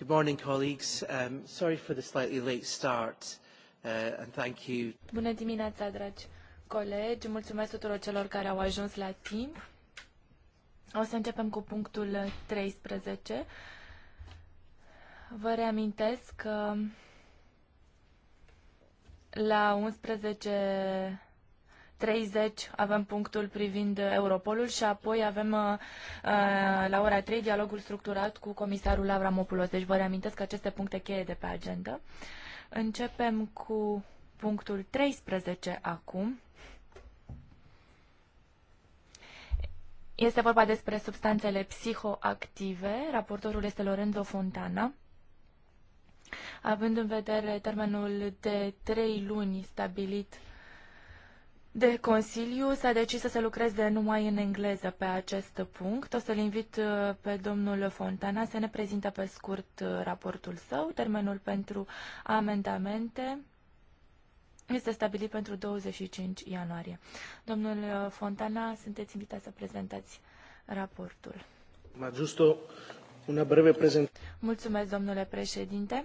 Good morning, colleagues. Um, sorry for the slightly late start uh, and thank you. Bună dimineața, dragi colegi. Mulțumesc tuturor celor care au ajuns la timp. O să începem cu punctul 13. Vă reamintesc că la 11 30 avem punctul privind Europolul și apoi avem uh, uh, la ora 3 dialogul structurat cu comisarul Avramopoulos. Deci vă reamintesc aceste puncte cheie de pe agenda. Începem cu punctul 13 acum. Este vorba despre substanțele psihoactive. Raportorul este Lorenzo Fontana. Având în vedere termenul de trei luni stabilit de Consiliu s-a decis să se lucreze numai în engleză pe acest punct. O să-l invit uh, pe domnul Fontana să ne prezinte pe scurt uh, raportul său. Termenul pentru amendamente este stabilit pentru 25 ianuarie. Domnul uh, Fontana, sunteți invitat să prezentați raportul. Ma giusto una breve prezentare. Mulțumesc, domnule președinte.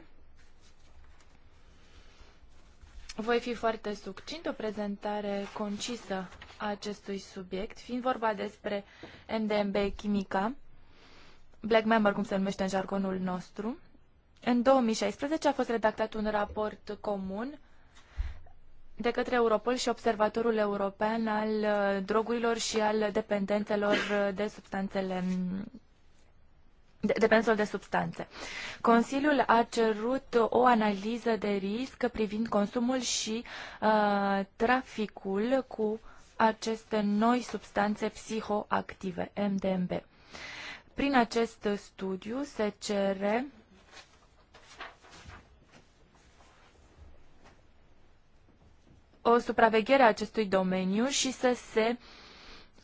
Voi fi foarte succint, o prezentare concisă a acestui subiect, fiind vorba despre NDMB Chimica, Black Member, cum se numește în jargonul nostru. În 2016 a fost redactat un raport comun de către Europol și Observatorul European al uh, drogurilor și al dependențelor uh, de substanțele mm, depensul de substanțe. Consiliul a cerut o analiză de risc privind consumul și uh, traficul cu aceste noi substanțe psihoactive, MDMB. Prin acest studiu se cere o supraveghere a acestui domeniu și să se uh,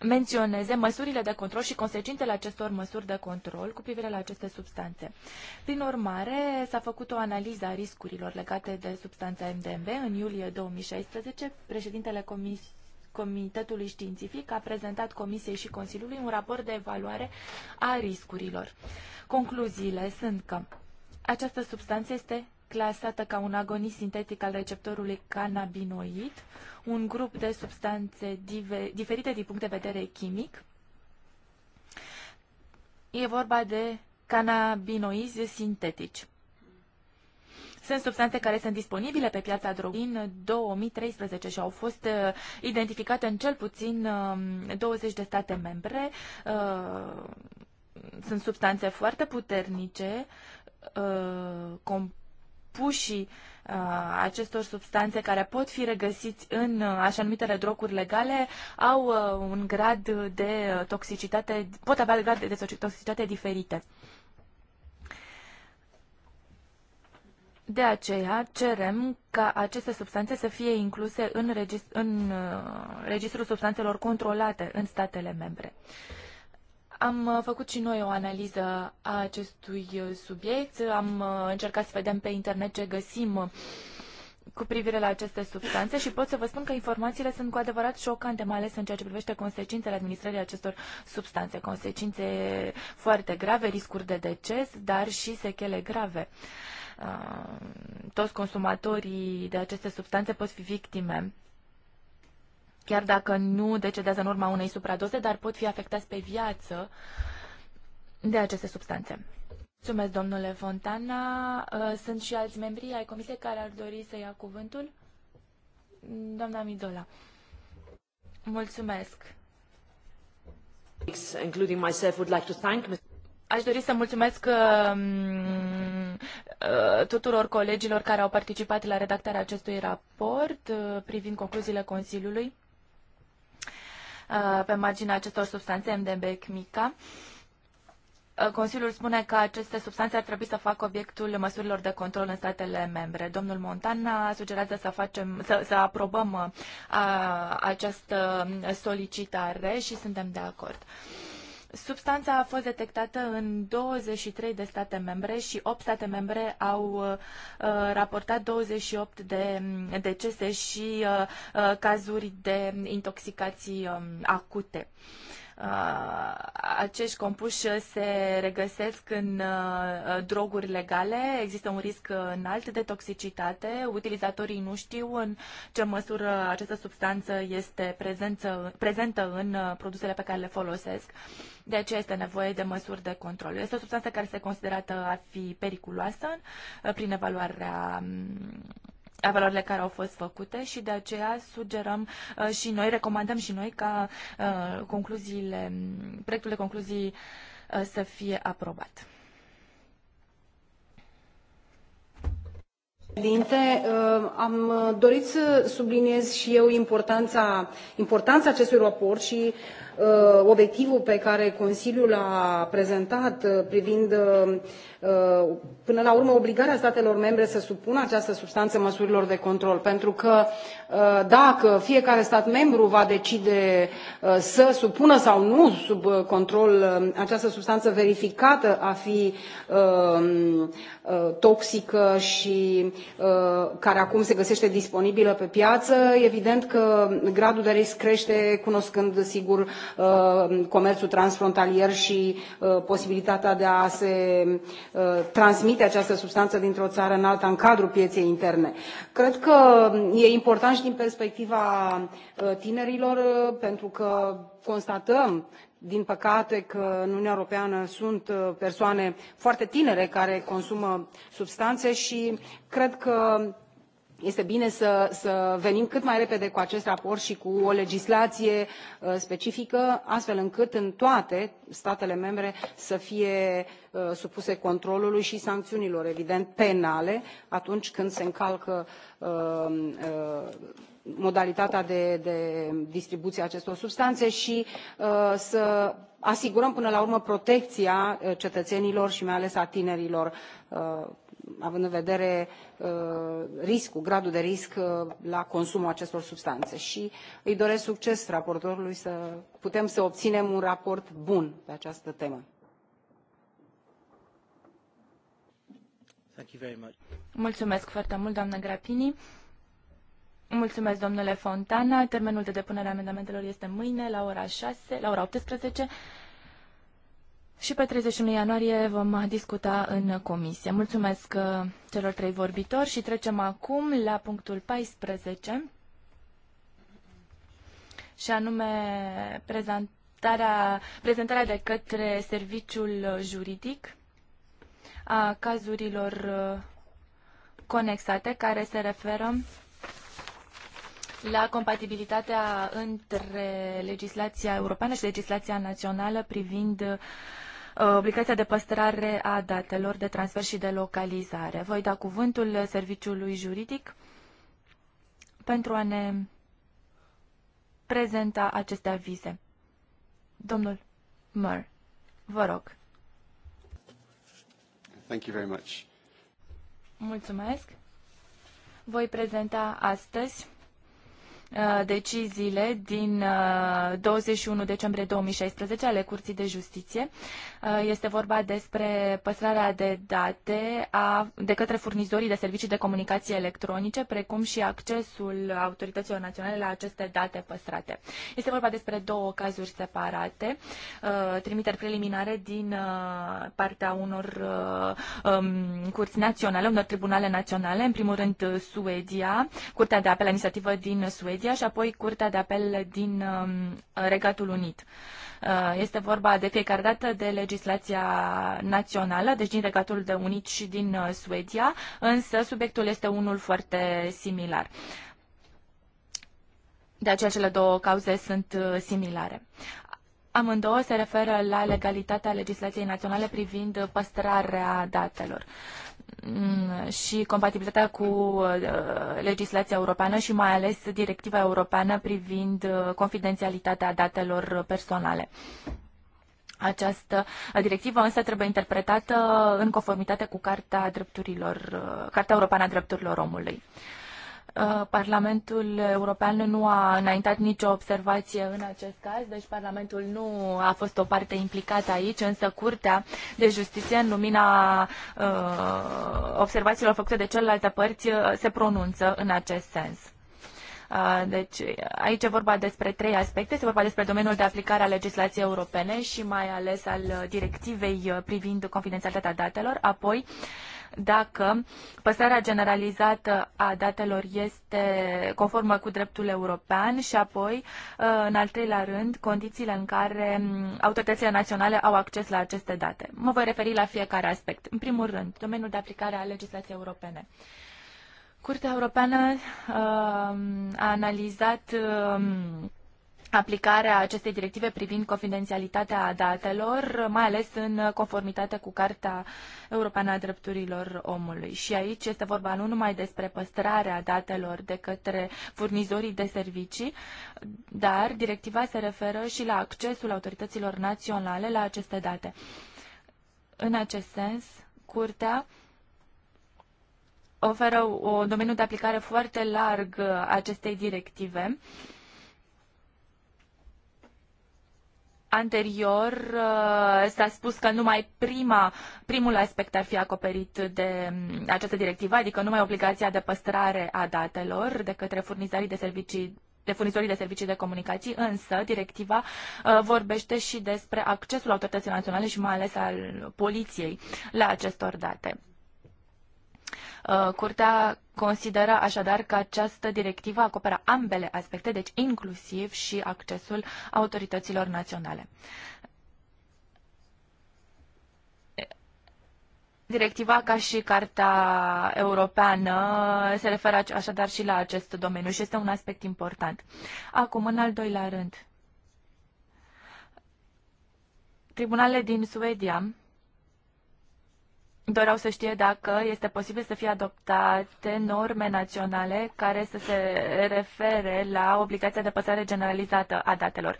menționeze măsurile de control și consecințele acestor măsuri de control cu privire la aceste substanțe. Prin urmare, s-a făcut o analiză a riscurilor legate de substanța MDMB în iulie 2016. Președintele Comisiei Comitetului Științific a prezentat Comisiei și Consiliului un raport de evaluare a riscurilor. Concluziile sunt că această substanță este clasată ca un agonist sintetic al receptorului cannabinoid, un grup de substanțe diferite din punct de vedere chimic. E vorba de cannabinoizi sintetici. Sunt substanțe care sunt disponibile pe piața drogului în 2013 și au fost uh, identificate în cel puțin uh, um, 20 de state membre. Uh, sunt substanțe foarte puternice, uh, supușii uh, acestor substanțe care pot fi regăsiți în uh, așa numitele droguri legale au uh, un grad de toxicitate, pot avea grade de toxicitate diferite. De aceea cerem ca aceste substanțe să fie incluse în, regist- în uh, registrul substanțelor controlate în statele membre. Uh, am uh, făcut și noi o analiză a acestui uh, subiect, am uh, încercat să vedem pe internet ce găsim cu privire la aceste substanțe și pot să vă spun că informațiile sunt cu adevărat șocante, mai ales în ceea ce privește consecințele administrării acestor substanțe, consecințe foarte grave, riscuri de deces, dar și sechele grave. Toți consumatorii de aceste substanțe pot fi victime chiar dacă nu decedează în urma unei supradoze, dar pot fi afectați pe viață de aceste substanțe. Mulțumesc, domnule Fontana. Uh, sunt și alți membri ai comisiei care ar dori să ia cuvântul. Doamna Midola. Mulțumesc. Including myself, would like to thank Aș dori să mulțumesc uh, uh, tuturor colegilor care au participat la redactarea acestui raport privind concluziile Consiliului. Uh, pe marginea acestor substanțe MDB mica. Uh, Consiliul spune că aceste substanțe ar trebui să facă obiectul măsurilor de control în statele membre. Domnul Montan sugerează să, facem, să, să aprobăm uh, a, această solicitare și suntem de acord. Substanța a fost detectată în 23 de state membre și 8 state membre au uh, uh raportat 28 de mm, decese și uh, uh, cazuri de intoxicații um, acute. Uh, Uh, acești compuși se regăsesc în uh, droguri legale, există un risc înalt de toxicitate, utilizatorii nu știu în ce măsură această substanță este prezentă în uh, produsele pe care le folosesc, de aceea este nevoie de măsuri de control. Este o substanță care este considerată a fi periculoasă prin evaluarea um, evaluările care au fost făcute și de aceea sugerăm uh, și noi, recomandăm și noi ca uh, concluziile, proiectul de concluzii uh, să fie aprobat. Dinte, am dorit să subliniez și eu importanța, importanța acestui raport și Uh, obiectivul pe care Consiliul l-a prezentat uh, privind uh, până la urmă obligarea statelor membre să supună această substanță măsurilor de control pentru că dacă fiecare stat membru va decide să supună sau nu sub control această substanță verificată a fi toxică și care acum se găsește disponibilă pe piață evident că gradul de risc crește cunoscând sigur Uh, comerțul transfrontalier și uh, posibilitatea de a se uh, transmite această substanță dintr o țară în alta în cadrul pieței interne. Cred că e important și din perspectiva tinerilor pentru că constatăm din păcate că în uniunea europeană sunt persoane foarte tinere care consumă substanțe și cred că este bine să, venim cât mai repede cu acest raport și cu o legislație uh, specifică astfel încât în toate statele membre să fie uh, supuse controlului și sancțiunilor evident penale atunci când se încalcă uh, modalitatea de, de distribuție a acestor substanțe și să asigurăm până la urmă protecția cetățenilor și mai ales a tinerilor având în vedere uh, riscul, gradul de risc uh, la consumul acestor substanțe. Și îi doresc succes raportorului să putem să obținem un raport bun pe această temă. Mulțumesc foarte mult, doamnă Grapini. Mulțumesc, domnule Fontana. Termenul de depunere a amendamentelor este mâine la ora 6, la ora 18 și pe 31 ianuarie vom discuta în comisie. Mulțumesc uh, celor trei vorbitori și trecem acum la punctul 14 și anume prezentarea, prezentarea de către serviciul juridic a cazurilor uh, conexate care se referă la compatibilitatea între legislația europeană și legislația națională privind uh, Uh, obligația de păstrare a datelor de transfer și de localizare. Voi da cuvântul serviciului juridic pentru a ne prezenta aceste avize. Domnul Măr, vă rog. Thank you very much. Mulțumesc. Voi prezenta astăzi Uh, deciziile din 21 uh, decembrie 2016 ale Curții de Justiție. Uh, este vorba despre păstrarea de date a, de către furnizorii de servicii de comunicații electronice, precum și accesul autorităților naționale la aceste date păstrate. Este vorba despre două cazuri separate, trimiteri preliminare din partea unor um, curți naționale, unor tribunale naționale, în primul rând Suedia, Curtea de Apel Administrativă din Suedia, Suedia și apoi Curtea de Apel din um, Regatul Unit. Uh, este vorba de fiecare dată de legislația națională, deci din Regatul de Unit și din uh, Suedia, însă subiectul este unul foarte similar. De aceea cele două cauze sunt uh, similare. Amândouă se referă la legalitatea legislației naționale privind păstrarea datelor. Mm, și compatibilitatea cu uh, legislația europeană și mai ales directiva europeană privind uh, confidențialitatea datelor personale. Această uh, directivă însă trebuie interpretată în conformitate cu Carta, drepturilor, Carta Europeană a Drepturilor Omului. Uh, Parlamentul European nu a înaintat nicio observație în acest caz, deci Parlamentul nu a fost o parte implicată aici, însă Curtea de Justiție, în lumina uh, observațiilor făcute de celelalte părți, uh, se pronunță în acest sens. Deci aici e vorba despre trei aspecte. Este vorba despre domeniul de aplicare a legislației europene și mai ales al directivei privind confidențialitatea datelor, apoi uh, dacă păstrarea generalizată a datelor este conformă cu dreptul european și apoi, uh, în al treilea rând, condițiile în care um, autoritățile naționale au acces la aceste date. Mă voi referi la fiecare aspect. În primul rând, domeniul de aplicare a legislației europene. Curtea Europeană uh, a analizat um, aplicarea acestei directive privind confidențialitatea datelor, mai ales în conformitate cu Carta Europeană a Drepturilor Omului. Și aici este vorba nu numai despre păstrarea datelor de către furnizorii de servicii, dar directiva se referă și la accesul autorităților naționale la aceste date. În acest sens, Curtea oferă un domeniu de aplicare foarte larg acestei directive Anterior uh, s-a spus că numai prima, primul aspect ar fi acoperit de mm, această directivă, adică numai obligația de păstrare a datelor de către furnizorii de servicii de furnizorii de servicii de comunicații, însă directiva uh, vorbește și despre accesul autorității naționale și mai ales al poliției la acestor date. Uh, curtea Consideră așadar că această directivă acoperă ambele aspecte, deci inclusiv și accesul autorităților naționale. Directiva ca și Carta Europeană se referă așadar și la acest domeniu și este un aspect important. Acum, în al doilea rând, tribunalele din Suedia doreau să știe dacă este posibil să fie adoptate norme naționale care să se refere la obligația de păstrare generalizată a datelor.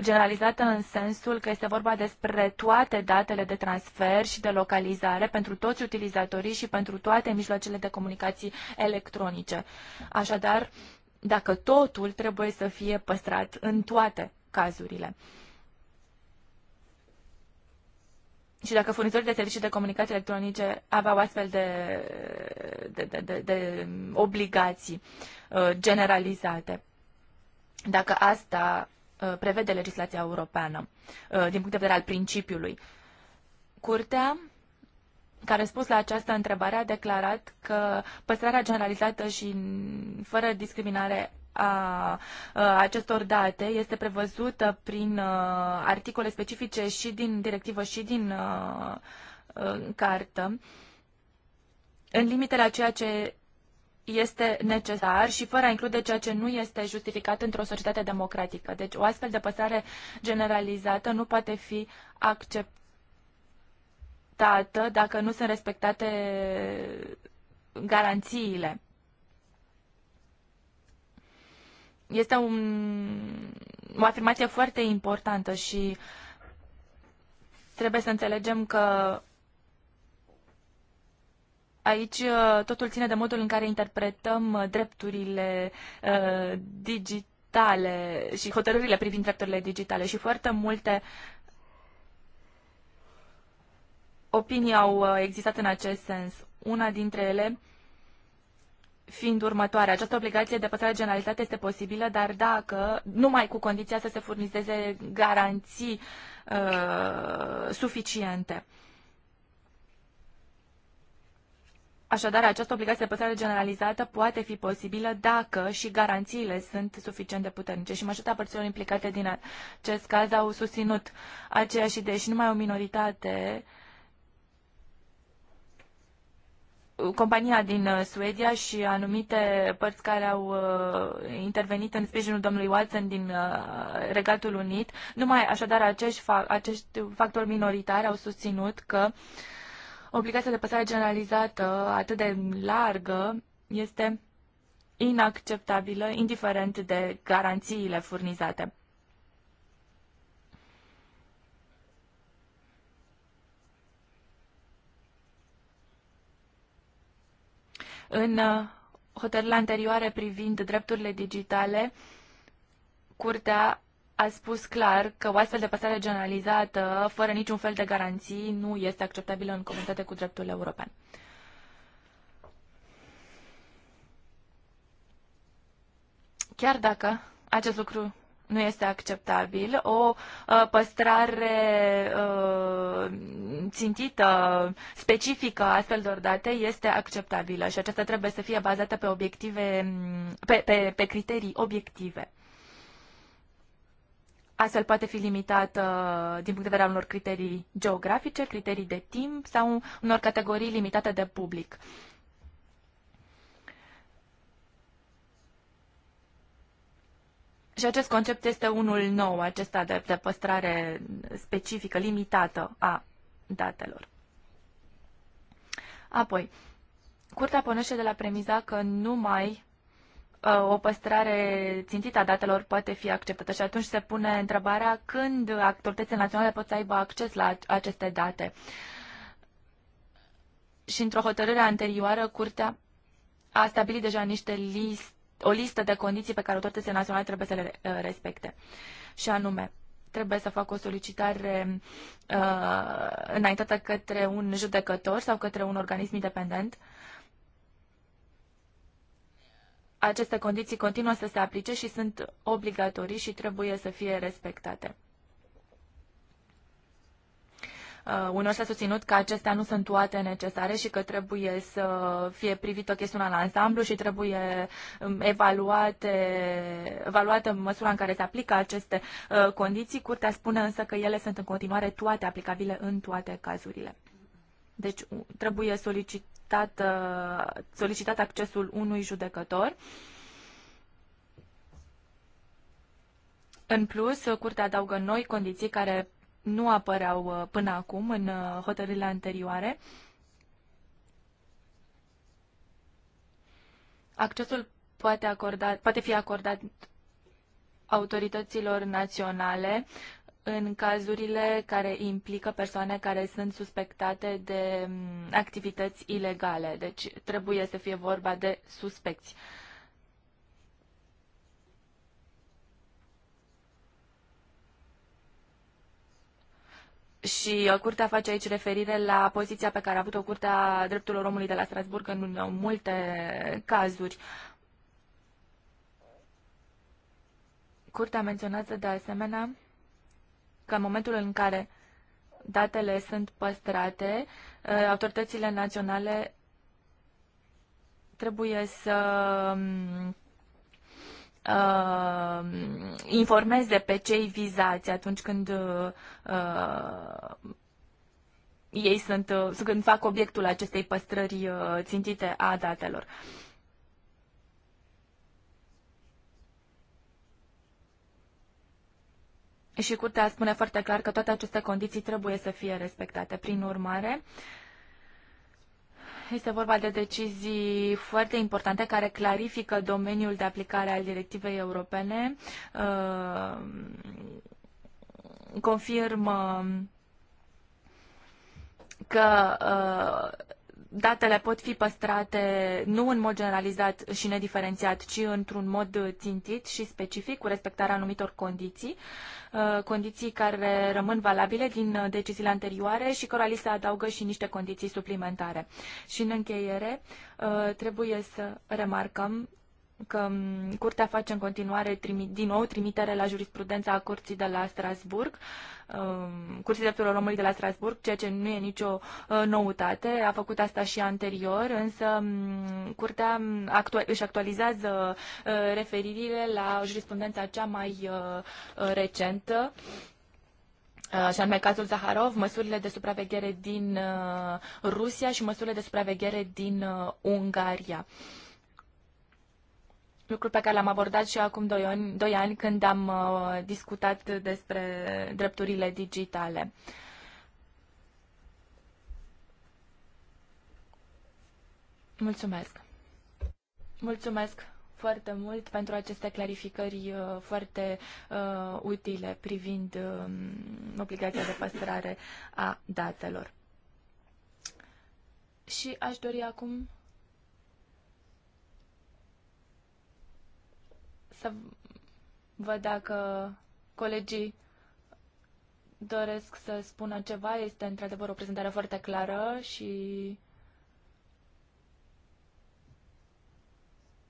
Generalizată în sensul că este vorba despre toate datele de transfer și de localizare pentru toți utilizatorii și pentru toate mijloacele de comunicații electronice. Așadar, dacă totul trebuie să fie păstrat în toate cazurile. Și dacă furnizorii de servicii de comunicații electronice aveau astfel de, de, de, de, de obligații uh, generalizate, dacă asta uh, prevede legislația europeană uh, din punct de vedere al principiului, Curtea care răspuns la această întrebare a declarat că păstrarea generalizată și fără discriminare a acestor date este prevăzută prin articole specifice și din directivă și din cartă, în limitele a ceea ce este necesar și fără a include ceea ce nu este justificat într-o societate democratică. Deci o astfel de păsare generalizată nu poate fi acceptată dacă nu sunt respectate garanțiile. este un, o afirmație foarte importantă și trebuie să înțelegem că aici uh, totul ține de modul în care interpretăm uh, drepturile uh, digitale și hotărârile privind drepturile digitale și foarte multe opinii au uh, existat în acest sens. Una dintre ele fiind următoarea. Această obligație de păstrare de generalitate este posibilă, dar dacă, numai cu condiția să se furnizeze garanții uh, suficiente. Așadar, această obligație de păstrare generalizată poate fi posibilă dacă și garanțiile sunt suficient de puternice. Și majoritatea părților implicate din acest caz au susținut aceeași idee și numai o minoritate compania din uh, Suedia și anumite părți care au uh, intervenit în sprijinul domnului Watson din uh, Regatul Unit. Numai așadar acești, fa- acești factori minoritari au susținut că obligația de păstrare generalizată atât de largă este inacceptabilă, indiferent de garanțiile furnizate. În uh, hotărârile anterioare privind drepturile digitale, Curtea a spus clar că o astfel de păstrare generalizată, fără niciun fel de garanții, nu este acceptabilă în comunitate cu dreptul european. Chiar dacă acest lucru nu este acceptabil. O uh, păstrare uh, țintită, specifică a astfel de date este acceptabilă și aceasta trebuie să fie bazată pe obiective, pe, pe, pe criterii obiective. Astfel poate fi limitată din punct de vedere al unor criterii geografice, criterii de timp sau unor categorii limitate de public. Și acest concept este unul nou, acesta de, de păstrare specifică, limitată a datelor. Apoi, curtea pornește de la premiza că numai uh, o păstrare țintită a datelor poate fi acceptată și atunci se pune întrebarea când autoritățile naționale pot să aibă acces la aceste date. Și într-o hotărâre anterioară, Curtea a stabilit deja niște liste o listă de condiții pe care autoritățile naționale trebuie să le uh, respecte. Și anume, trebuie să fac o solicitare uh, înaintată către un judecător sau către un organism independent. Aceste condiții continuă să se aplice și sunt obligatorii și trebuie să fie respectate. Uh, unor s-a susținut că acestea nu sunt toate necesare și că trebuie să fie privită chestiunea la ansamblu și trebuie um, evaluate, evaluată măsura în care se aplică aceste uh, condiții. Curtea spune însă că ele sunt în continuare toate aplicabile în toate cazurile. Deci trebuie solicitat, uh, solicitat accesul unui judecător. În plus, curtea adaugă noi condiții care nu apăreau uh, până acum în uh, hotărârile anterioare. Accesul poate, acorda, poate fi acordat autorităților naționale în cazurile care implică persoane care sunt suspectate de mm, activități ilegale. Deci trebuie să fie vorba de suspecți. Uh, Și uh, curtea face aici referire la poziția pe care a avut-o Curtea Drepturilor Omului de la Strasburg în uh, multe cazuri. Curtea menționează de asemenea că în momentul în care datele sunt păstrate, uh, autoritățile naționale trebuie să um, uh, informeze pe cei vizați atunci când uh, ei sunt, uh, când fac obiectul acestei păstrări uh, țintite a datelor. Și curtea spune foarte clar că toate aceste condiții trebuie să fie respectate. Prin urmare, uh, este vorba de decizii foarte importante care clarifică domeniul de aplicare al directivei europene, uh, confirmă că uh, datele pot fi păstrate nu în mod generalizat și nediferențiat, ci într-un mod țintit și specific, cu respectarea anumitor condiții, uh, condiții care rămân valabile din deciziile anterioare și cărora li se adaugă și niște condiții suplimentare. Și în încheiere, uh, trebuie să remarcăm că mm, curtea face în continuare din nou trimitere la jurisprudența a curții de la Strasburg, um, curții drepturilor omului de la Strasburg, ceea ce nu e nicio uh, noutate, a făcut asta și anterior, însă mm, curtea mm, își actualizează uh, referirile la jurisprudența cea mai uh, recentă, și anume cazul Zaharov, măsurile de supraveghere din Rusia și măsurile de supraveghere din Ungaria lucru pe care l-am abordat și acum doi ani, doi ani când am uh, discutat despre drepturile digitale. Mulțumesc! Mulțumesc foarte mult pentru aceste clarificări uh, foarte uh, utile privind uh, obligația de păstrare a datelor. Și aș dori acum să văd dacă colegii doresc să spună ceva. Este într-adevăr o prezentare foarte clară și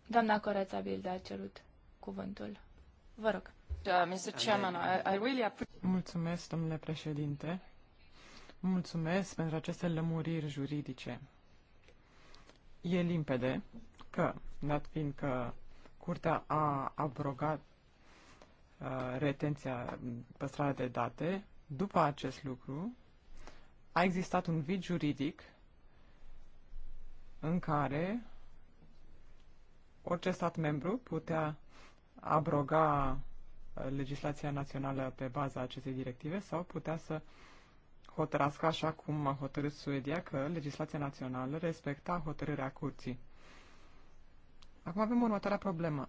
doamna Coreța Bilde a cerut cuvântul. Vă rog. Uh, Mulțumesc, domnule președinte. Mulțumesc pentru aceste lămuriri juridice. E limpede că, dat fiindcă Curtea a abrogat uh, retenția, păstrarea de date. După acest lucru, a existat un vid juridic în care orice stat membru putea abroga uh, legislația națională pe baza acestei directive sau putea să hotărască așa cum a hotărât Suedia că legislația națională respecta hotărârea curții. Acum avem următoarea problemă.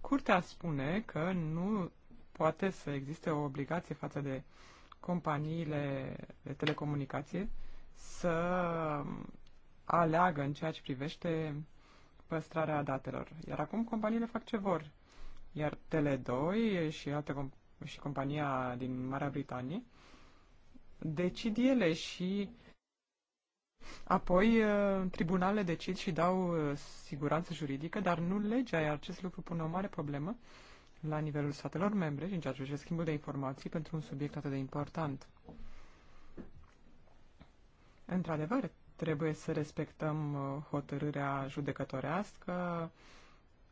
Curtea spune că nu poate să existe o obligație față de companiile de telecomunicație să aleagă în ceea ce privește păstrarea datelor. Iar acum companiile fac ce vor. Iar Tele2 și, alte comp- și compania din Marea Britanie decid ele și Apoi, uh, tribunalele decid și dau uh, siguranță juridică, dar nu legea, iar acest lucru pune o mare problemă la nivelul statelor membre și în ceea ce privește schimbul de informații pentru un subiect atât de important. Într-adevăr, trebuie să respectăm uh, hotărârea judecătorească,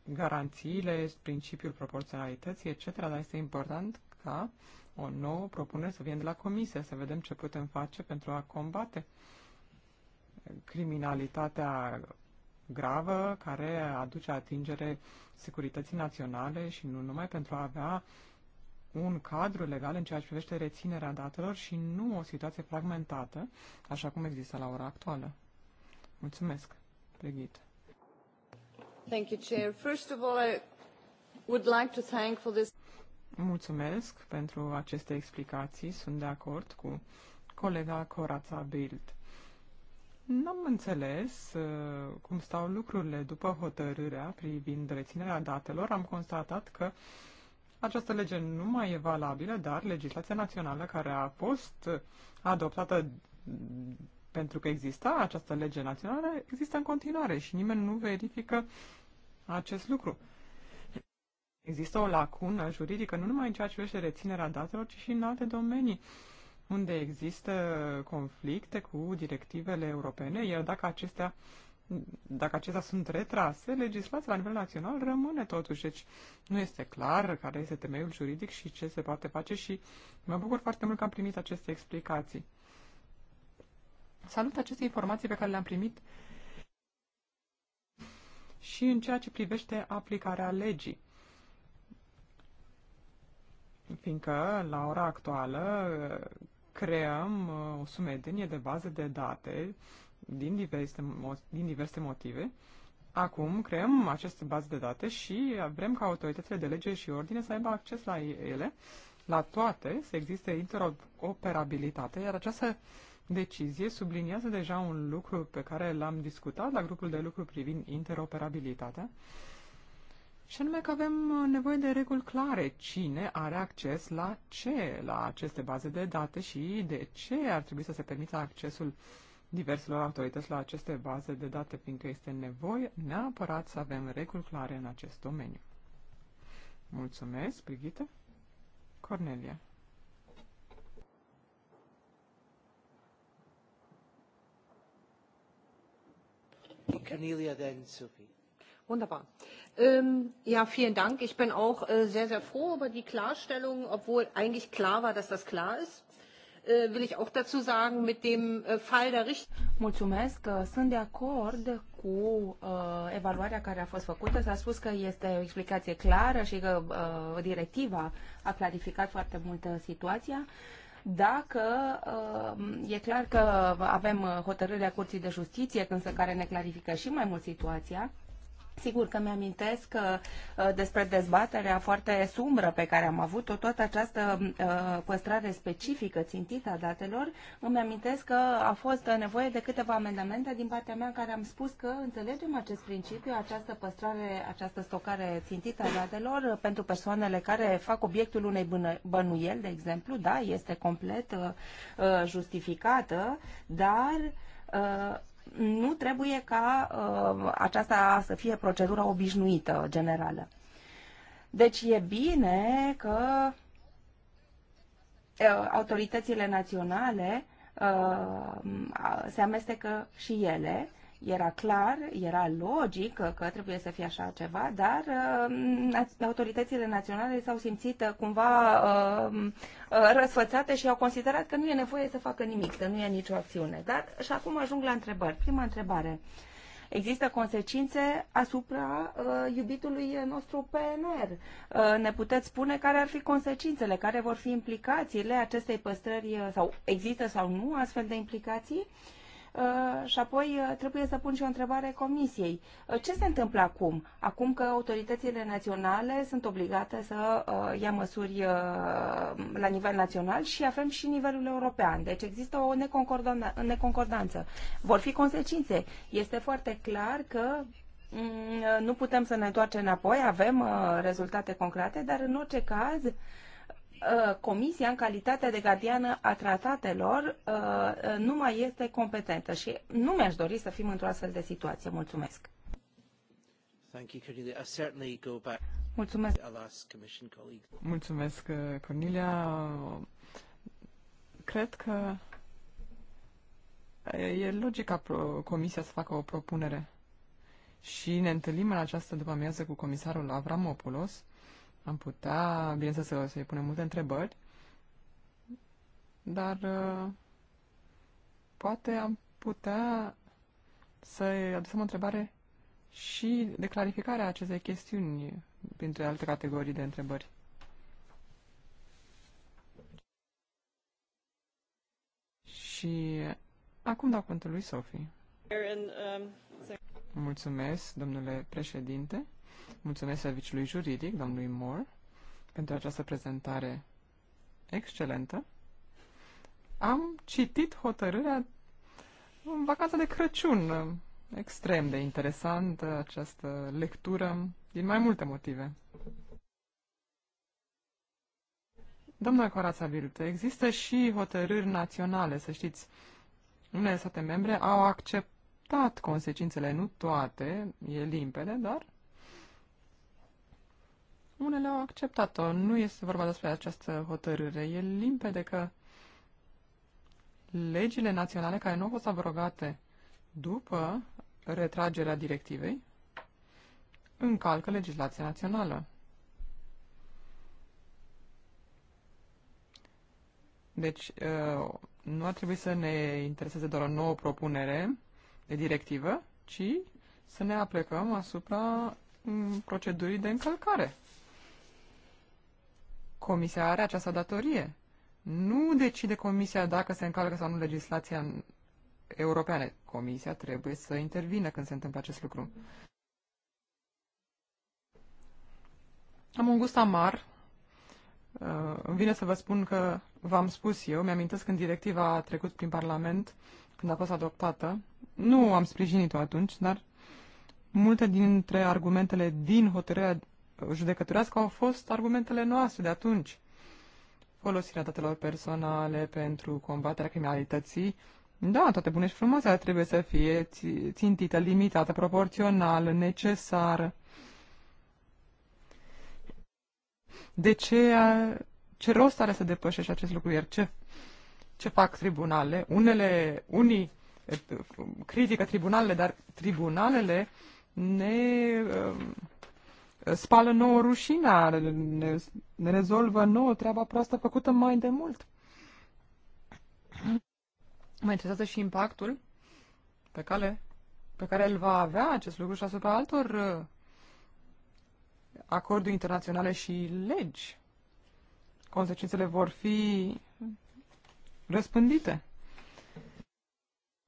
garanțiile, principiul proporționalității, etc., dar este important ca o nouă propunere să vină de la comisie, să vedem ce putem face pentru a combate criminalitatea gravă care aduce atingere securității naționale și nu numai pentru a avea un cadru legal în ceea ce privește reținerea datelor și nu o situație fragmentată, așa cum există la ora actuală. Mulțumesc, Brigitte. Thank you, Chair. First of all, I would like to thank for this. Mulțumesc pentru aceste explicații. Sunt de acord cu colega Corața Bild N-am înțeles uh, cum stau lucrurile după hotărârea privind reținerea datelor. Am constatat că această lege nu mai e valabilă, dar legislația națională care a fost adoptată pentru că exista această lege națională, există în continuare și nimeni nu verifică acest lucru. Există o lacună juridică nu numai în ceea ce privește reținerea datelor, ci și în alte domenii. Uh, unde există conflicte cu directivele europene, iar dacă acestea dacă acestea sunt retrase, legislația la nivel național rămâne totuși. Deci nu este clar care este temeiul juridic și ce se poate face și mă bucur foarte mult că am primit aceste explicații. Salut aceste informații pe care le-am primit și în ceea ce privește aplicarea legii. Fiindcă, la ora actuală, creăm uh, o sumedenie de baze de date din diverse, din diverse motive. Acum creăm aceste baze de date și vrem ca autoritățile de lege și ordine să aibă acces la ele, la toate, să existe interoperabilitate, iar această decizie subliniază deja un lucru pe care l-am discutat la grupul de lucru privind interoperabilitatea, și anume că avem uh, nevoie de reguli clare. Cine are acces la ce, la aceste baze de date și de ce ar trebui să se permită accesul diverselor autorități la aceste baze de date, fiindcă este nevoie neapărat să avem reguli clare în acest domeniu. Mulțumesc, Brigitte. Cornelia. Cornelia, then Sophie. Wunderbar. Ähm, ja, vielen Dank. Ich bin auch äh, sehr, sehr froh über die Klarstellung, obwohl eigentlich klar war, dass das klar ist. Äh, will ich auch dazu sagen, mit dem äh, Fall der Richt Mulțumesc, sunt de acord cu uh, evaluarea care a fost făcută. S-a spus că este o explicație clară și că uh, directiva a clarificat foarte mult uh, situația dacă uh, e clar că avem uh, hotărârea Curții de Justiție, însă care ne clarifică și mai mult situația, Sigur că mi-amintesc uh, uh, despre dezbaterea foarte sumbră pe care am avut-o, toată această uh, păstrare specifică țintită a datelor. Îmi amintesc că a fost nevoie de câteva amendamente din partea mea care am spus că înțelegem acest principiu, această păstrare, această stocare țintită a datelor pentru persoanele care fac obiectul unei bănuieli, de exemplu, da, este complet justificată, dar nu trebuie ca uh, aceasta să fie procedura obișnuită generală. Deci e bine că uh, autoritățile naționale uh, se amestecă și ele era clar, era logic că trebuie să fie așa ceva, dar um, autoritățile naționale s-au simțit uh, cumva um, uh, răsfățate și au considerat că nu e nevoie să facă nimic, că nu e nicio acțiune. Dar și acum ajung la întrebări. Prima întrebare există consecințe asupra uh, iubitului nostru PNR. Uh, ne puteți spune care ar fi consecințele, care vor fi implicațiile acestei păstrări uh, sau există sau nu astfel de implicații? Uh, Uh, și apoi uh, trebuie să pun și o întrebare comisiei. Uh, ce se întâmplă acum? Acum că autoritățile naționale sunt obligate să ia măsuri la nivel național și avem și nivelul european. Deci există o neconcordanță. Vor fi consecințe. Este foarte clar că mm, nu putem să ne întoarcem înapoi, avem rezultate concrete, dar în orice caz Uh, comisia, în calitate de gardiană a tratatelor, uh, uh, nu mai este competentă și nu mi-aș dori să fim într-o astfel de situație. Mulțumesc! Mulțumesc, Mulțumesc Cornelia. Cred că e logic ca Comisia să facă o propunere. Și ne întâlnim în această după amiază cu comisarul Avramopoulos am putea, bineînțeles, să, să-i punem multe întrebări, dar uh, poate am putea să-i adusem o întrebare și de clarificare a acestei chestiuni, printre alte categorii de întrebări. Și acum dau cuvântul lui Sophie. Um, Mulțumesc, domnule președinte. Mulțumesc serviciului juridic, domnului Moore, pentru această prezentare excelentă. Am citit hotărârea în vacanța de Crăciun. Extrem de interesantă această lectură, din mai multe motive. Domnule Corața Birute, există și hotărâri naționale, să știți. Unele state membre au acceptat consecințele, nu toate, e limpede, dar unele au acceptat-o. Nu este vorba despre această hotărâre. E limpede că legile naționale care nu au fost abrogate după retragerea directivei încalcă legislația națională. Deci, ă, nu ar trebui să ne intereseze doar o nouă propunere de directivă, ci să ne aplecăm asupra mm, procedurii de încălcare. Comisia are această datorie. Nu decide Comisia dacă se încalcă sau nu legislația europeană. Comisia trebuie să intervină când se întâmplă acest lucru. Am un gust amar. Uh, îmi vine să vă spun că v-am spus eu, mi-amintesc când directiva a trecut prin Parlament, când a fost adoptată. Nu am sprijinit-o atunci, dar multe dintre argumentele din hotărârea judecătorească au fost argumentele noastre de atunci. Folosirea datelor personale pentru combaterea criminalității, da, toate bune și frumoase, dar trebuie să fie țintită, limitată, proporțională, necesară. De ce, ce rost are să depășești acest lucru? Iar ce, ce fac tribunale? Unele, unii eh, critică tribunalele, dar tribunalele ne um, spală nouă rușina, ne, ne rezolvă nouă treaba proastă făcută mai de mult. Mă interesează și impactul pe care, pe care îl va avea acest lucru și asupra altor uh, acorduri internaționale și legi. Consecințele vor fi răspândite.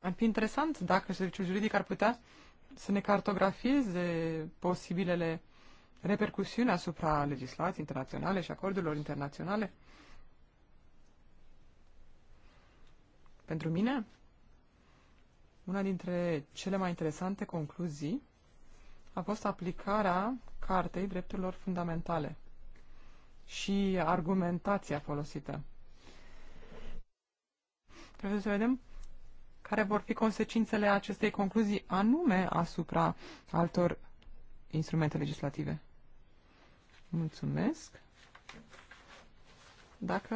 Ar fi interesant dacă serviciul juridic ar putea să ne cartografieze posibilele repercusiuni asupra legislației internaționale și acordurilor internaționale? Pentru mine, una dintre cele mai interesante concluzii a fost aplicarea Cartei Drepturilor Fundamentale și argumentația folosită. Trebuie să vedem care vor fi consecințele acestei concluzii anume asupra altor instrumente legislative. Mulțumesc. Dacă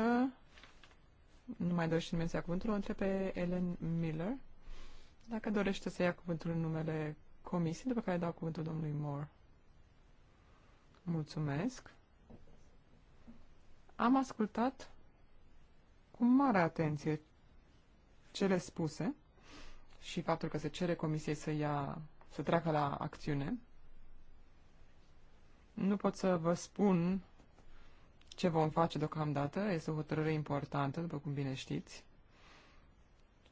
nu mai dorește nimeni să ia cuvântul, o întreb pe Ellen Miller. Dacă dorește să ia cuvântul în numele comisiei, după care dau cuvântul domnului Moore. Mulțumesc. Am ascultat cu mare atenție cele spuse și faptul că se cere comisiei să ia, să treacă la acțiune. Nu pot să vă spun ce vom face deocamdată. Este o hotărâre importantă, după cum bine știți.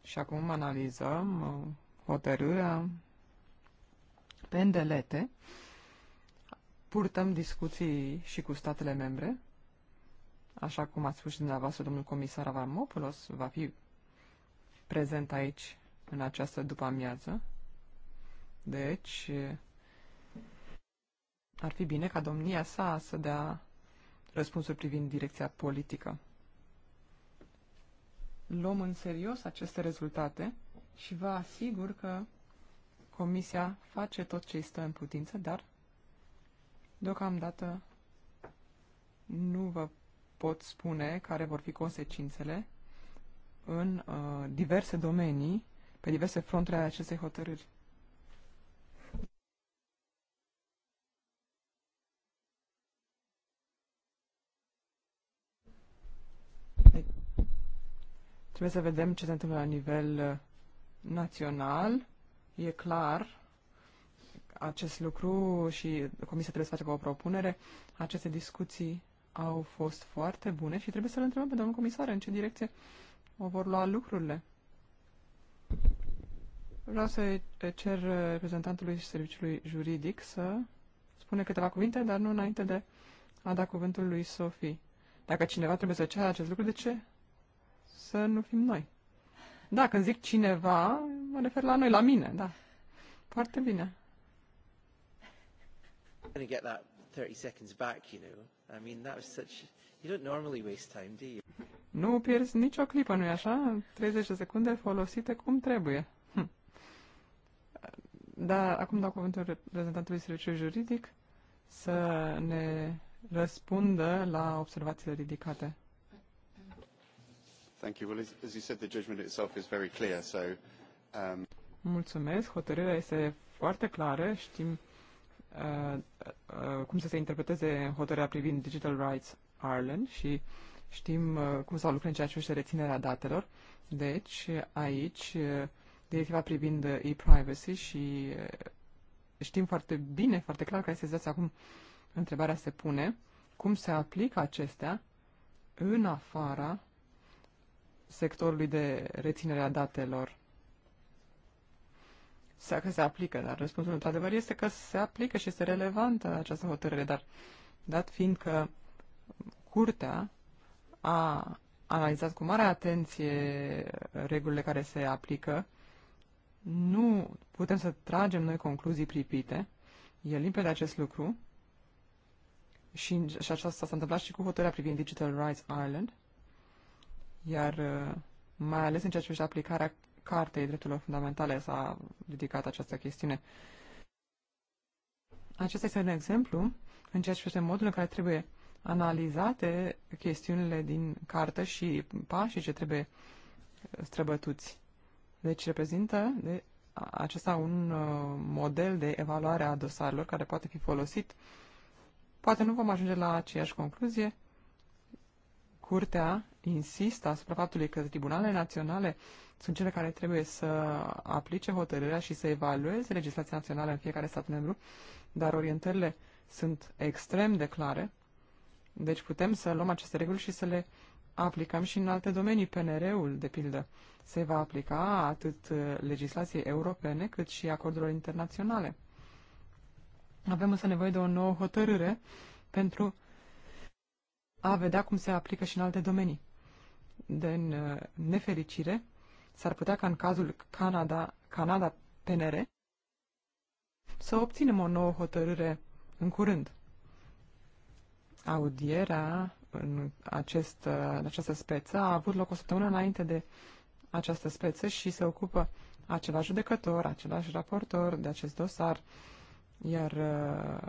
Și acum analizăm uh, hotărârea pe îndelete. Purtăm discuții și cu statele membre. Așa cum ați spus și dumneavoastră, domnul comisar Avramopoulos va fi prezent aici în această după-amiază. Deci, ar fi bine ca domnia sa să dea răspunsuri privind direcția politică. Luăm în serios aceste rezultate și vă asigur că Comisia face tot ce stă în putință, dar deocamdată nu vă pot spune care vor fi consecințele în uh, diverse domenii, pe diverse fronturi ale acestei hotărâri. Trebuie să vedem ce se întâmplă la nivel uh, național. E clar acest lucru și Comisia trebuie să facă o propunere. Aceste discuții au fost foarte bune și trebuie să-l întrebăm pe domnul comisar în ce direcție o vor lua lucrurile. Vreau să cer uh, reprezentantului serviciului juridic să spune câteva cuvinte, dar nu înainte de a da cuvântul lui Sofie. Dacă cineva trebuie să ceară acest lucru, de ce să nu fim noi. Da, când zic cineva, mă refer la noi, la mine, da. Foarte bine. going get that 30 seconds back, you know. I mean, that was such... You don't normally waste time, do you? Nu pierzi nicio clipă, nu-i așa? 30 de secunde folosite cum trebuie. Hm. Da, acum dau cuvântul reprezentantului serviciului juridic să ne răspundă la observațiile ridicate. Mulțumesc, hotărârea este foarte clară, știm uh, uh, cum să se interpreteze hotărârea privind Digital Rights Ireland și știm uh, cum s-au lucrat în ceea ce privește reținerea datelor. Deci, aici, uh, directiva privind e-privacy și uh, știm foarte bine, foarte clar care este situația acum. Întrebarea se pune, cum se aplică acestea în afara sectorului de reținere a datelor. Să că se aplică, dar răspunsul într-adevăr este că se aplică și este relevantă această hotărâre, dar dat fiind că curtea a analizat cu mare atenție regulile care se aplică, nu putem să tragem noi concluzii pripite. E limpede acest lucru și, și așa s-a întâmplat și cu hotărârea privind Digital Rights Ireland – iar uh, mai ales în ceea ce aplicarea Cartei Drepturilor Fundamentale s-a ridicat această chestiune. Acesta este un exemplu în ceea ce este modul în care trebuie analizate chestiunile din carte și pașii ce trebuie uh, străbătuți. Deci reprezintă de acesta un uh, model de evaluare a dosarelor care poate fi folosit. Poate nu vom ajunge la aceeași concluzie, Curtea insistă asupra faptului că tribunalele naționale sunt cele care trebuie să aplice hotărârea și să evalueze legislația națională în fiecare stat membru, dar orientările sunt extrem de clare. Deci putem să luăm aceste reguli și să le aplicăm și în alte domenii. PNR-ul, de pildă, se va aplica atât uh, legislației europene cât și acordurilor internaționale. Avem însă nevoie de o nouă hotărâre pentru a vedea cum se aplică și în alte domenii. De uh, nefericire, s-ar putea ca în cazul Canada, Canada PNR să obținem o nouă hotărâre în curând. Audierea în, acest, uh, în această speță a avut loc o săptămână înainte de această speță și se ocupă același judecător, același raportor de acest dosar, iar uh, uh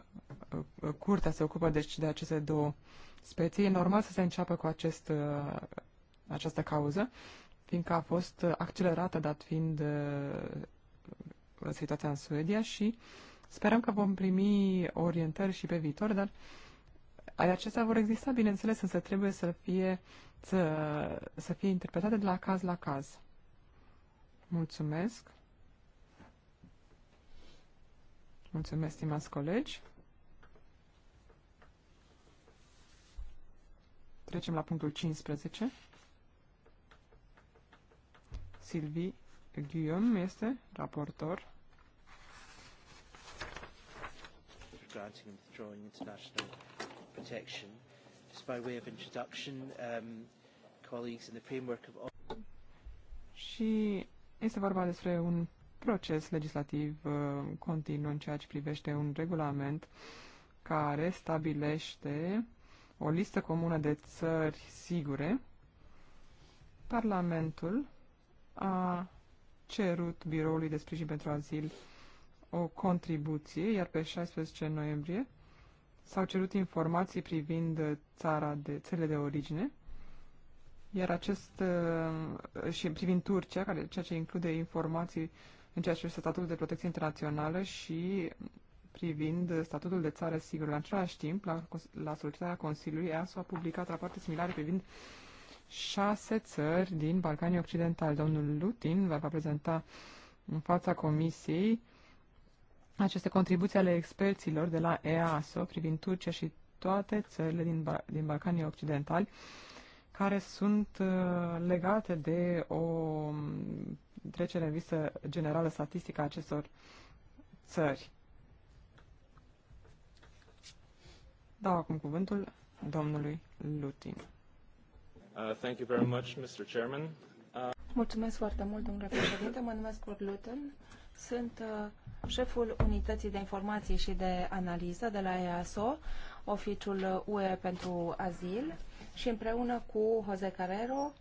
curtea se ocupă deci de aceste două uh, speței, e normal să se înceapă cu acest, uh, această cauză, fiindcă a fost accelerată dat fiind uh, situația în Suedia și sperăm că vom primi orientări și pe viitor, dar acestea vor exista, bineînțeles, însă trebuie să fie, să, să fie interpretate de la caz la caz. Mulțumesc! Mulțumesc, stimați colegi! Trecem la punctul 15. Sylvie Guillaume este raportor. Granting and withdrawing international protection. Just by way of introduction, um, colleagues, in the framework of... all. Și este vorba despre un proces legislativ uh, continuu în ceea ce privește un regulament care stabilește o listă comună de țări sigure, Parlamentul a cerut Biroului de Sprijin pentru Azil o contribuție, iar pe 16 noiembrie s-au cerut informații privind țara de, țările de origine, iar acest, uh, și privind Turcia, care, ceea ce include informații în ceea ce este statutul de protecție internațională și privind statutul de țară sigură. În același timp, la, la solicitarea Consiliului, EASO a publicat rapoarte similare privind șase țări din Balcanii Occidentali. Domnul Lutin va, va prezenta în fața Comisiei aceste contribuții ale experților de la EASO privind Turcia și toate țările din, ba din Balcanii Occidentali care sunt uh, legate de o mm, trecere în visă generală statistică a acestor țări. Dau acum cuvântul domnului Lutin. Uh, thank you very much, Mr. Chairman. Uh, Mulțumesc foarte mult, domnule președinte. Mă numesc Kurt Lutin. Sunt uh, șeful Unității de Informații și de Analiză de la EASO, oficiul UE uh, pentru azil și împreună cu Jose Carrero,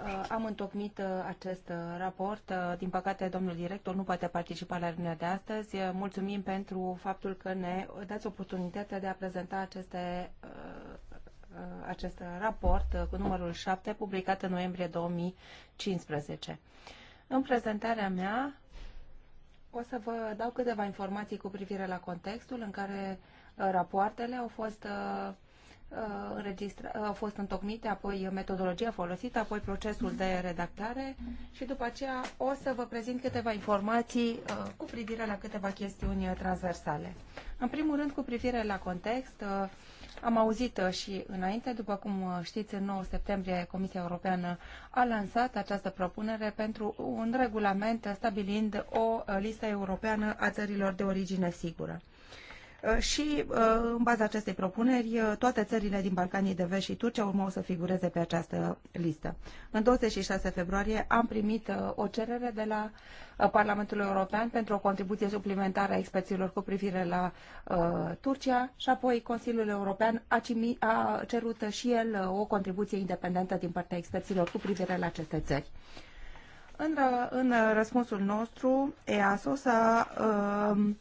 Uh, am întocmit uh, acest uh, raport. Din păcate, domnul director nu poate participa la reuniunea de astăzi. Mulțumim pentru faptul că ne dați oportunitatea de a prezenta aceste, acest raport cu numărul 7, publicat în noiembrie 2015. În prezentarea mea o să vă dau câteva informații cu privire la contextul în care rapoartele au fost Uh, uh, au fost întocmite, apoi metodologia folosită, apoi procesul de redactare și după aceea o să vă prezint câteva informații uh, cu privire la câteva chestiuni transversale. În primul rând, cu privire la context, am auzit și înainte, după cum știți, în 9 septembrie Comisia Europeană a lansat această propunere pentru un regulament stabilind o listă europeană a țărilor de origine sigură. Uh, și uh, în baza acestei propuneri uh, toate țările din Balcanii de Vest și Turcia urmau să figureze pe această listă. În 26 februarie am primit o cerere de la Parlamentul European pentru o contribuție suplimentară a experților cu privire la uh, Turcia și apoi Consiliul European a, cimi, a cerut și el o contribuție independentă din partea experților cu privire la aceste țări. În, în răspunsul nostru, EASO s-a uh,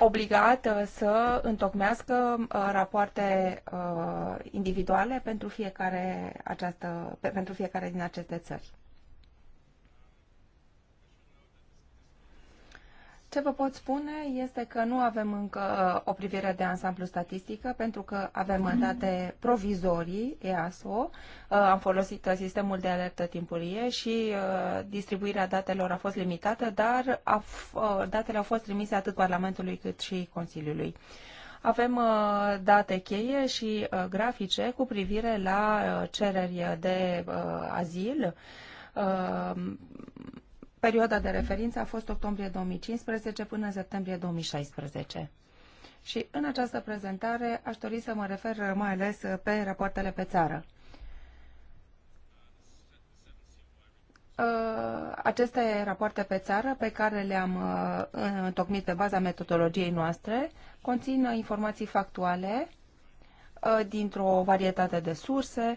obligat să întocmească uh, rapoarte uh, individuale pentru fiecare, această, pentru fiecare din aceste țări. Ce vă pot spune este că nu avem încă uh, o privire de ansamblu statistică, pentru că avem date provizorii EASO, uh, am folosit uh, sistemul de alertă timpurie și distribuirea datelor a fost limitată, dar datele au fost trimise atât Parlamentului cât și Consiliului. Avem date cheie și grafice cu privire la cereri de azil Perioada de referință a fost octombrie 2015 până în septembrie 2016. Și în această prezentare aș dori să mă refer mai ales pe rapoartele pe țară. Uh, aceste rapoarte pe țară pe care le-am uh, întocmit pe baza metodologiei noastre conțin informații factuale uh, dintr-o varietate de surse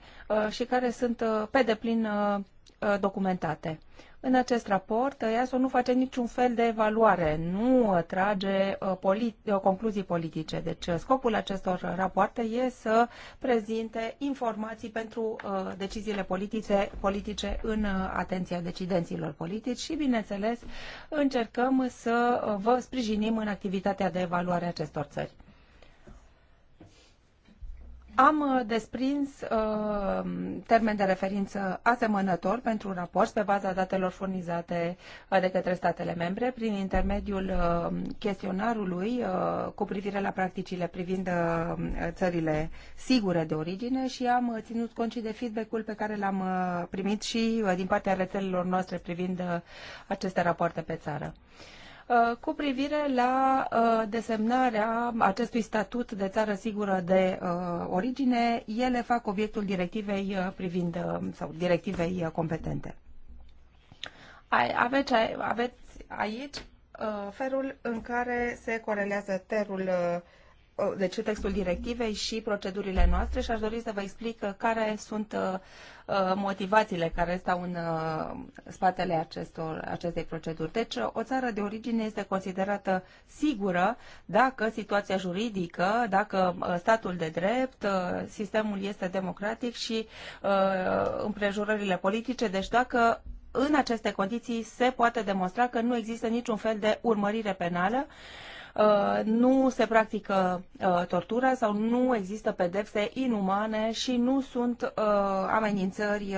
și care sunt pe deplin documentate. În acest raport, EASO nu face niciun fel de evaluare, nu trage uh, politi- uh, concluzii politice. Deci uh, scopul acestor rapoarte e să prezinte informații pentru deciziile politice, politice în atenția decidenților politici și, bineînțeles, încercăm să vă sprijinim în activitatea de evaluare a acestor țări. Am uh, desprins uh, termen de referință asemănător pentru un raport pe baza datelor furnizate uh, de către statele membre prin intermediul uh, chestionarului uh, cu privire la practicile privind uh, țările sigure de origine și am uh, ținut cont și de feedback-ul pe care l-am uh, primit și uh, din partea rețelelor noastre privind uh, aceste rapoarte pe țară. Uh, Uh, cu privire la uh, desemnarea acestui statut de țară sigură de uh, origine. Ele fac obiectul directivei privind sau directivei competente. Aveți, aveți aici felul în care se corelează terul deci textul directivei și procedurile noastre și aș dori să vă explic uh, care sunt uh, uh, motivațiile care stau în spatele acestor, acestei proceduri. Deci, o țară de origine este considerată sigură dacă situația juridică, dacă statul de drept, sistemul este democratic și împrejurările politice, deci dacă în aceste condiții se poate demonstra că nu există niciun fel de urmărire penală, Uh, nu se practică uh, tortura sau nu există pedepse inumane și nu sunt uh, amenințări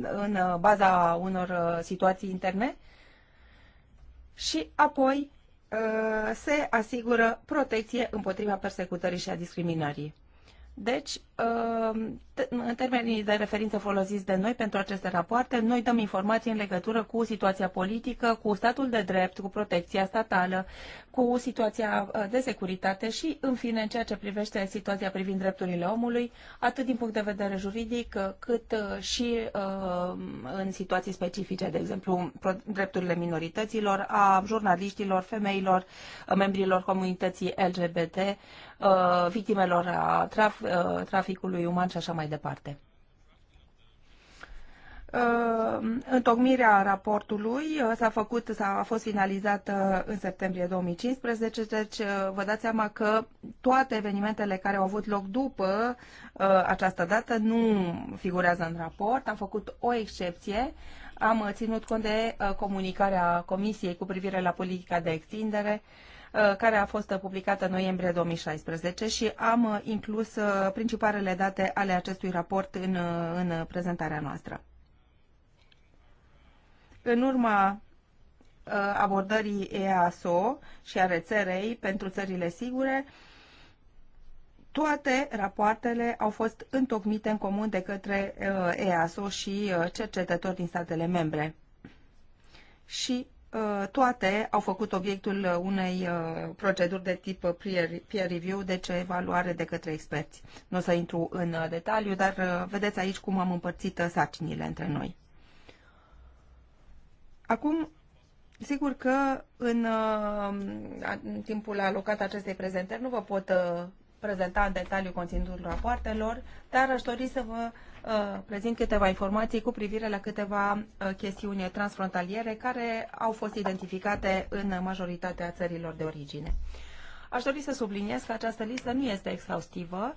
în baza unor situații interne și apoi se asigură protecție împotriva persecutării și a discriminării. Deci, uh, în termenii de referință folosiți de noi pentru aceste rapoarte, noi dăm informații în legătură cu situația politică, cu statul de drept, cu protecția statală, cu situația uh, de securitate și, în fine, în ceea ce privește situația privind drepturile omului, atât din punct de vedere juridic, uh, cât uh, și în situații specifice, de exemplu, drepturile minorităților, a jurnaliștilor, femeilor, membrilor comunității LGBT, victimelor a traf, traficului uman și așa mai departe. Uh, întocmirea raportului uh, s-a făcut, s-a a fost finalizată uh, în septembrie 2015, deci vă dați seama că toate evenimentele care au avut loc după această dată nu figurează în raport. Am făcut o excepție. Am ținut cont de comunicarea Comisiei cu privire la politica de extindere care a fost publicată în noiembrie 2016 și am inclus principalele date ale acestui raport în, în prezentarea noastră. În urma uh, abordării EASO și a rețelei pentru țările sigure, toate rapoartele au fost întocmite în comun de către uh, EASO și uh, cercetători din statele membre. Și toate au făcut obiectul unei proceduri de tip peer review, deci evaluare de către experți. Nu o să intru în detaliu, dar vedeți aici cum am împărțit sarcinile între noi. Acum, sigur că în, uh, în timpul alocat acestei prezentări nu vă pot uh, prezenta în detaliu conținutul rapoartelor, dar aș dori să vă uh, prezint câteva informații cu privire la câteva chestiuni transfrontaliere care au fost identificate în majoritatea țărilor de origine. Aș dori să subliniez că această listă nu este exhaustivă,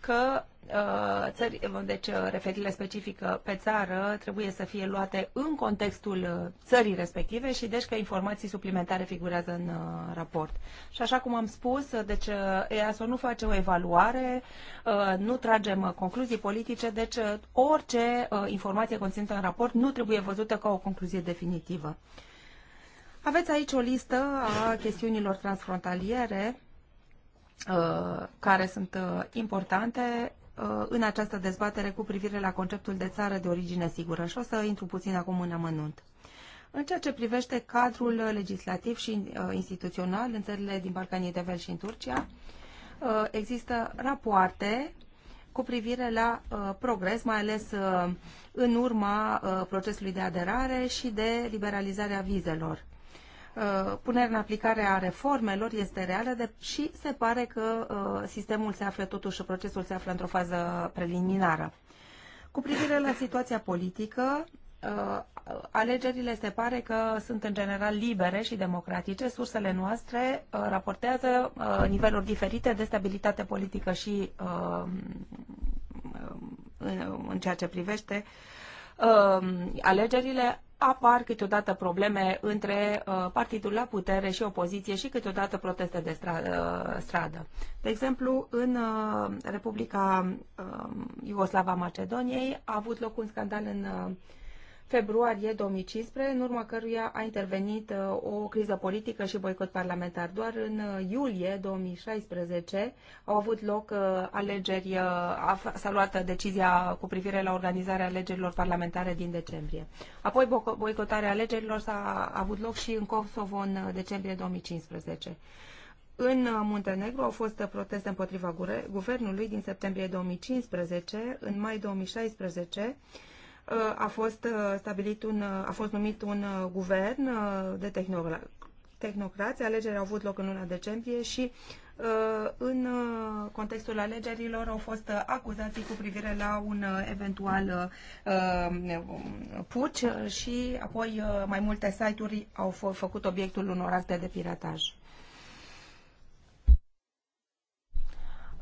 că uh, țări, uh, deci uh, referire specifică pe țară trebuie să fie luate în contextul țării respective și deci că informații suplimentare figurează în raport. Și așa cum am spus, deci EASO nu face o evaluare, nu tragem concluzii politice, deci orice informație conținută în raport nu trebuie văzută ca o concluzie definitivă. Aveți aici o listă a chestiunilor transfrontaliere Uh, care sunt uh, importante uh, în această dezbatere cu privire la conceptul de țară de origine sigură și o să intru puțin acum în amănunt. În ceea ce privește cadrul legislativ și instituțional în țările din Balcanii de Vest și în Turcia, există rapoarte cu privire la progres, mai ales în urma procesului de aderare și de liberalizarea vizelor Uh, punerea în aplicare a reformelor este reală de, și se pare că uh, sistemul se află totuși, procesul se află într-o fază preliminară. Cu privire la situația politică, uh, alegerile se pare că sunt în general libere și democratice. Sursele noastre raportează niveluri diferite de stabilitate politică și în ceea ce privește uh, Ehm, alegerile apar câteodată probleme între uh, partidul la putere și opoziție și câteodată proteste de uh, stradă. De exemplu, în uh, Republica ehm, Iugoslava Macedoniei a avut loc un scandal în februarie 2015, în urma căruia a intervenit uh, o criză politică și boicot parlamentar. Doar în uh, iulie 2016 au avut loc uh, alegeri, s-a luat decizia cu privire la organizarea alegerilor parlamentare din decembrie. Apoi boicotarea alegerilor s-a avut loc și în Kosovo în decembrie 2015. În Muntenegru au fost proteste împotriva guvernului din septembrie 2015. În mai 2016 Uh, a fost uh, stabilit un, uh, a fost numit un guvern de tehnocra- tehnocrați. Alegerile au avut loc în luna decembrie și în contextul alegerilor au fost acuzații cu privire la un eventual puci și apoi mai multe site-uri au făcut obiectul unor acte de pirataj.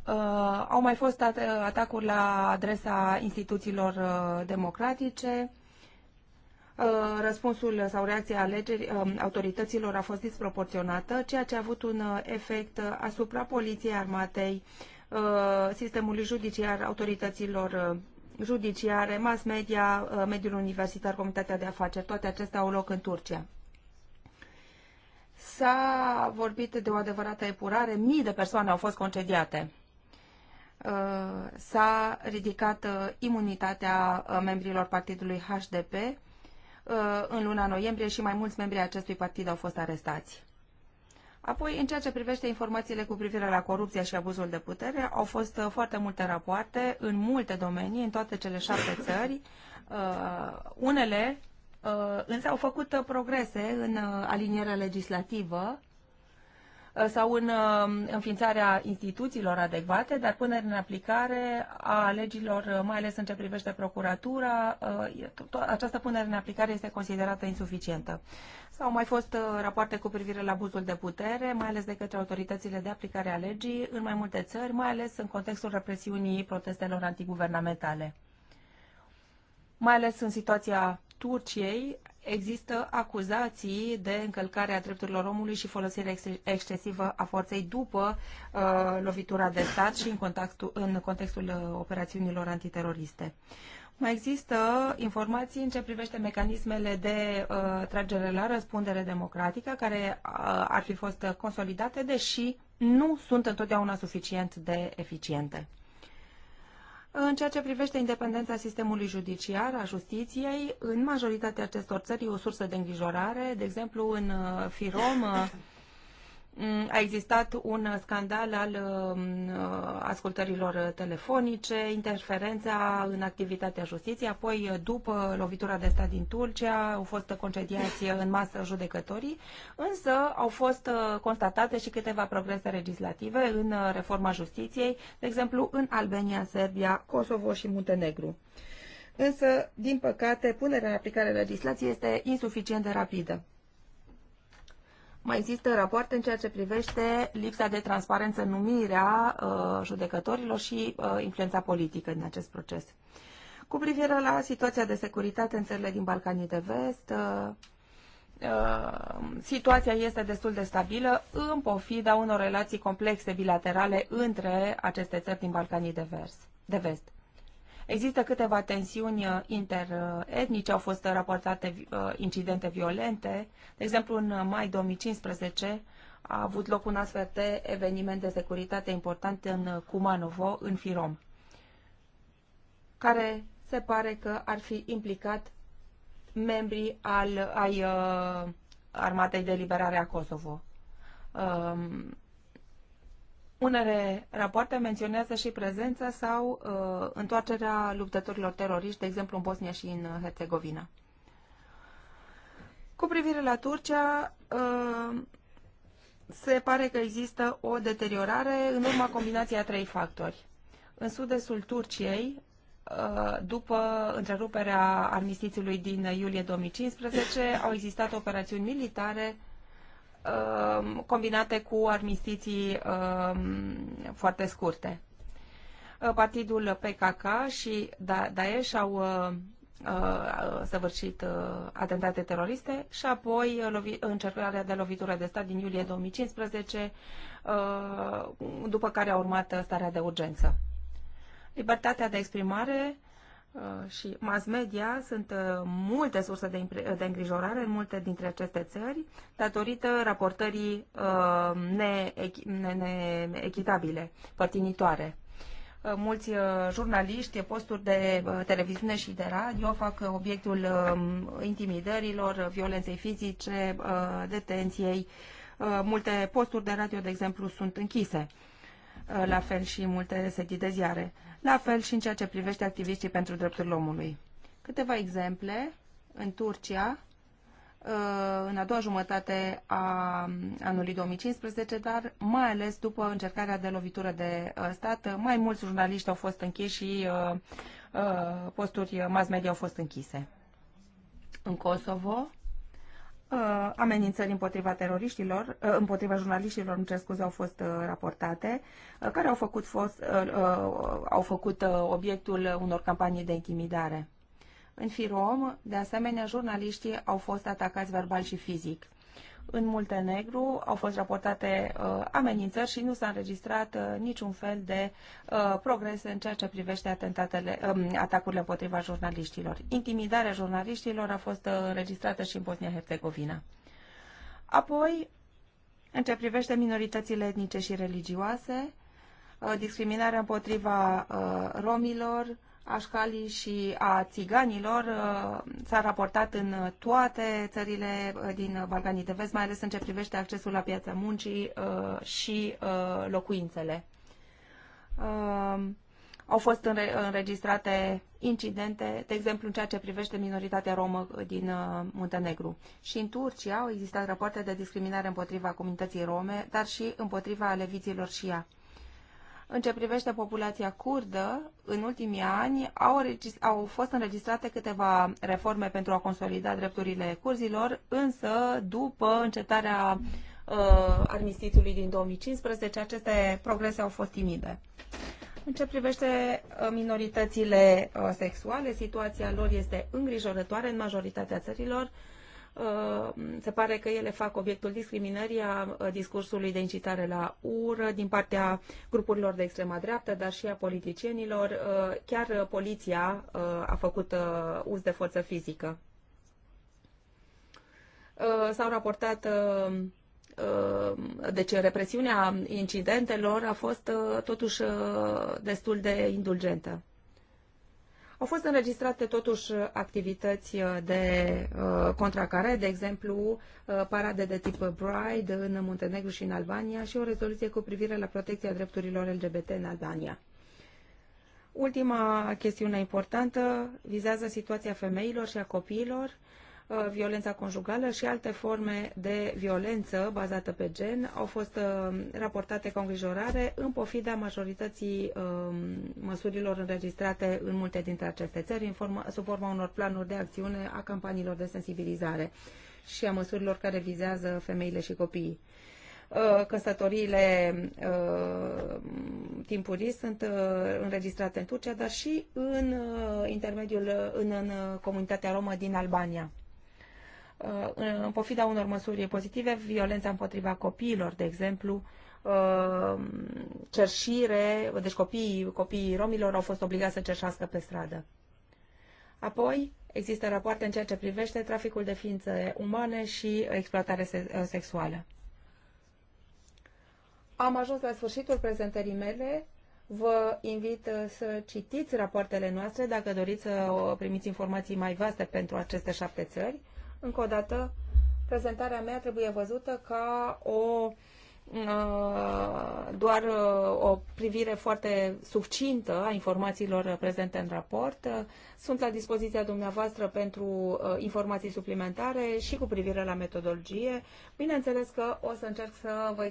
Uh, au mai fost at- atacuri la adresa instituțiilor uh, democratice. Uh, răspunsul sau reacția alegeri, uh, autorităților a fost disproporționată, ceea ce a avut un uh, efect asupra poliției armatei, uh, sistemului judiciar, autorităților uh, judiciare, mass media, mediul universitar, comunitatea de afaceri. Toate acestea au loc în Turcia. S-a vorbit de o adevărată epurare, mii de persoane au fost concediate. Uh, s-a ridicat uh, imunitatea uh, membrilor partidului HDP în luna noiembrie și mai mulți membri ai acestui partid au fost arestați. Apoi, în ceea ce privește informațiile cu privire la corupția și abuzul de putere, au fost foarte multe rapoarte în multe domenii, în toate cele șapte țări. Unele însă au făcut progrese în alinierea legislativă Uh, sau în uh, înființarea instituțiilor adecvate, dar până în aplicare a legilor, uh, mai ales în ce privește procuratura, această punere în aplicare este considerată insuficientă. S-au mai fost rapoarte cu privire la abuzul de putere, mai ales de către autoritățile de aplicare a legii în mai multe țări, mai ales în contextul represiunii protestelor antiguvernamentale. Mai ales în situația Turciei, există acuzații de încălcare a drepturilor omului și folosire ex excesivă a forței după uh, lovitura de stat și în, contactul, în contextul uh, operațiunilor antiteroriste. Mai există informații în ce privește mecanismele de uh, tragere la răspundere democratică care uh, ar fi fost consolidate, deși nu sunt întotdeauna suficient de eficiente. În ceea ce privește independența sistemului judiciar, a justiției, în majoritatea acestor țări e o sursă de îngrijorare. De exemplu, în uh, FIROM, uh, Mm, a existat un scandal al mm, uh, ascultărilor telefonice, interferența în activitatea justiției, apoi uh, după lovitura de stat din Turcia au fost concediați în masă judecătorii, însă au fost uh, constatate și câteva progrese legislative în reforma justiției, de exemplu în Albania, Serbia, Kosovo și Muntenegru. Însă, din păcate, punerea în aplicare legislației este insuficient de rapidă. Mai există rapoarte în ceea ce privește lipsa de transparență în numirea uh, judecătorilor și uh, influența politică din acest proces. Cu privire la situația de securitate în țările din Balcanii de Vest, uh, uh, situația este destul de stabilă în pofida unor relații complexe bilaterale între aceste țări din Balcanii de Vest. Există câteva tensiuni uh, interetnice, au fost uh, raportate uh, incidente violente. De exemplu, în mai 2015 a avut loc un astfel de eveniment de securitate important în Cumanovo, în Firom, care se pare că ar fi implicat membrii al, ai uh, Armatei de Liberare a Kosovo. Um, unele rapoarte menționează și prezența sau uh, întoarcerea luptătorilor teroriști, de exemplu în Bosnia și în uh, Herțegovina. Cu privire la Turcia, uh, se pare că există o deteriorare în urma combinației a trei factori. În sud-estul Turciei, uh, după întreruperea armistițiului din iulie 2015, au existat operațiuni militare Um, combinate cu armistiții um, foarte scurte. Uh, partidul PKK și da-, Daesh au uh, uh, săvârșit atentate teroriste și apoi încercarea de lovitură de stat din iulie 2015, după care a urmat starea de urgență. Libertatea de exprimare Uh, și mass media sunt uh, multe surse de, de îngrijorare în multe dintre aceste țări datorită raportării uh, neechitabile, părtinitoare. Mulți jurnaliști, posturi de televiziune și de radio fac obiectul um, intimidărilor, violenței fizice, detenției. Multe posturi de radio, de exemplu, sunt închise. La fel și multe sedii de ziare la fel și în ceea ce privește activiștii pentru drepturile omului. Câteva exemple. În Turcia, uh, în a doua jumătate a anului 2015, dar mai ales după încercarea de lovitură de uh, stat, mai mulți jurnaliști au fost închiși și uh, posturi mass media au fost închise. În Kosovo, uh, amenințări împotriva teroriștilor, uh, împotriva jurnaliștilor, îmi cer scuze, au fost uh, raportate, uh, care au făcut, fost, uh, uh, au făcut uh, obiectul unor campanii de intimidare. În Firom, de asemenea, jurnaliștii au fost atacați verbal și fizic. În Muntenegru au fost raportate uh, amenințări și nu s-a înregistrat uh, niciun fel de uh, progres în ceea ce privește atentatele, uh, atacurile împotriva jurnaliștilor. Intimidarea jurnaliștilor a fost uh, înregistrată și în Bosnia-Herzegovina. Apoi, în ce privește minoritățile etnice și religioase, uh, discriminarea împotriva uh, romilor, a și a țiganilor uh, s-a raportat în toate țările uh, din Balcanii de Vest, mai ales în ce privește accesul la piața muncii uh, și locuințele. Au fost înregistrate incidente, de exemplu în ceea ce privește minoritatea romă din Muntenegru. Și în Turcia au existat rapoarte de discriminare împotriva comunității rome, dar și împotriva aleviților și ea. În ce privește populația curdă, în ultimii ani au, au fost înregistrate câteva reforme pentru a consolida drepturile curzilor, însă după încetarea uh, armistițiului din 2015, aceste progrese au fost timide. În ce privește uh, minoritățile uh, sexuale, situația lor este îngrijorătoare în majoritatea țărilor. Uh, Uh, se pare că ele fac obiectul discriminării a uh, discursului de incitare la ură din partea grupurilor de extrema dreaptă, dar și a politicienilor. Uh, chiar poliția a făcut uz de forță fizică. S-au raportat deci represiunea incidentelor a fost totuși destul de indulgentă. Au fost înregistrate totuși activități de uh, contracare, de exemplu uh, parade de tip Bride în Muntenegru și în Albania și o rezoluție cu privire la protecția drepturilor LGBT în Albania. Ultima chestiune importantă vizează situația femeilor și a copiilor. Uh, Uh, violența conjugală și alte forme de violență bazată pe gen au fost uh, raportate ca îngrijorare în pofida majorității uh, măsurilor înregistrate în multe dintre aceste țări în formă, sub forma unor planuri de acțiune a campaniilor de sensibilizare și a măsurilor care vizează femeile și copiii căsătoriile timpurii sunt înregistrate în Turcia, dar și în intermediul în, în comunitatea romă din Albania. Uh, în pofida unor măsuri pozitive, violența împotriva copiilor, de exemplu, uh, cerșire, deci copiii, copiii romilor au fost obligați să cerșească pe stradă. Apoi, există rapoarte în ceea ce privește traficul de ființe umane și exploatare uh, sexuală. Am ajuns la sfârșitul prezentării mele. Vă invit să citiți rapoartele noastre dacă doriți să primiți informații mai vaste pentru aceste șapte țări. Încă o dată, prezentarea mea trebuie văzută ca o doar o privire foarte subcintă a informațiilor prezente în raport. Sunt la dispoziția dumneavoastră pentru informații suplimentare și cu privire la metodologie. Bineînțeles că o să încerc să vă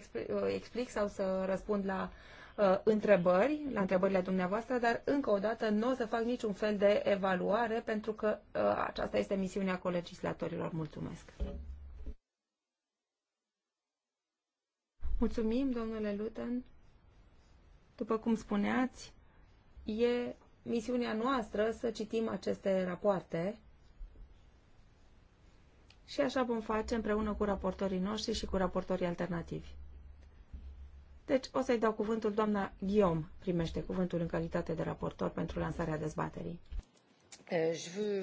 explic sau să răspund la uh, întrebări, la întrebările dumneavoastră, dar încă o dată nu o să fac niciun fel de evaluare pentru că uh, aceasta este misiunea colegislatorilor. Mulțumesc! Mulțumim, domnule Luten. După cum spuneați, e misiunea noastră să citim aceste rapoarte și așa vom face împreună cu raportorii noștri și cu raportorii alternativi. Deci o să-i dau cuvântul, doamna Guillaume primește cuvântul în calitate de raportor pentru lansarea dezbaterii. Eh,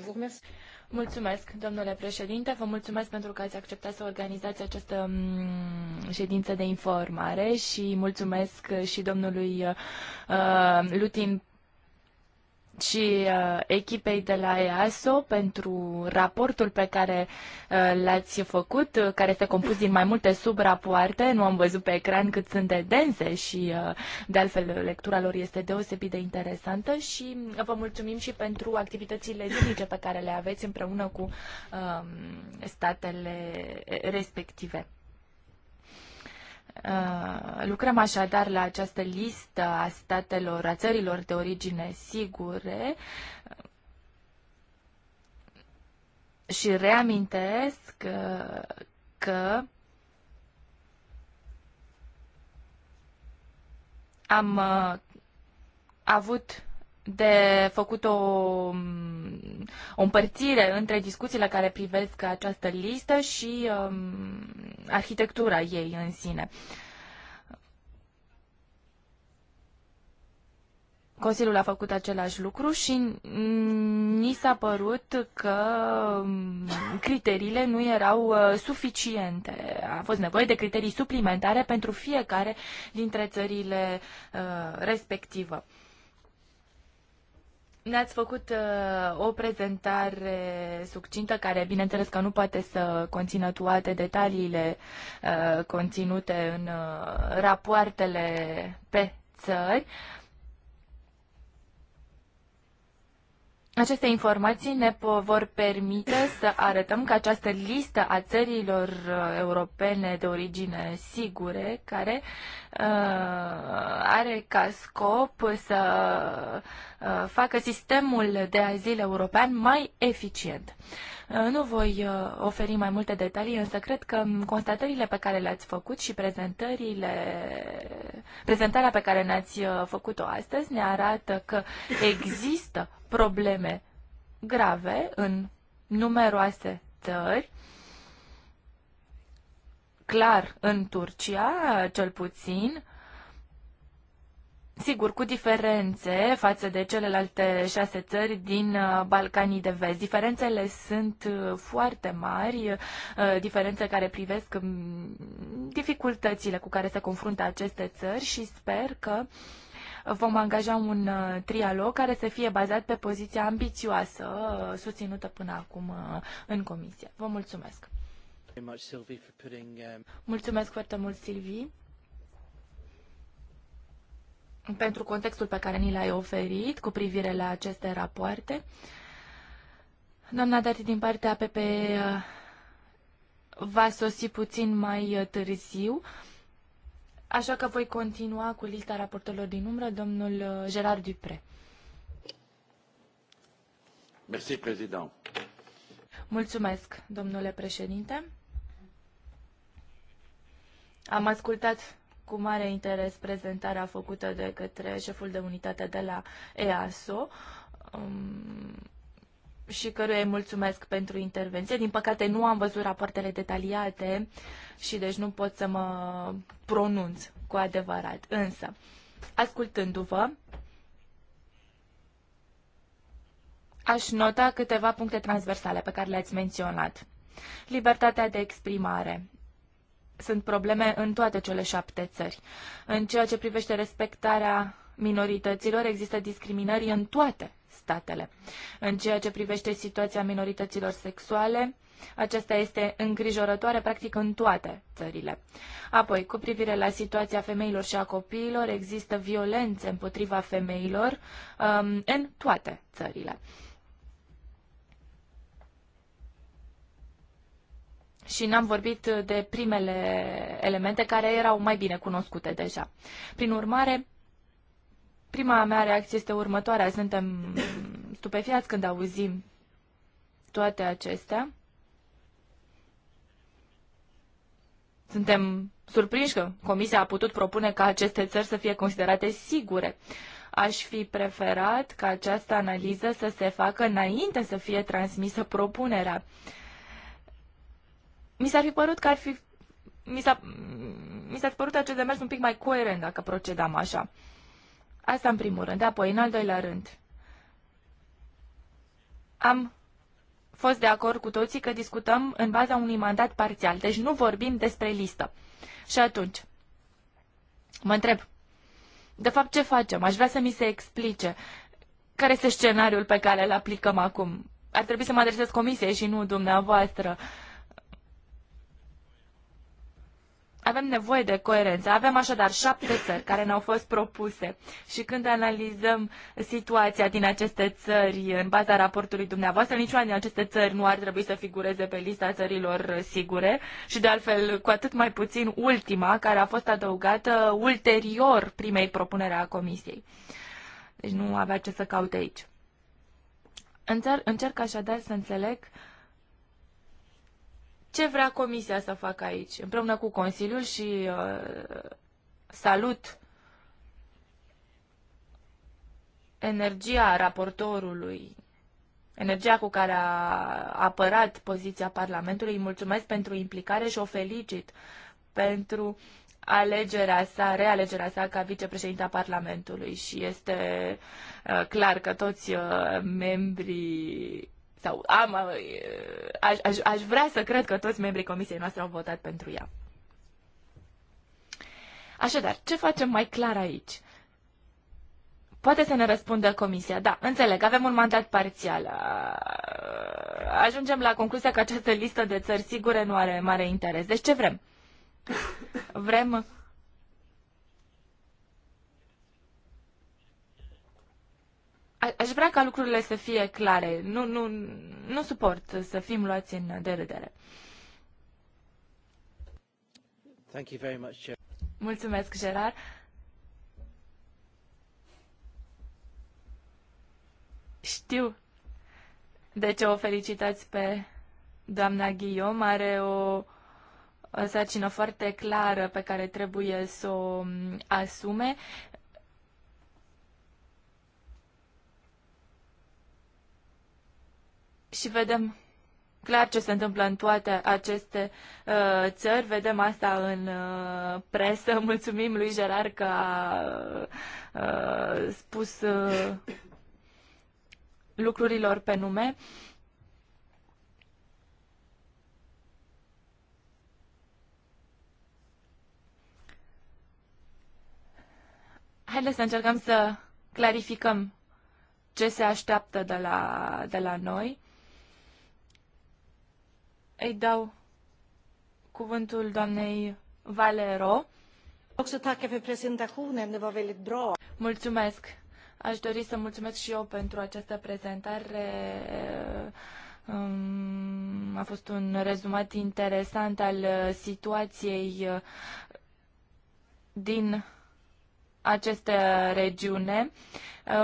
mulțumesc, domnule președinte. Vă mulțumesc pentru că ați acceptat să organizați această mm, ședință de informare și mulțumesc și domnului eh, Lutin și uh, echipei de la EASO pentru raportul pe care uh, l-ați făcut, uh, care este compus din mai multe subrapoarte. Nu am văzut pe ecran cât sunt de dense și, de altfel, lectura lor este deosebit de interesantă și vă mulțumim și pentru activitățile zilnice pe care le aveți împreună cu um, statele respective. Uh, lucrăm așadar la această listă a statelor, a țărilor de origine sigure și reamintesc că, uh, că am uh, avut de făcut o, o împărțire între discuțiile care privesc această listă și um, arhitectura ei în sine. Consiliul a făcut același lucru și ni s-a părut că um, criteriile nu erau uh, suficiente. A fost nevoie de criterii suplimentare pentru fiecare dintre țările uh, respectivă. Ne-ați făcut uh, o prezentare succintă care, bineînțeles, că nu poate să conțină toate detaliile uh, conținute în uh, rapoartele pe țări, Aceste informații ne vor permite să arătăm că această listă a țărilor uh, europene de origine sigure, care uh, are ca scop să uh, facă sistemul de azil european mai eficient. Uh, nu voi uh, oferi mai multe detalii, însă cred că um, constatările pe care le-ați făcut și prezentările, prezentarea pe care ne-ați uh, făcut-o astăzi ne arată că există probleme grave în numeroase țări, clar în Turcia, cel puțin, Sigur, cu diferențe față de celelalte șase țări din uh, Balcanii de Vest. Diferențele sunt uh, foarte mari, uh, diferențe care privesc mm, dificultățile cu care se confruntă aceste țări și sper că vom angaja un trialog care să fie bazat pe poziția ambițioasă susținută până acum în comisie. Vă mulțumesc! Um, mulțumesc foarte mult, Silvii! pentru contextul pe care ni l-ai oferit cu privire la aceste rapoarte. Doamna Dati, din partea APP uh, va sosi puțin mai uh, târziu, așa că voi continua cu lista raportelor din umbră, domnul uh, Gerard Dupre. Mersi, prezident. Mulțumesc, domnule președinte. Am ascultat cu mare interes prezentarea făcută de către șeful de unitate de la EASO um, și căruia îi mulțumesc pentru intervenție. Din păcate nu am văzut rapoartele detaliate și deci nu pot să mă pronunț cu adevărat. Însă, ascultându-vă, aș nota câteva puncte transversale pe care le-ați menționat. Libertatea de exprimare, sunt probleme în toate cele șapte țări. În ceea ce privește respectarea minorităților, există discriminări în toate statele. În ceea ce privește situația minorităților sexuale, aceasta este îngrijorătoare practic în toate țările. Apoi, cu privire la situația femeilor și a copiilor, există violențe împotriva femeilor um, în toate țările. și n-am vorbit de primele elemente care erau mai bine cunoscute deja. Prin urmare, prima mea reacție este următoarea. Suntem stupefiați când auzim toate acestea. Suntem surprinși că Comisia a putut propune ca aceste țări să fie considerate sigure. Aș fi preferat ca această analiză să se facă înainte să fie transmisă propunerea. Uh, mi s-ar fi părut că ar fi... Mi s-ar fi părut acest demers un pic mai coerent dacă procedam așa. Asta în primul rând. Apoi, în al doilea rând, am fost de acord cu toții că discutăm în baza unui mandat parțial, deci nu vorbim despre listă. Și atunci, mă întreb, de fapt ce facem? Aș vrea să mi se explice care este scenariul pe care îl aplicăm acum. Ar trebui să mă adresez comisiei și nu dumneavoastră. Uh, avem nevoie de coerență. Avem așadar șapte țări care ne-au fost propuse și când analizăm situația din aceste țări în baza raportului dumneavoastră, niciuna din aceste țări nu ar trebui să figureze pe lista țărilor sigure și de altfel cu atât mai puțin ultima care a fost adăugată ulterior primei propunere a Comisiei. Deci nu avea ce să caute aici. încerc așadar să înțeleg uh, ce vrea Comisia să facă aici? Împreună cu Consiliul și uh, salut energia raportorului, energia cu care a apărat poziția Parlamentului. Îi mulțumesc pentru implicare și o felicit pentru alegerea sa, realegerea sa ca vicepreședinte a Parlamentului și este uh, clar că toți uh, membrii sau am, uh, aș, aș, aș vrea să cred că toți membrii comisiei noastre au votat pentru ea. Așadar, ce facem mai clar aici? Poate să ne răspundă comisia. Da, înțeleg, avem un mandat parțial. Ajungem la concluzia că această listă de țări sigure nu are mare interes. Deci ce vrem? Vrem aș vrea ca lucrurile să fie clare. Nu, nu, nu suport să fim luați în derâdere. Thank you very much, Mulțumesc, Gerard. Știu de ce o felicitați pe doamna Guillaume. Are o, o sarcină foarte clară pe care trebuie să o mm, asume. și vedem clar ce se întâmplă în toate aceste uh, țări. Vedem asta în uh, presă. Mulțumim lui Gerard că a uh, spus uh, lucrurilor pe nume. Haideți să încercăm să clarificăm ce se așteaptă de la, de la noi. Îi dau cuvântul doamnei Valero. Mulțumesc. Aș dori să mulțumesc și eu pentru această prezentare. Um, a fost un rezumat interesant al uh, situației uh, din aceste regiune.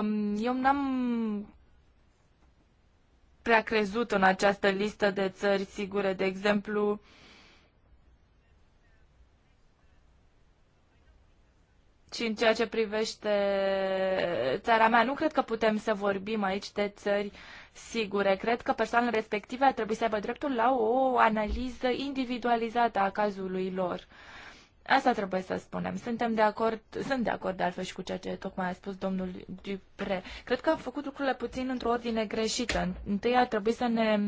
Um, eu n-am prea crezut în această listă de țări sigure. De exemplu, și în ceea ce privește țara mea, nu cred că putem să vorbim aici de țări sigure. Cred că persoanele respective ar trebui să aibă dreptul la o analiză individualizată a cazului lor. Asta trebuie să spunem. Suntem de acord, sunt de acord de altfel și cu ceea ce tocmai a spus domnul Dupre. Cred că am făcut lucrurile puțin într-o ordine greșită. Întâi ar trebui să ne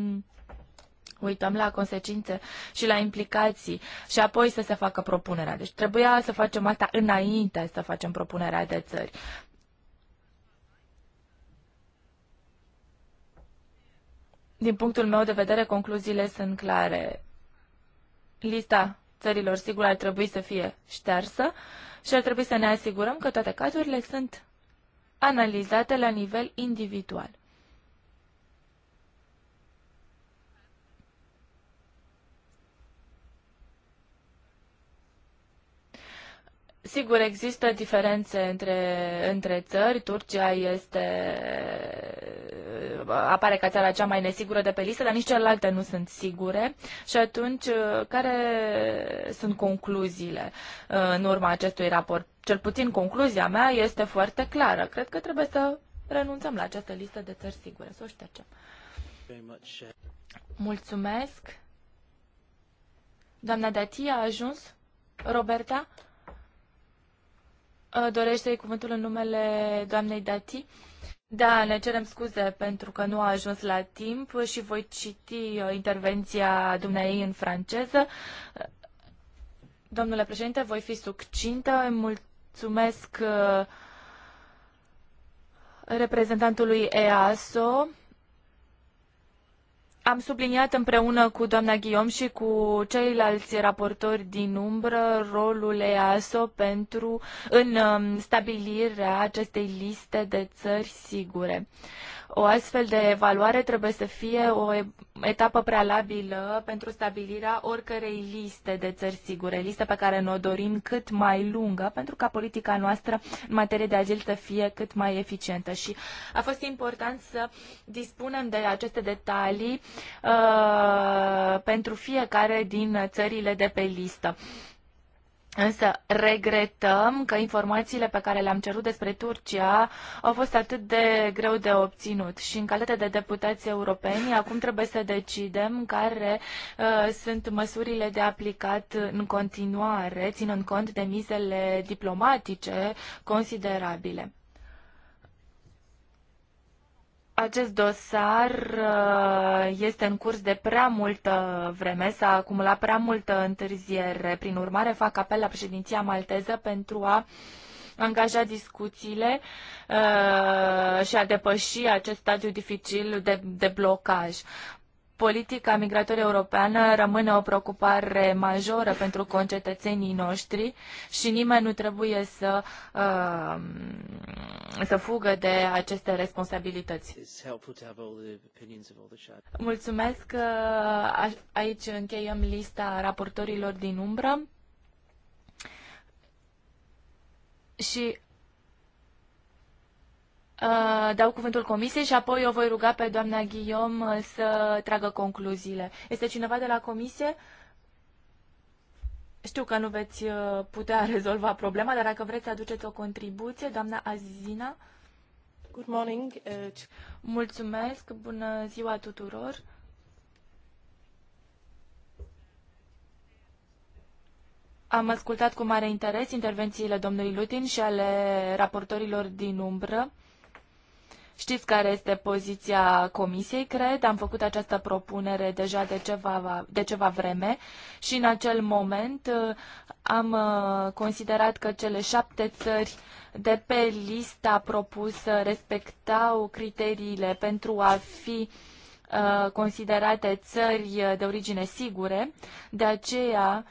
uităm la consecințe și la implicații și apoi să se facă propunerea. Deci trebuia să facem asta înainte să facem propunerea de țări. Din punctul meu de vedere, concluziile sunt clare. Lista țărilor, sigur, ar trebui să fie ștersă și ar trebui să ne asigurăm că toate cazurile sunt analizate la nivel individual. Sigur, există diferențe între, între țări. Turcia este apare ca țara cea mai nesigură de pe listă, dar nici celelalte nu sunt sigure. Și atunci, uh, care sunt concluziile uh, în urma acestui raport? Cel puțin concluzia mea este foarte clară. Cred că trebuie să renunțăm la această listă de țări sigure, să o ștergem. Mulțumesc. Doamna Datia a ajuns? Roberta? Uh, Dorește cuvântul în numele doamnei Datii? Da, ne cerem scuze pentru că nu a ajuns la timp și voi citi uh, intervenția dumneai în franceză. Domnule președinte, voi fi succintă. Mulțumesc uh, reprezentantului EASO am subliniat împreună cu doamna Ghiom și cu ceilalți raportori din umbră rolul EASO pentru în um, stabilirea acestei liste de țări sigure. O astfel de evaluare trebuie să fie o etapă prealabilă pentru stabilirea oricărei liste de țări sigure, listă pe care ne-o dorim cât mai lungă, pentru ca politica noastră în materie de azil să fie cât mai eficientă. Și a fost important să dispunem de aceste detalii uh, pentru fiecare din țările de pe listă. Însă regretăm că informațiile pe care le-am cerut despre Turcia au fost atât de greu de obținut și în calitate de deputați europeni acum trebuie să decidem care uh, sunt măsurile de aplicat în continuare, ținând cont de mizele diplomatice considerabile acest dosar uh, este în curs de prea multă vreme, s-a acumulat prea multă întârziere. Prin urmare, fac apel la președinția malteză pentru a angaja discuțiile uh, și a depăși acest stadiu dificil de, de blocaj politica migratorie europeană rămâne o preocupare majoră pentru concetățenii noștri și nimeni nu trebuie să, uh, să fugă de aceste responsabilități. Mulțumesc uh, aici încheiem lista raportorilor din umbră și Uh, dau cuvântul comisiei și apoi o voi ruga pe doamna Ghiom uh, să tragă concluziile. Este cineva de la comisie? Știu că nu veți uh, putea rezolva problema, dar dacă vreți să aduceți o contribuție, doamna Azina. Good morning. Mulțumesc, bună ziua tuturor. Am ascultat cu mare interes intervențiile domnului Lutin și ale raportorilor din umbră. Știți care este poziția Comisiei, cred. Am făcut această propunere deja de ceva, de ceva vreme și în acel moment uh, am uh, considerat că cele șapte țări de pe lista propusă respectau criteriile pentru a fi uh, considerate țări de origine sigure. De aceea,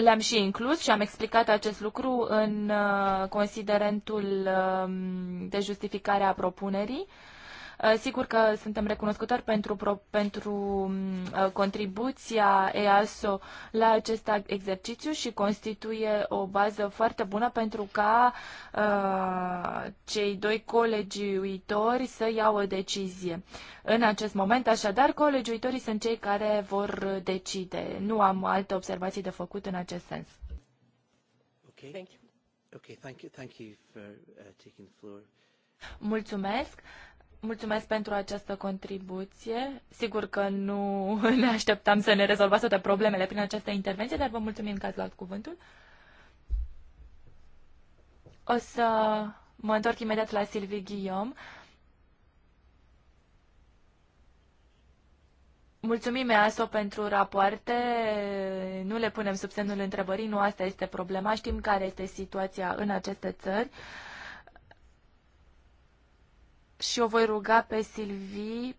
le-am și inclus și am explicat acest lucru în uh, considerentul um, de justificare a propunerii. Uh, sigur că suntem recunoscători pentru, pentru mm, uh, contribuția EASO la acest exercițiu și constituie o bază foarte bună pentru ca uh, cei doi colegi uitori să iau o decizie. În acest moment, așadar, colegii uitorii sunt cei care vor decide. Nu am alte observații de făcut în acest sens. Okay. Thank you. Okay, thank you, thank you for, uh, taking the floor. Mulțumesc. Mulțumesc pentru această contribuție. Sigur că nu ne așteptam să ne rezolvați toate problemele prin această intervenție, dar vă mulțumim că ați luat cuvântul. O să mă întorc imediat la Silvie Guillaume. Mulțumim EASO pentru rapoarte. Nu le punem sub semnul întrebării, nu asta este problema. Știm care este situația în aceste țări. Uh, și o voi ruga pe Silvi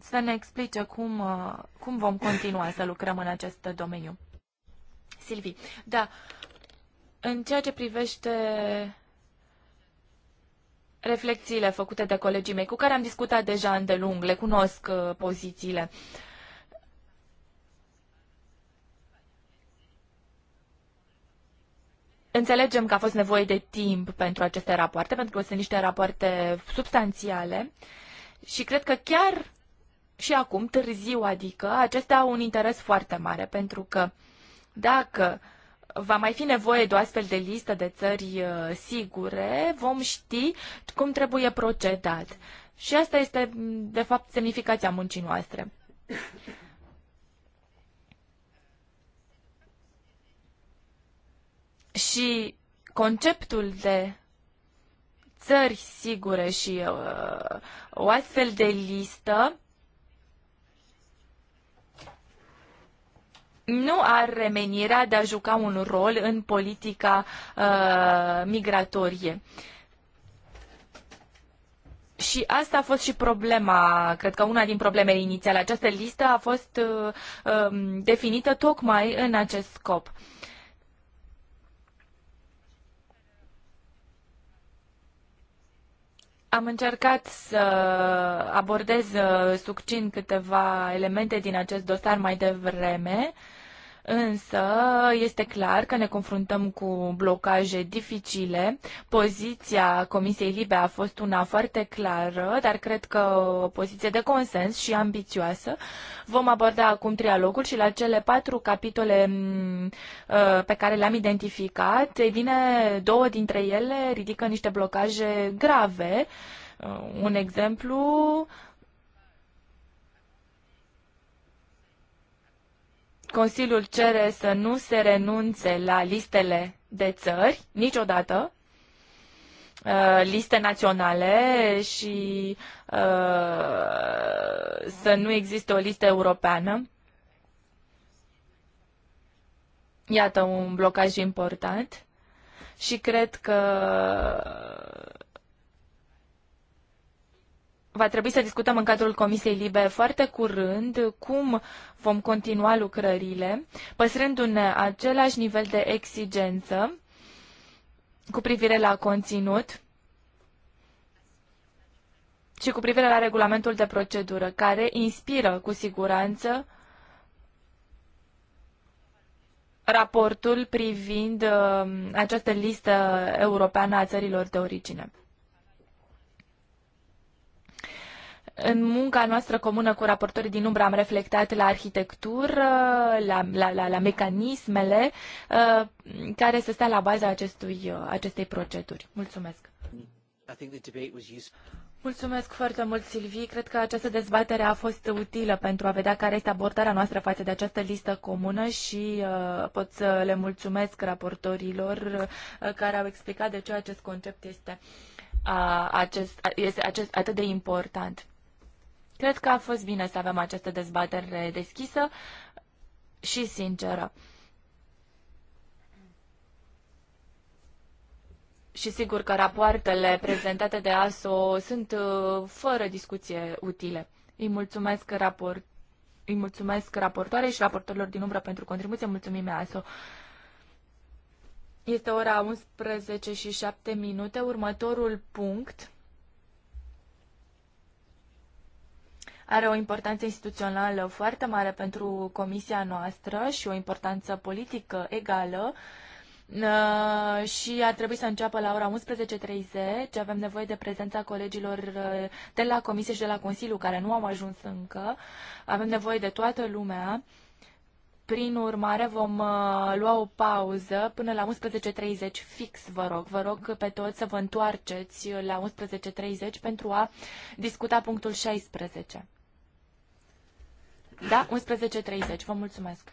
să ne explice cum, uh, cum vom continua să lucrăm în acest domeniu. Silvi, da, în ceea ce privește reflexiile făcute de colegii mei, cu care am discutat deja îndelung, le cunosc uh, pozițiile, uh, Înțelegem că a fost nevoie de timp pentru aceste rapoarte, pentru că sunt niște rapoarte substanțiale și cred că chiar și acum, târziu, adică, acestea au un interes foarte mare, pentru că dacă va mai fi nevoie de o astfel de listă de țări uh, sigure, vom ști cum trebuie procedat. Și asta este, de fapt, semnificația muncii noastre. și conceptul de țări sigure și uh, o astfel de listă nu are remenirea de a juca un rol în politica uh, migratorie. Și asta a fost și problema, cred că una din problemele inițiale. Această listă a fost uh, um, definită tocmai în acest scop. Uh, Am încercat să abordez uh, succint câteva elemente din acest dosar mai devreme. Însă este clar că ne confruntăm cu blocaje dificile. Poziția Comisiei Libe a fost una foarte clară, dar cred că o poziție de consens și ambițioasă. Vom aborda acum trialogul și la cele patru capitole mm, ă, pe care le-am identificat, ei bine, două dintre ele ridică niște blocaje grave. Un exemplu Consiliul cere să nu se renunțe la listele de țări niciodată, uh, liste naționale și uh, să nu existe o listă europeană. Iată un blocaj important și cred că va trebui să discutăm în cadrul Comisiei Libe foarte curând cum vom continua lucrările, păstrându-ne același nivel de exigență cu privire la conținut și cu privire la regulamentul de procedură, care inspiră cu siguranță raportul privind uh, această listă europeană a țărilor de origine. În munca noastră comună cu raportorii din umbră am reflectat la arhitectură, la, la, la, la mecanismele uh, care să stea la baza acestui, uh, acestei proceduri. Mulțumesc! Mulțumesc foarte mult, Silvii. Cred că această dezbatere a fost utilă pentru a vedea care este abordarea noastră față de această listă comună și uh, pot să le mulțumesc raportorilor uh, care au explicat de ce acest concept este, uh, acest, este acest, atât de important. Cred că a fost bine să avem această dezbatere deschisă și sinceră. Și sigur că rapoartele prezentate de ASO sunt uh, fără discuție utile. Îi mulțumesc raport îi mulțumesc raportoare și raportorilor din umbră pentru contribuție. Mulțumim, ASO. Este ora 11 și 7 minute. Următorul punct are o importanță instituțională foarte mare pentru comisia noastră și o importanță politică egală. Uh, și ar trebui să înceapă la ora 11.30. Avem nevoie de prezența colegilor uh, de la Comisie și de la Consiliu, care nu au ajuns încă. Avem nevoie de toată lumea. Prin urmare, vom uh, lua o pauză până la 11.30 fix, vă rog. Vă rog pe toți să vă întoarceți la 11.30 pentru a discuta punctul 16. Da, 11.30. Vă mulțumesc.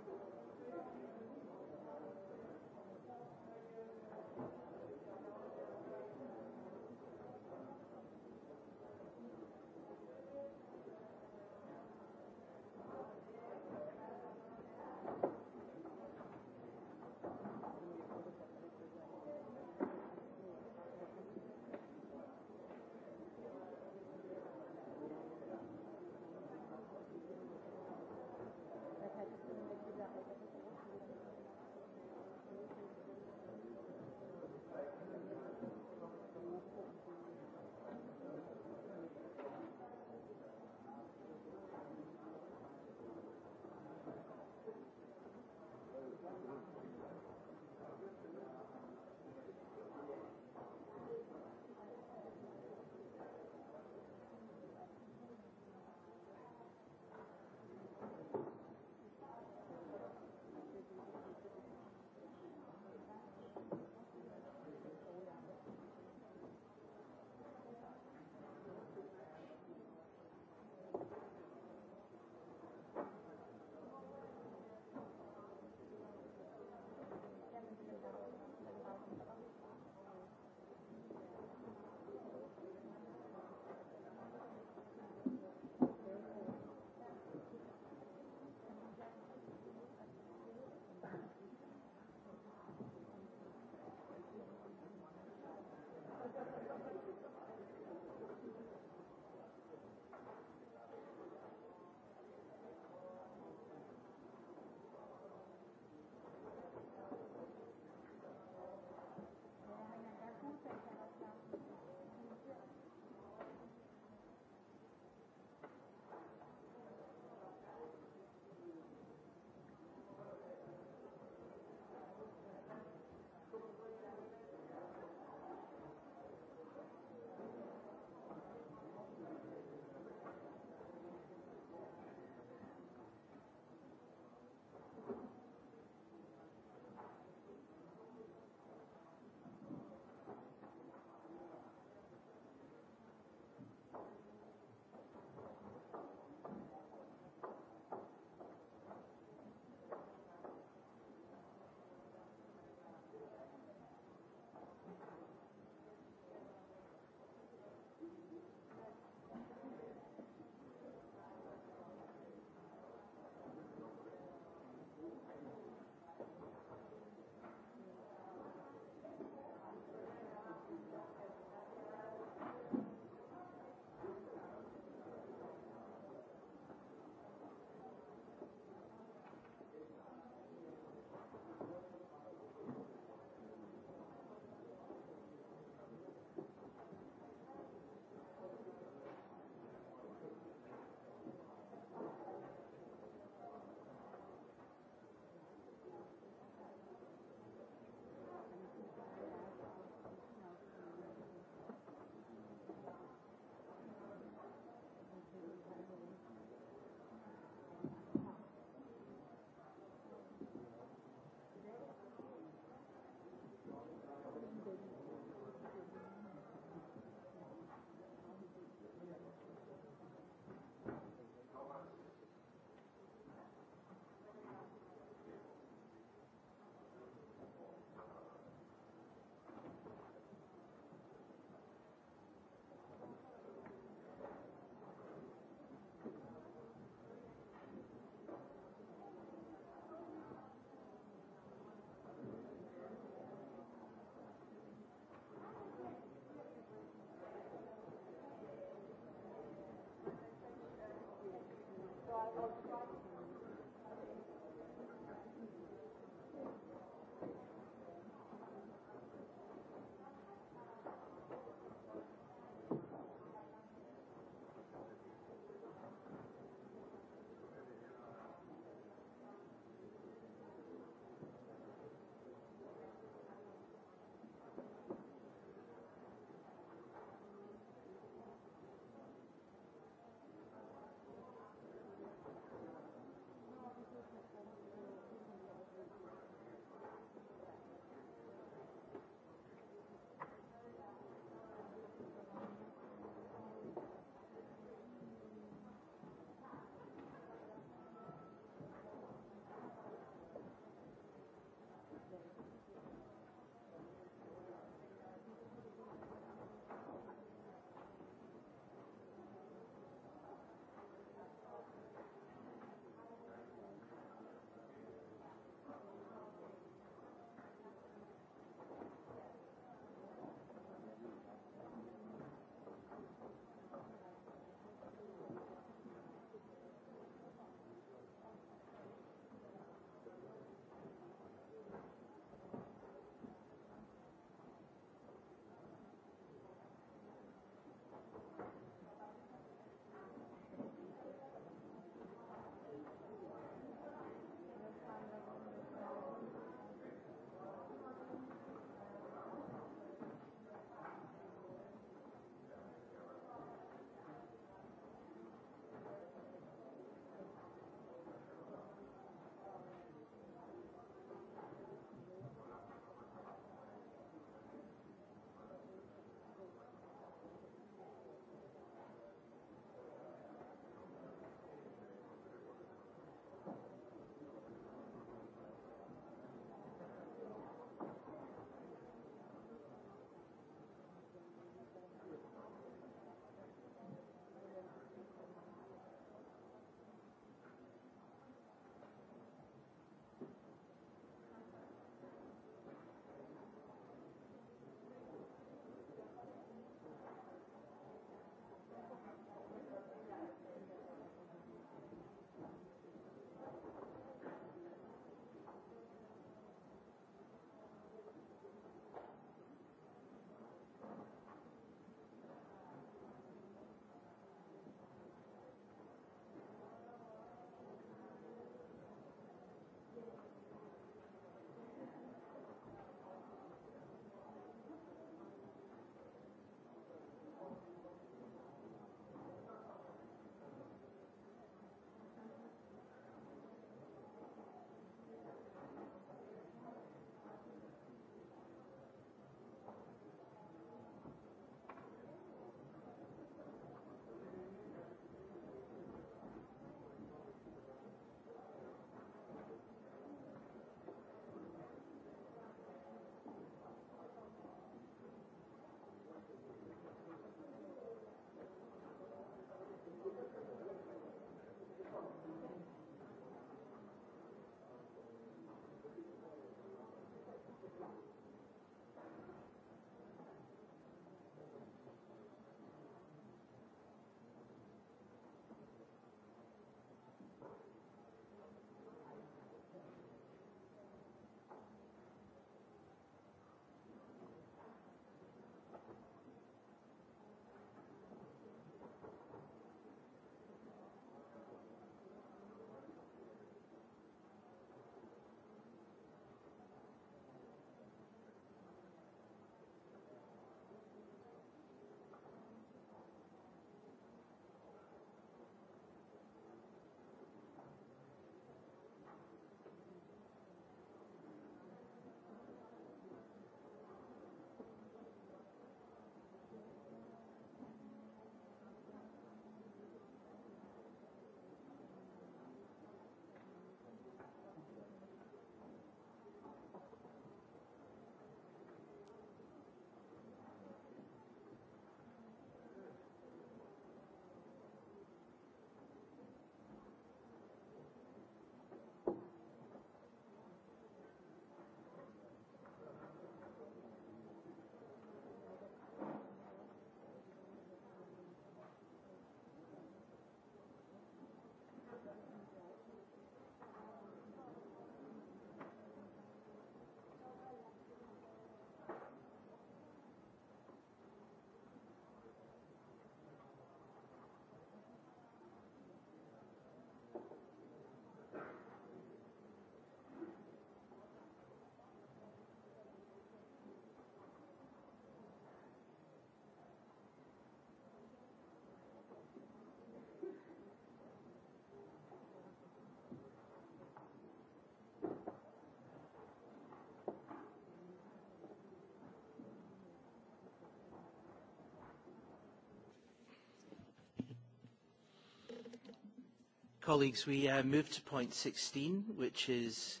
Colleagues, we uh, move to point 16, which is...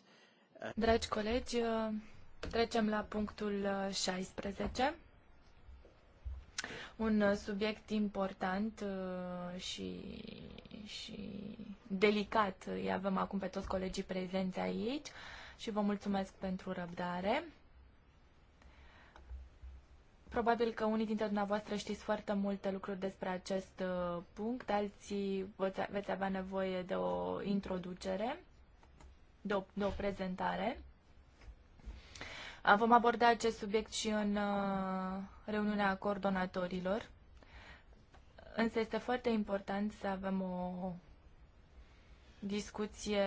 Uh... Dragi colegi, uh, trecem la punctul 16. Uh, Un uh, subiect important și, și delicat. Îi avem acum pe toți colegii prezenți aici și vă mulțumesc pentru răbdare. Probabil că unii dintre dumneavoastră știți foarte multe lucruri despre acest uh, punct, alții veți avea nevoie de o introducere, de o, de o prezentare. Uh, vom aborda acest subiect și în uh, reuniunea coordonatorilor, însă este foarte important să avem o discuție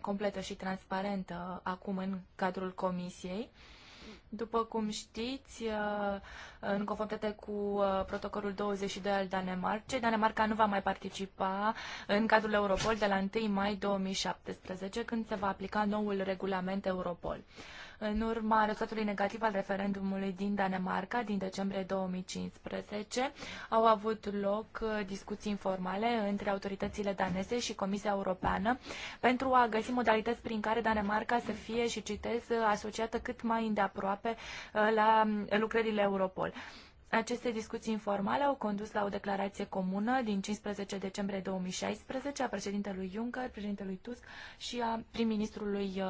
completă și transparentă acum în cadrul comisiei. După cum știți, uh, în conformitate cu uh, protocolul 22 al Danemarcei, Danemarca nu va mai participa în cadrul Europol de la 1 mai 2017, când se va aplica noul regulament Europol în urma rezultatului negativ al referendumului din Danemarca din decembrie 2015. Au avut loc uh, discuții informale între autoritățile daneze și Comisia Europeană pentru a găsi modalități prin care Danemarca să fie, și citez, uh, asociată cât mai îndeaproape uh, la lucrările Europol. Aceste discuții informale au condus la o declarație comună din 15 decembrie 2016 a președintelui Juncker, președintelui Tusk și a prim-ministrului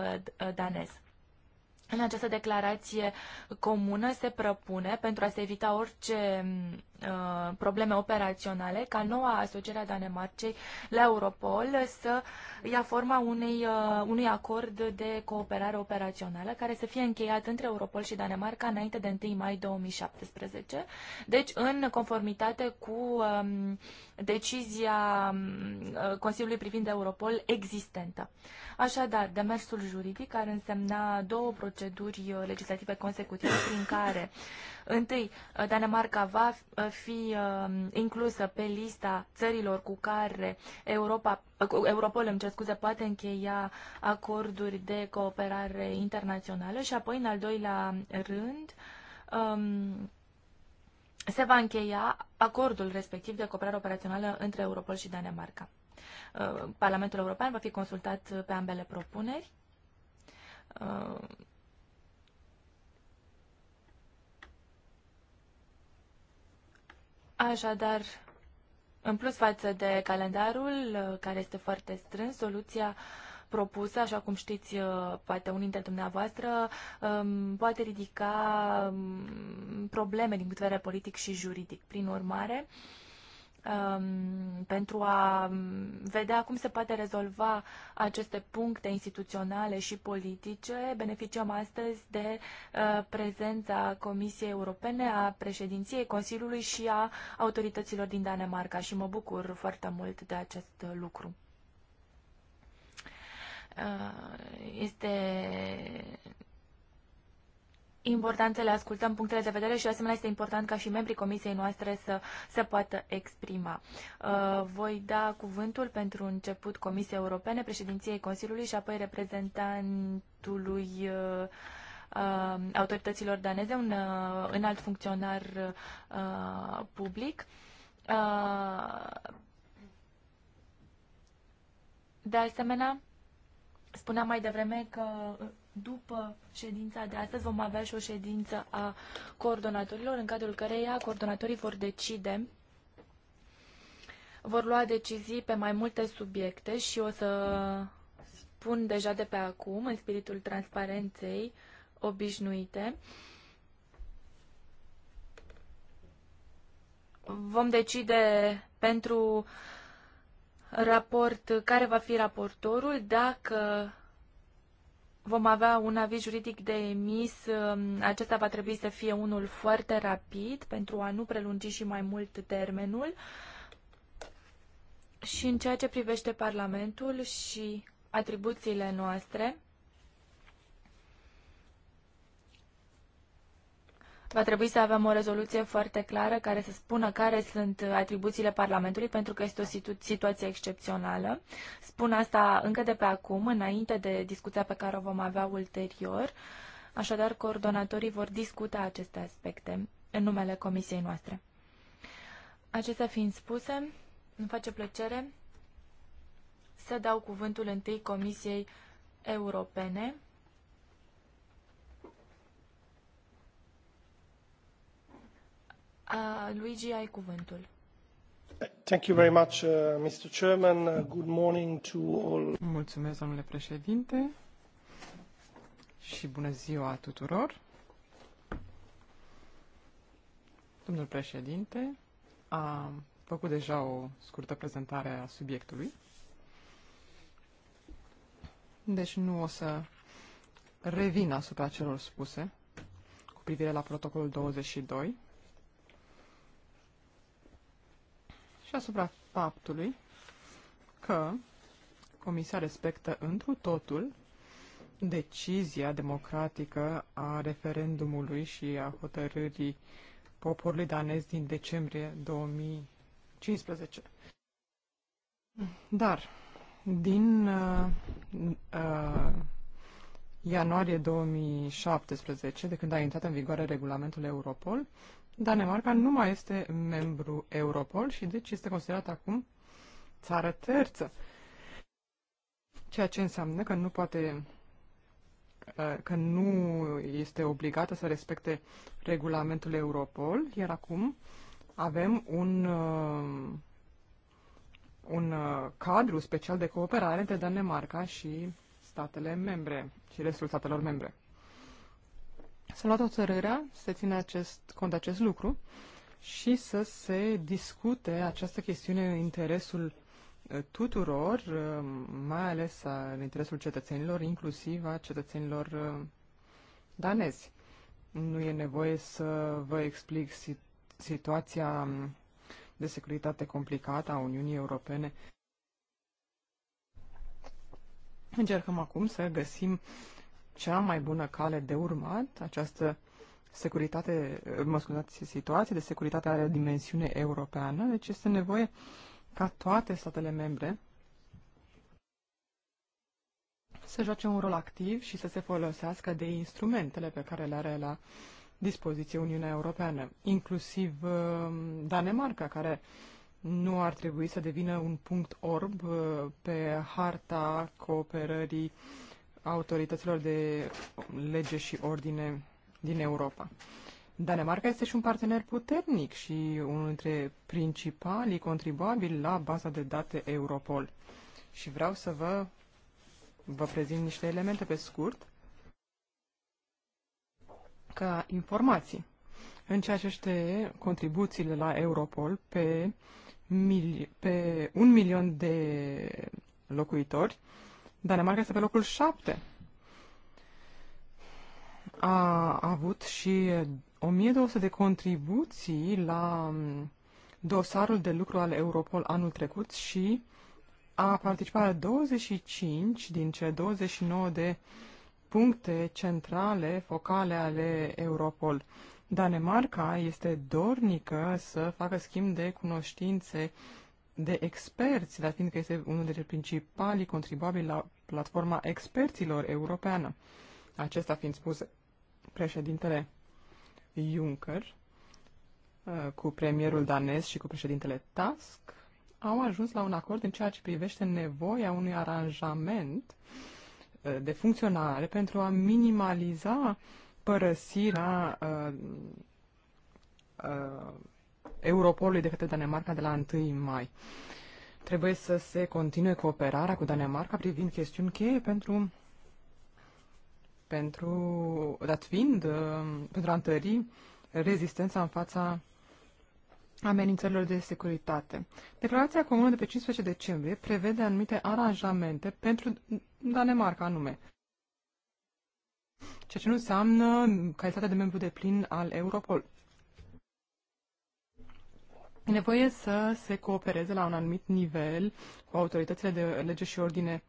danez. În această declarație comună se propune, pentru a se evita orice Uh, probleme operaționale, ca noua asociere a Danemarcei la Europol să ia forma unei, uh, unui acord de cooperare operațională care să fie încheiat între Europol și Danemarca înainte de 1 mai 2017, deci în conformitate cu um, decizia um, uh, Consiliului privind Europol existentă. Așadar, demersul juridic ar însemna două proceduri legislative consecutive prin care uh, Întâi, uh, Danemarca va uh, fi uh, inclusă pe lista țărilor cu care Europa, Europol îmi cer scuze, poate încheia acorduri de cooperare internațională și apoi, în al doilea rând, um, se va încheia acordul respectiv de cooperare operațională între Europol și Danemarca. Parlamentul European va fi consultat pe ambele propuneri Așadar, în plus față de calendarul, uh, care este foarte strâns, soluția propusă, așa cum știți, uh, poate unii dintre dumneavoastră, um, poate ridica um, probleme din punct de vedere politic și juridic. Prin urmare, um, pentru a um, vedea cum se poate rezolva aceste puncte instituționale și politice. Beneficiem astăzi de uh, prezența Comisiei Europene, a președinției Consiliului și a autorităților din Danemarca și mă bucur foarte mult de acest lucru. Uh, este important să le ascultăm punctele de vedere și, de asemenea, este important ca și membrii comisiei noastre să se poată exprima. Uh, voi da cuvântul pentru început Comisiei Europene, președinției Consiliului și apoi reprezentantului uh, uh, autorităților daneze, un înalt funcționar public. De asemenea, spuneam mai devreme că după ședința de astăzi vom avea și o ședință a coordonatorilor, în cadrul căreia coordonatorii vor decide, vor lua decizii pe mai multe subiecte și o să spun deja de pe acum, în spiritul transparenței obișnuite, vom decide pentru raport care va fi raportorul, dacă vom avea un aviz juridic de emis. Um, acesta va trebui să fie unul foarte rapid pentru a nu prelungi și mai mult termenul. Și în ceea ce privește Parlamentul și atribuțiile noastre, Va trebui să avem o rezoluție foarte clară care să spună care sunt atribuțiile Parlamentului, pentru că este o situ- situație excepțională. Spun asta încă de pe acum, înainte de discuția pe care o vom avea ulterior. Așadar, coordonatorii vor discuta aceste aspecte în numele comisiei noastre. Acestea fiind spuse, îmi face plăcere să dau cuvântul întâi Comisiei Europene, Uh, Luigi, ai cuvântul. Thank you very much, uh, Mr. Chairman. Uh, good morning to all. Mulțumesc, domnule președinte, și bună ziua tuturor. Domnul președinte a făcut deja o scurtă prezentare a subiectului, deci nu o să revin asupra celor spuse cu privire la protocolul 22, și asupra faptului că Comisia respectă întru totul decizia democratică a referendumului și a hotărârii poporului danez din decembrie 2015. Dar din uh, uh, ianuarie 2017, de când a intrat în vigoare regulamentul Europol, Danemarca nu mai este membru Europol și deci este considerată acum țară terță. Ceea ce înseamnă că nu poate uh, că nu este obligată să respecte regulamentul Europol, iar acum avem un, uh, un uh, cadru special de cooperare între Danemarca și statele membre și restul statelor membre. S-a luat hotărârea să țină acest, cont de acest lucru și să se discute această chestiune în interesul uh, tuturor, uh, mai ales în interesul cetățenilor, inclusiv a cetățenilor uh, danezi. Nu e nevoie să vă explic situația um, de securitate complicată a Uniunii Europene. Încercăm acum să găsim cea mai bună cale de urmat. Această securitate, mă scuzați, situație de securitate are dimensiune europeană, deci este nevoie ca toate statele membre să joace un rol activ și să se folosească de instrumentele pe care le are la dispoziție Uniunea Europeană, inclusiv uh, Danemarca, care nu ar trebui să devină un punct orb uh, pe harta cooperării uh, autorităților de lege și ordine din Europa. Danemarca este și un partener puternic și unul dintre principalii contribuabili la baza de date Europol. Și vreau să vă, vă prezint niște elemente pe scurt ca informații în ceea ce este contribuțiile la Europol pe, mili- pe un milion de locuitori. Danemarca este pe locul 7. A avut și 1200 de contribuții la um, dosarul de lucru al Europol anul trecut și a participat la 25 din cele 29 de puncte centrale, focale ale Europol. Danemarca este dornică să facă schimb de cunoștințe de experți, dar fiindcă este unul dintre principalii contribuabili la platforma experților europeană. Acesta fiind spus, președintele Juncker uh, cu premierul danez și cu președintele Tusk au ajuns la un acord în ceea ce privește nevoia unui aranjament uh, de funcționare pentru a minimaliza părăsirea uh, uh, Europolului de către Danemarca de la 1 mai. Trebuie să se continue cooperarea cu Danemarca privind chestiuni cheie pentru, pentru dat fiind, uh, pentru a întări rezistența în fața amenințărilor de securitate. Declarația comună de pe 15 decembrie prevede anumite aranjamente pentru Danemarca anume, ceea ce nu înseamnă calitatea de membru de plin al Europol. E nevoie să se coopereze la un anumit nivel cu autoritățile de lege și ordine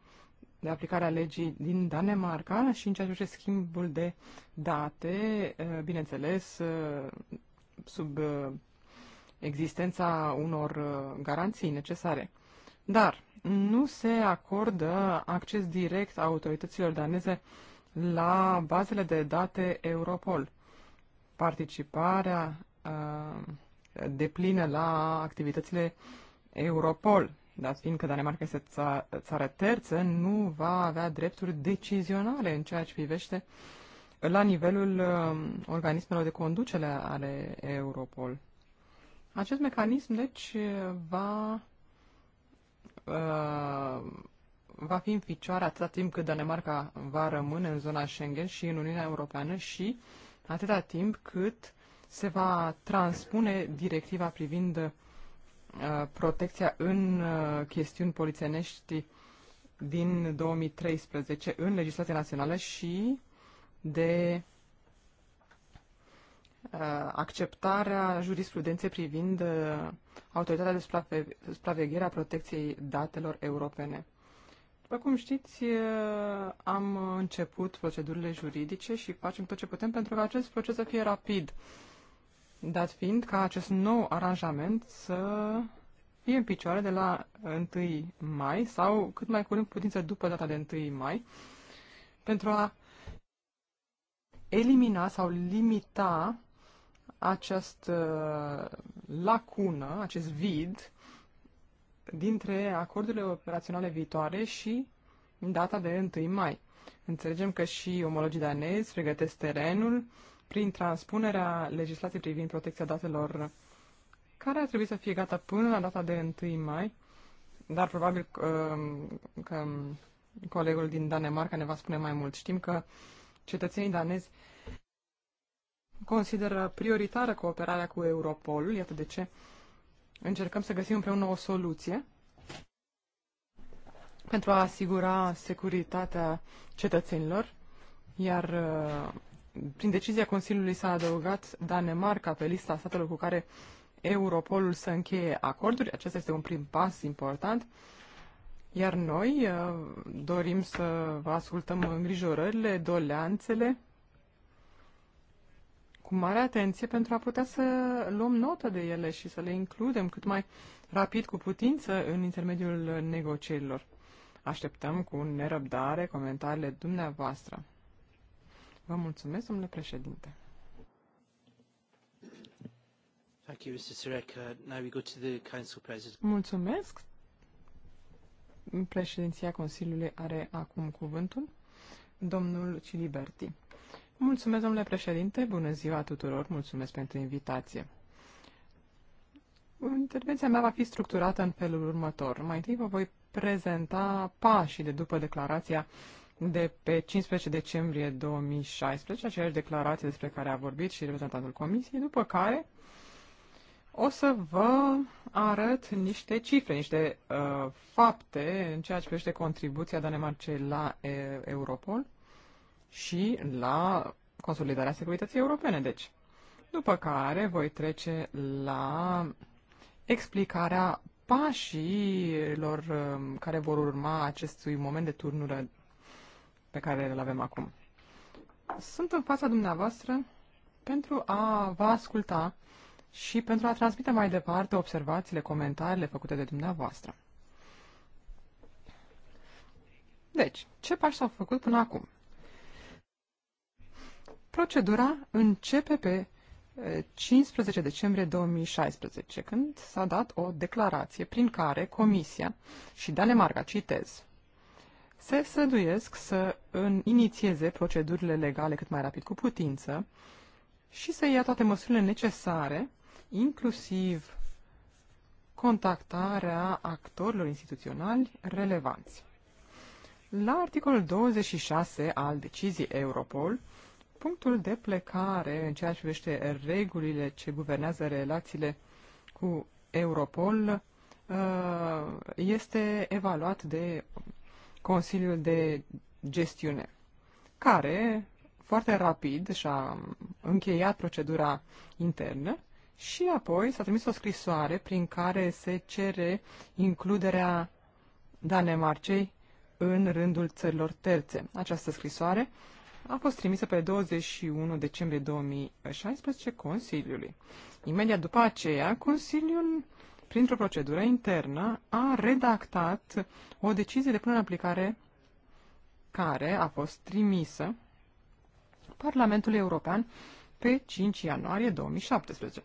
de aplicare a legii din Danemarca și în ceea ce privește schimbul de date, bineînțeles, sub existența unor garanții necesare. Dar nu se acordă acces direct a autorităților daneze la bazele de date Europol. Participarea uh, deplină la activitățile Europol, dar fiindcă Danemarca este țară terță, nu va avea drepturi decizionale în ceea ce privește la nivelul um, organismelor de conducere ale Europol. Acest mecanism, deci, va, uh, va fi în ficioare atâta timp cât Danemarca va rămâne în zona Schengen și în Uniunea Europeană și atâta timp cât se va transpune directiva privind uh, protecția în uh, chestiuni polițienești din 2013 în legislația națională și de uh, acceptarea jurisprudenței privind autoritatea de supraveghere a protecției datelor europene. După cum știți, am început procedurile juridice și facem tot ce putem pentru ca acest proces să fie rapid dat fiind ca acest nou aranjament să fie în picioare de la 1 mai sau cât mai curând putință după data de 1 mai pentru a elimina sau limita această uh, lacună, acest vid dintre acordurile operaționale viitoare și data de 1 mai. Înțelegem că și omologii danezi pregătesc terenul prin transpunerea legislației privind protecția datelor, care ar trebui să fie gata până la data de 1 mai, dar probabil că, că colegul din Danemarca ne va spune mai mult. Știm că cetățenii danezi consideră prioritară cooperarea cu Europolul, iată de ce încercăm să găsim împreună o soluție pentru a asigura securitatea cetățenilor, iar prin decizia Consiliului s-a adăugat Danemarca pe lista statelor cu care Europolul să încheie acorduri. Acesta este un prim pas important. Iar noi uh, dorim să vă ascultăm îngrijorările, doleanțele cu mare atenție pentru a putea să luăm notă de ele și să le includem cât mai rapid cu putință în intermediul negocierilor. Așteptăm cu nerăbdare comentariile dumneavoastră. Vă mulțumesc, domnule președinte. Thank you, Mr. Sireka. Now we go to the Council President. Mulțumesc. Președinția Consiliului are acum cuvântul. Domnul Ciliberti. Mulțumesc, domnule președinte. Bună ziua tuturor. Mulțumesc pentru invitație. Intervenția mea va fi structurată în felul următor. Mai întâi vă voi prezenta pașii de după declarația de pe 15 decembrie 2016, aceeași declarație despre care a vorbit și reprezentantul Comisiei, după care o să vă arăt niște cifre, niște uh, fapte în ceea ce privește contribuția Danemarcei la e, Europol și la consolidarea securității europene, deci. După care voi trece la explicarea pașilor um, care vor urma acestui moment de turnură pe care îl avem acum. Sunt în fața dumneavoastră pentru a vă asculta și pentru a transmite mai departe observațiile, comentariile făcute de dumneavoastră. Deci, ce pași s-au făcut până acum? Procedura începe pe 15 eh, decembrie 2016, când s-a dat o declarație prin care Comisia și Danemarca, citez, se străduiesc să inițieze procedurile legale cât mai rapid cu putință și să ia toate măsurile necesare, inclusiv contactarea actorilor instituționali relevanți. La articolul 26 al deciziei Europol, punctul de plecare în ceea ce privește regulile ce guvernează relațiile cu Europol uh, este evaluat de Consiliul de Gestiune, care foarte rapid și-a încheiat procedura internă și apoi s-a trimis o scrisoare prin care se cere includerea Danemarcei în rândul țărilor terțe. Această scrisoare a fost trimisă pe 21 decembrie 2016 Consiliului. Imediat după aceea, Consiliul printr-o procedură internă, a redactat o decizie de până în aplicare care a fost trimisă Parlamentului European pe 5 ianuarie 2017.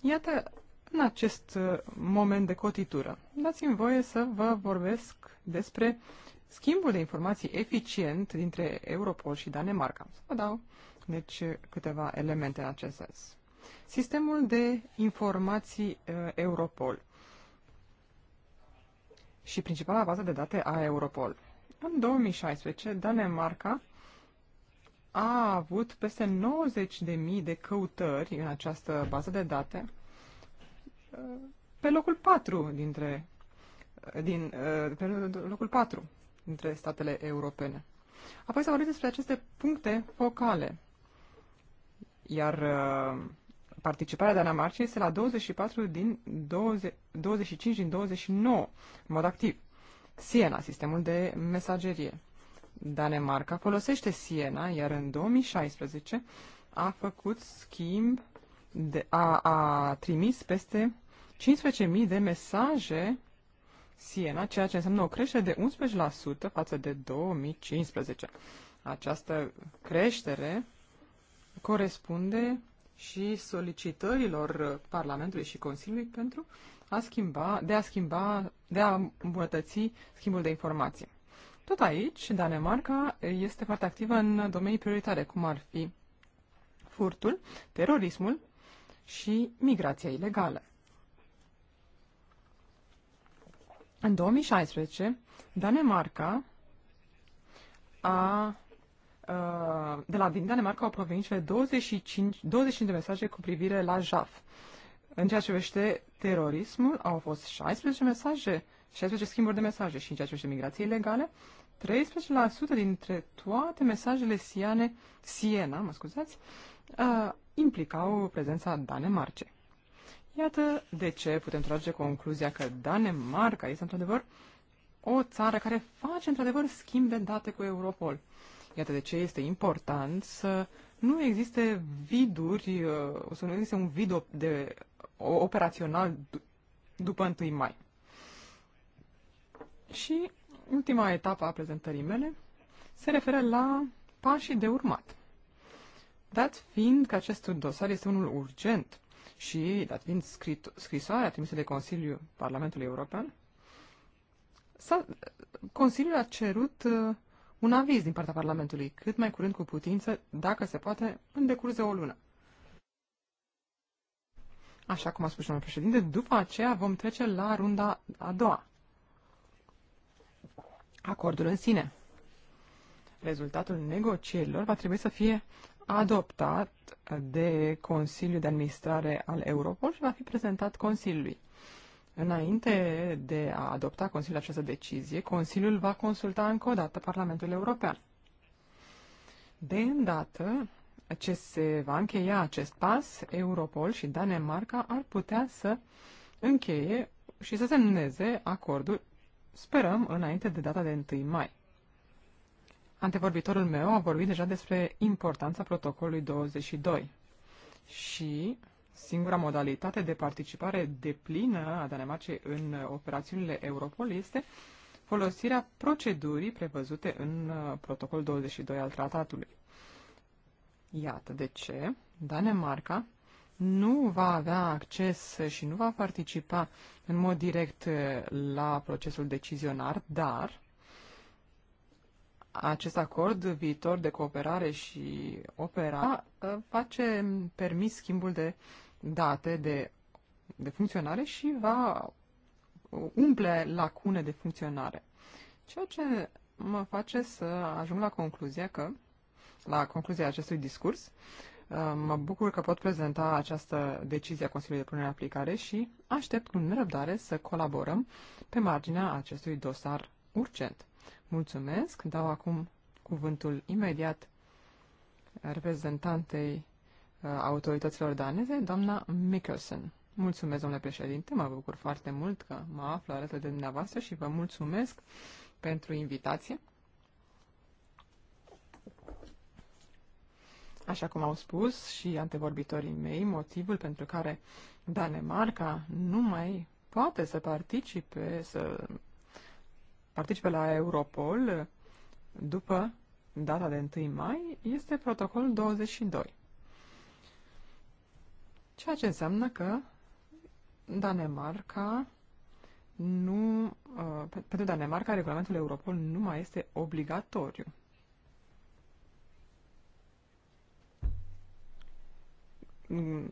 Iată, în acest uh, moment de cotitură, dați-mi voie să vă vorbesc despre schimbul de informații eficient dintre Europol și Danemarca. Să vă dau, deci, câteva elemente în acest sens. Sistemul de informații uh, Europol și principala bază de date a Europol. În 2016, Danemarca a avut peste 90.000 de căutări în această bază de date, uh, pe locul 4 dintre uh, din, pe locul 4 dintre statele europene. Apoi s-a vorbit despre aceste puncte focale. Iar participarea Danemarcei este la 24 din 20, 25 din 29, în mod activ. Siena, sistemul de mesagerie. Danemarca folosește Siena, iar în 2016 a făcut schimb, de, a, a trimis peste 15.000 de mesaje Siena, ceea ce înseamnă o creștere de 11% față de 2015. Această creștere corespunde și solicitărilor Parlamentului și Consiliului pentru a schimba, de a schimba, de a îmbunătăți schimbul de informații. Tot aici, Danemarca este foarte activă în domenii prioritare, cum ar fi furtul, terorismul și migrația ilegală. În 2016, Danemarca a Uh, de la din Danemarca au provenit cele 25, 25 de mesaje cu privire la JAF. În ceea ce vește terorismul, au fost 16 mesaje, 16 schimburi de mesaje și în ceea ce vește migrații ilegale, 13% dintre toate mesajele siane, Siena, mă scuzați, uh, implicau prezența Danemarcei. Iată de ce putem trage concluzia că Danemarca este într-adevăr o țară care face într-adevăr schimb de date cu Europol. Iată de ce este important să nu existe viduri, uh, să nu existe un vid de, operațional după 1 mai. Și ultima etapă a prezentării mele se referă la pașii de urmat. Dat fiind că acest dosar este unul urgent și dat fiind scrit, scrisoarea trimisă de Consiliul Parlamentului European, Consiliul a cerut uh, un aviz din partea Parlamentului, cât mai curând cu putință, dacă se poate, în decurs de o lună. Așa cum a spus domnul președinte, după aceea vom trece la runda a doua. Acordul în sine. Rezultatul negocierilor va trebui să fie adoptat de Consiliul de Administrare al Europol și va fi prezentat Consiliului. Înainte de a adopta Consiliul această decizie, Consiliul va consulta încă o dată Parlamentul European. De îndată ce se va încheia acest pas, Europol și Danemarca ar putea să încheie și să semneze acordul, sperăm, înainte de data de 1 mai. Antevorbitorul meu a vorbit deja despre importanța protocolului 22 și Singura modalitate de participare deplină a Danemarcei în operațiunile Europol este folosirea procedurii prevăzute în uh, protocol 22 al tratatului. Iată de ce Danemarca nu va avea acces și nu va participa în mod direct uh, la procesul decizionar, dar acest acord viitor de cooperare și opera uh, face permis schimbul de date de, de funcționare și va umple lacune de funcționare. Ceea ce mă face să ajung la concluzia că, la concluzia acestui discurs, uh, mă bucur că pot prezenta această decizie a Consiliului de Punere în Aplicare și aștept cu nerăbdare să colaborăm pe marginea acestui dosar urgent. Mulțumesc, dau acum cuvântul imediat reprezentantei autorităților daneze, doamna Mickelson. Mulțumesc, domnule președinte, mă bucur foarte mult că mă aflu alături de dumneavoastră și vă mulțumesc pentru invitație. Așa cum au spus și antevorbitorii mei, motivul pentru care Danemarca nu mai poate să participe, să participe la Europol după data de 1 mai este protocolul 22. Ceea ce înseamnă că Danemarca nu, uh, pentru Danemarca regulamentul Europol nu mai este obligatoriu.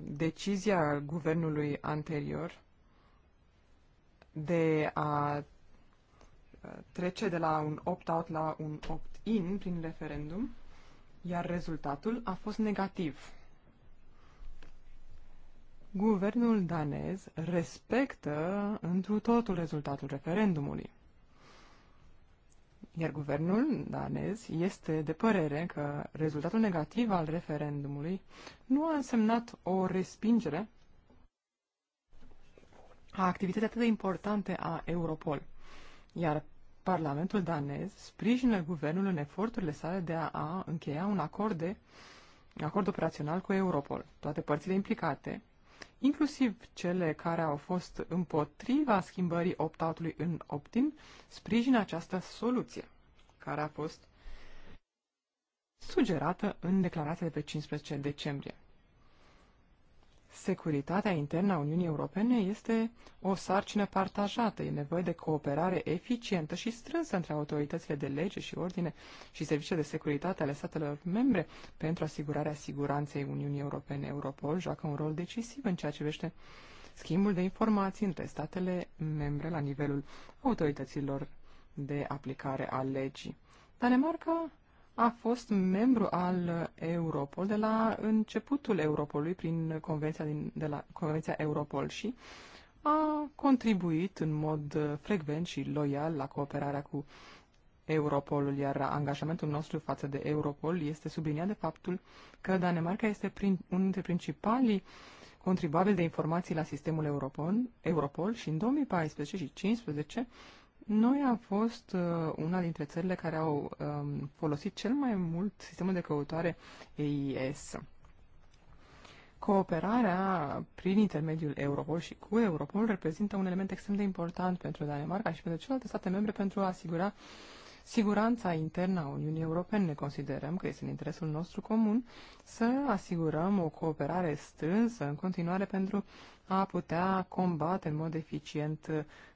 Decizia guvernului anterior de a uh, trece de la un opt-out la un opt-in prin referendum, iar rezultatul a fost negativ guvernul danez respectă întru totul rezultatul referendumului. Iar guvernul danez este de părere că rezultatul negativ al referendumului nu a însemnat o respingere a activității atât de importante a Europol, iar Parlamentul danez sprijină guvernul în eforturile sale de a, a încheia un acord, de, acord operațional cu Europol. Toate părțile implicate, inclusiv cele care au fost împotriva schimbării optatului în optim sprijină această soluție, care a fost sugerată în declarația de pe 15 decembrie. Securitatea internă a Uniunii Europene este o sarcină partajată. E nevoie de cooperare eficientă și strânsă între autoritățile de lege și ordine și serviciile de securitate ale statelor membre pentru asigurarea siguranței Uniunii Europene. Europol joacă un rol decisiv în ceea ce vește schimbul de informații între statele membre la nivelul autorităților de aplicare a legii. Danemarca a fost membru al Europol de la începutul Europolului prin convenția, din, de la, convenția Europol și a contribuit în mod frecvent și loial la cooperarea cu Europolul, iar angajamentul nostru față de Europol este subliniat de faptul că Danemarca este prin, unul dintre principalii contribuabili de informații la sistemul Europol, Europol și în 2014 și 2015 noi am fost uh, una dintre țările care au um, folosit cel mai mult sistemul de căutare EIS. Cooperarea prin intermediul Europol și cu Europol reprezintă un element extrem de important pentru Danemarca și pentru celelalte state membre pentru a asigura uh, siguranța internă a Uniunii Europene. Considerăm că este în interesul nostru comun să asigurăm o cooperare strânsă în continuare pentru a putea combate în mod eficient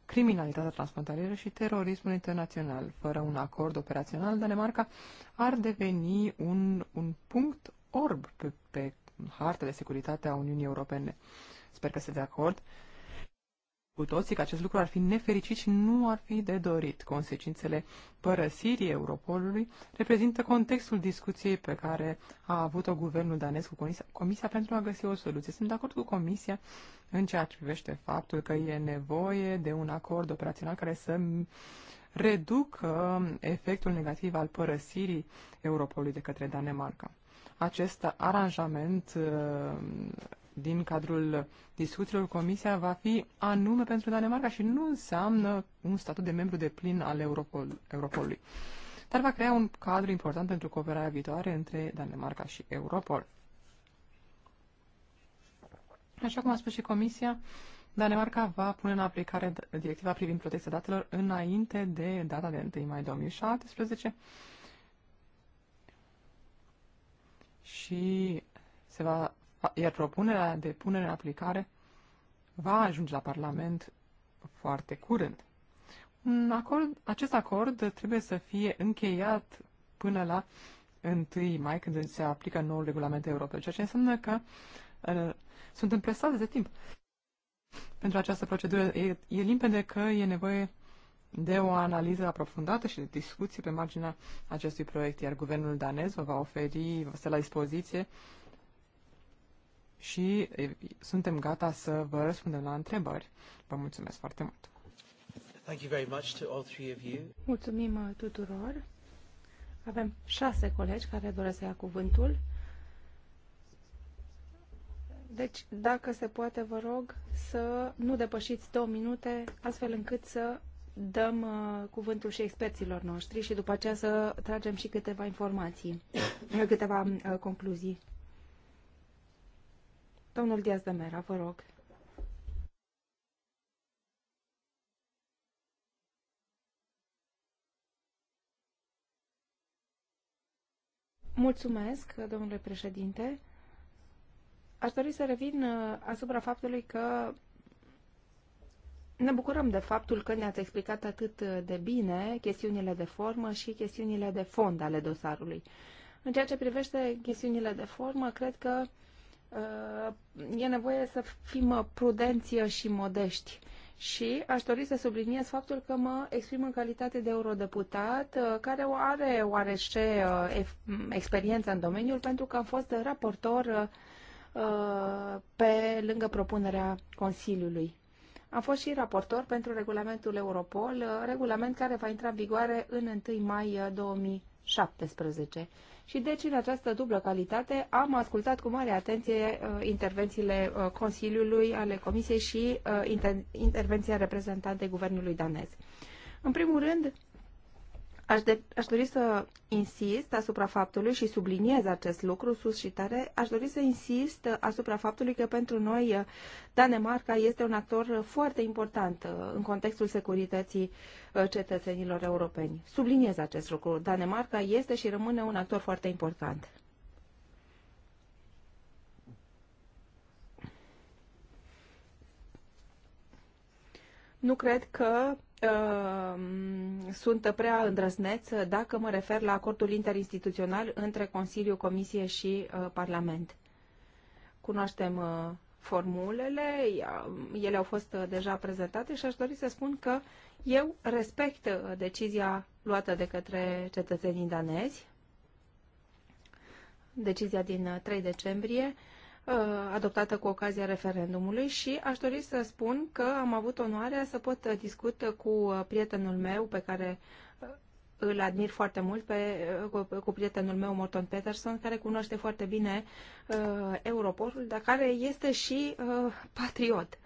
criminalitatea transfrontalieră și terorismul internațional. Fără un acord operațional, Danemarca ar deveni un, un punct orb pe, pe harta de securitate a Uniunii Europene. Sper că se de acord cu toții că acest lucru ar fi nefericit și nu ar fi de dorit. Consecințele părăsirii Europolului reprezintă contextul discuției pe care a avut-o guvernul danez cu comisia, comisia pentru a găsi o soluție. Sunt de acord cu Comisia în ceea ce privește faptul că e nevoie de un acord operațional care să reducă efectul negativ al părăsirii Europolului de către Danemarca. Acest aranjament din cadrul discuțiilor, Comisia va fi anume pentru Danemarca și nu înseamnă un statut de membru de plin al Europol, Europolului. Dar va crea un cadru important pentru cooperarea viitoare între Danemarca și Europol. Așa cum a spus și Comisia, Danemarca va pune în aplicare directiva privind protecția datelor înainte de data de 1 mai 2017 și se va iar propunerea de punere în aplicare va ajunge la Parlament foarte curând. Un acord, acest acord trebuie să fie încheiat până la 1 mai, când se aplică noul regulament european, ceea ce înseamnă că uh, suntem presați de timp pentru această procedură. E, e limpede că e nevoie de o analiză aprofundată și de discuții pe marginea acestui proiect, iar guvernul danez vă va oferi, vă stă la dispoziție uh, și suntem gata să vă răspundem la întrebări. Vă mulțumesc foarte mult! Thank you very much to all three of you. Mulțumim uh, tuturor! Avem șase colegi care doresc să ia cuvântul. Deci, dacă se poate, vă rog să nu depășiți două minute, astfel încât să dăm uh, cuvântul și experților noștri și după aceea să tragem și câteva informații, câteva uh, concluzii. Domnul Diaz de Mera, vă rog. Mulțumesc, domnule președinte. Aș dori să revin uh, asupra faptului că ne bucurăm de faptul că ne-ați explicat atât de bine chestiunile de formă și chestiunile de fond ale dosarului. În ceea ce privește chestiunile de formă, cred că uh, Uh, e nevoie să fim prudenți și modești. Și aș dori să subliniez faptul că mă exprim în calitate de eurodeputat, uh, care are oarește uh, experiență în domeniul, pentru că am fost raportor pe lângă propunerea Consiliului. Am fost și raportor pentru regulamentul Europol, regulament care va intra în vigoare în 1 mai 2020. 17. Și deci, în această dublă calitate, am ascultat cu mare atenție uh, intervențiile uh, Consiliului, ale Comisiei și uh, intervenția reprezentantei Guvernului danez. În primul rând, Aș, de, aș dori să insist asupra faptului și subliniez acest lucru sus și tare, aș dori să insist asupra faptului că pentru noi Danemarca este un actor foarte important uh, în contextul securității uh, cetățenilor europeni. Subliniez acest lucru. Danemarca este și rămâne un actor foarte important. Nu cred că Ehm, sunt prea îndrăzneț dacă mă refer la acordul interinstituțional între Consiliu, Comisie și uh, Parlament. Cunoaștem uh, formulele, ele au fost uh, deja prezentate și aș dori să spun că eu respect decizia luată de către cetățenii danezi, decizia din 3 decembrie, Uh, adoptată cu ocazia referendumului și aș dori să spun că am avut onoarea să pot discut cu uh, prietenul meu pe care uh, îl admir foarte mult pe, cu, cu prietenul meu, Morton Peterson, care cunoaște foarte bine uh, Europolul, dar care este și uh, patriot.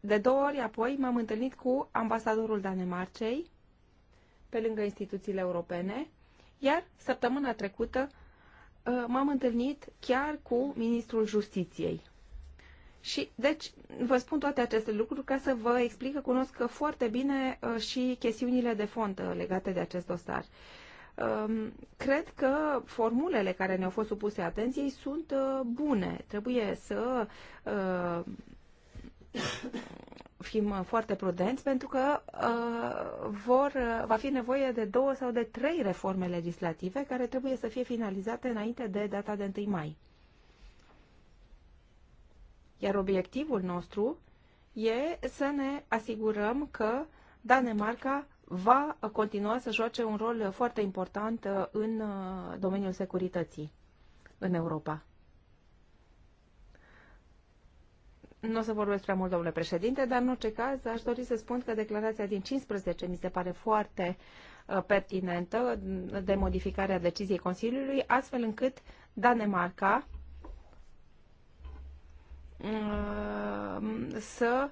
De două ori apoi m-am întâlnit cu ambasadorul Danemarcei, pe lângă instituțiile europene, iar săptămâna trecută Uh, m-am întâlnit chiar cu ministrul justiției. Și, deci, vă spun toate aceste lucruri ca să vă explic că cunosc foarte bine uh, și chestiunile de fond uh, legate de acest dosar. Um, cred că formulele care ne-au fost supuse atenției sunt bune. Trebuie să fim foarte prudenți pentru că uh, vor, uh, va fi nevoie de două sau de trei reforme legislative care trebuie să fie finalizate înainte de data de 1 mai. Iar obiectivul nostru e să ne asigurăm că Danemarca va continua să joace un rol foarte important uh, în uh, domeniul securității în Europa. Nu o să vorbesc prea mult, domnule președinte, dar în orice caz aș dori să spun că declarația din 15 mi se pare foarte uh, pertinentă de modificarea deciziei Consiliului, astfel încât Danemarca uh, să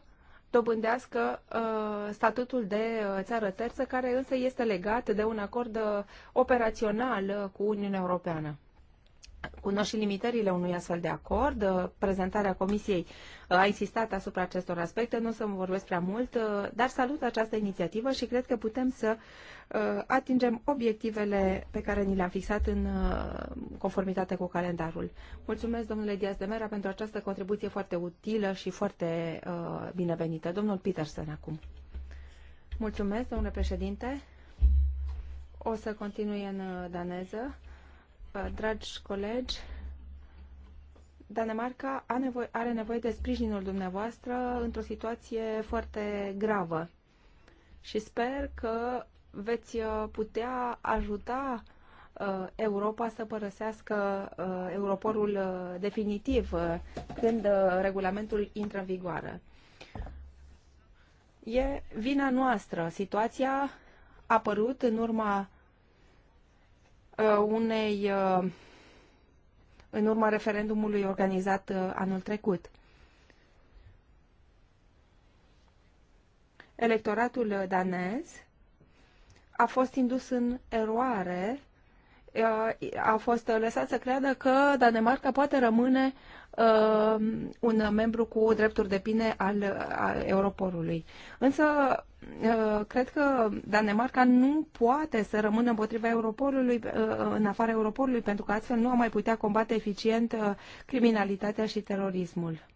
dobândească uh, statutul de țară terță, care însă este legat de un acord operațional cu Uniunea Europeană. Cunosc și limitările unui astfel de acord. Prezentarea Comisiei uh, a insistat asupra acestor aspecte, nu o să vorbesc prea mult, uh, dar salut această inițiativă și cred că putem să uh, atingem obiectivele pe care ni le-am fixat în conformitate cu calendarul. Mulțumesc, domnule Diaz de Mera, pentru această contribuție foarte utilă și foarte binevenită. Domnul Peterson acum. Mulțumesc, domnule președinte. O să continui în daneză dragi colegi, Danemarca are nevoie de sprijinul dumneavoastră într-o situație foarte gravă și sper că veți uh, putea ajuta uh, Europa să părăsească uh, Europorul definitiv când regulamentul intră în vigoare. E vina noastră. Situația a apărut în urma Uh, unei uh, în urma referendumului organizat uh, anul trecut. Electoratul danez a fost indus în eroare, a fost lăsat să creadă că Danemarca poate rămâne uh, un membru cu drepturi de pine al, al Europorului. Însă, uh, cred că Danemarca nu poate să rămână împotriva Europolului, uh, în afara Europolului, pentru că astfel nu a mai putea combate eficient uh, criminalitatea și terorismul.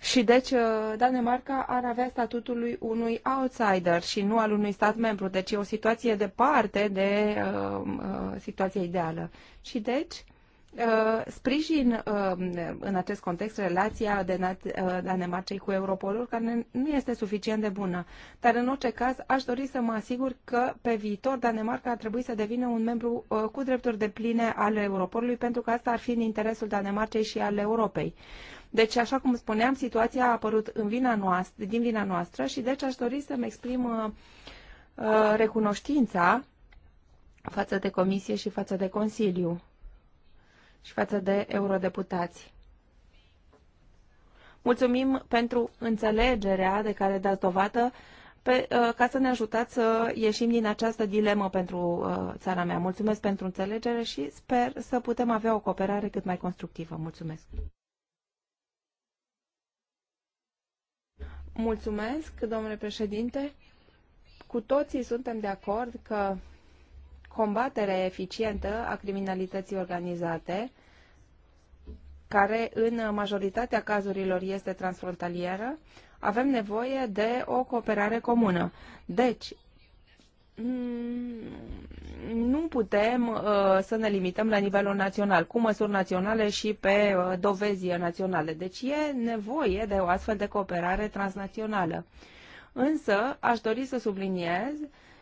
Și deci uh, Danemarca ar avea statutul lui unui outsider și nu al unui stat membru. Deci e o situație departe de uh, uh, situația ideală. Și deci Uh, sprijin uh, în acest context relația de uh, Danemarcei cu Europolul, care nu este suficient de bună. Dar în orice caz, aș dori să mă asigur că pe viitor Danemarca ar trebui să devină un membru cu drepturi de pline al Europolului, pentru că asta ar fi în interesul Danemarcei și al Europei. Deci, așa cum spuneam, situația a apărut în vina noastră, din vina noastră și deci aș dori să-mi exprim recunoștința față de Comisie și față de Consiliu și față de eurodeputați. Mulțumim pentru înțelegerea de care dați dovadă pe, uh, ca să ne ajutați să ieșim din această dilemă pentru uh, țara mea. Mulțumesc pentru înțelegere și sper să putem avea o cooperare cât mai constructivă. Mulțumesc! Mulțumesc, domnule președinte. Cu toții suntem de acord că combatere eficientă a criminalității organizate, care în majoritatea cazurilor este transfrontalieră, avem nevoie de o cooperare comună. Deci, mm, nu putem uh, să ne limităm la nivelul național, cu măsuri naționale și pe uh, dovezi naționale. Deci e nevoie de o astfel de cooperare transnațională. Însă, aș dori să subliniez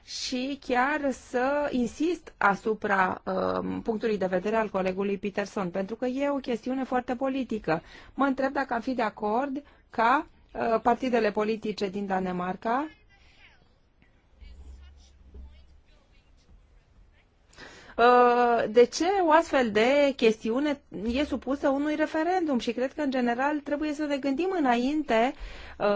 și chiar să insist asupra uh, punctului de vedere al colegului Peterson, pentru că e o chestiune foarte politică. Mă întreb dacă am fi de acord ca uh, partidele politice din Danemarca uh, de ce o astfel de chestiune e supusă unui referendum și cred că în general trebuie să ne gândim înainte uh,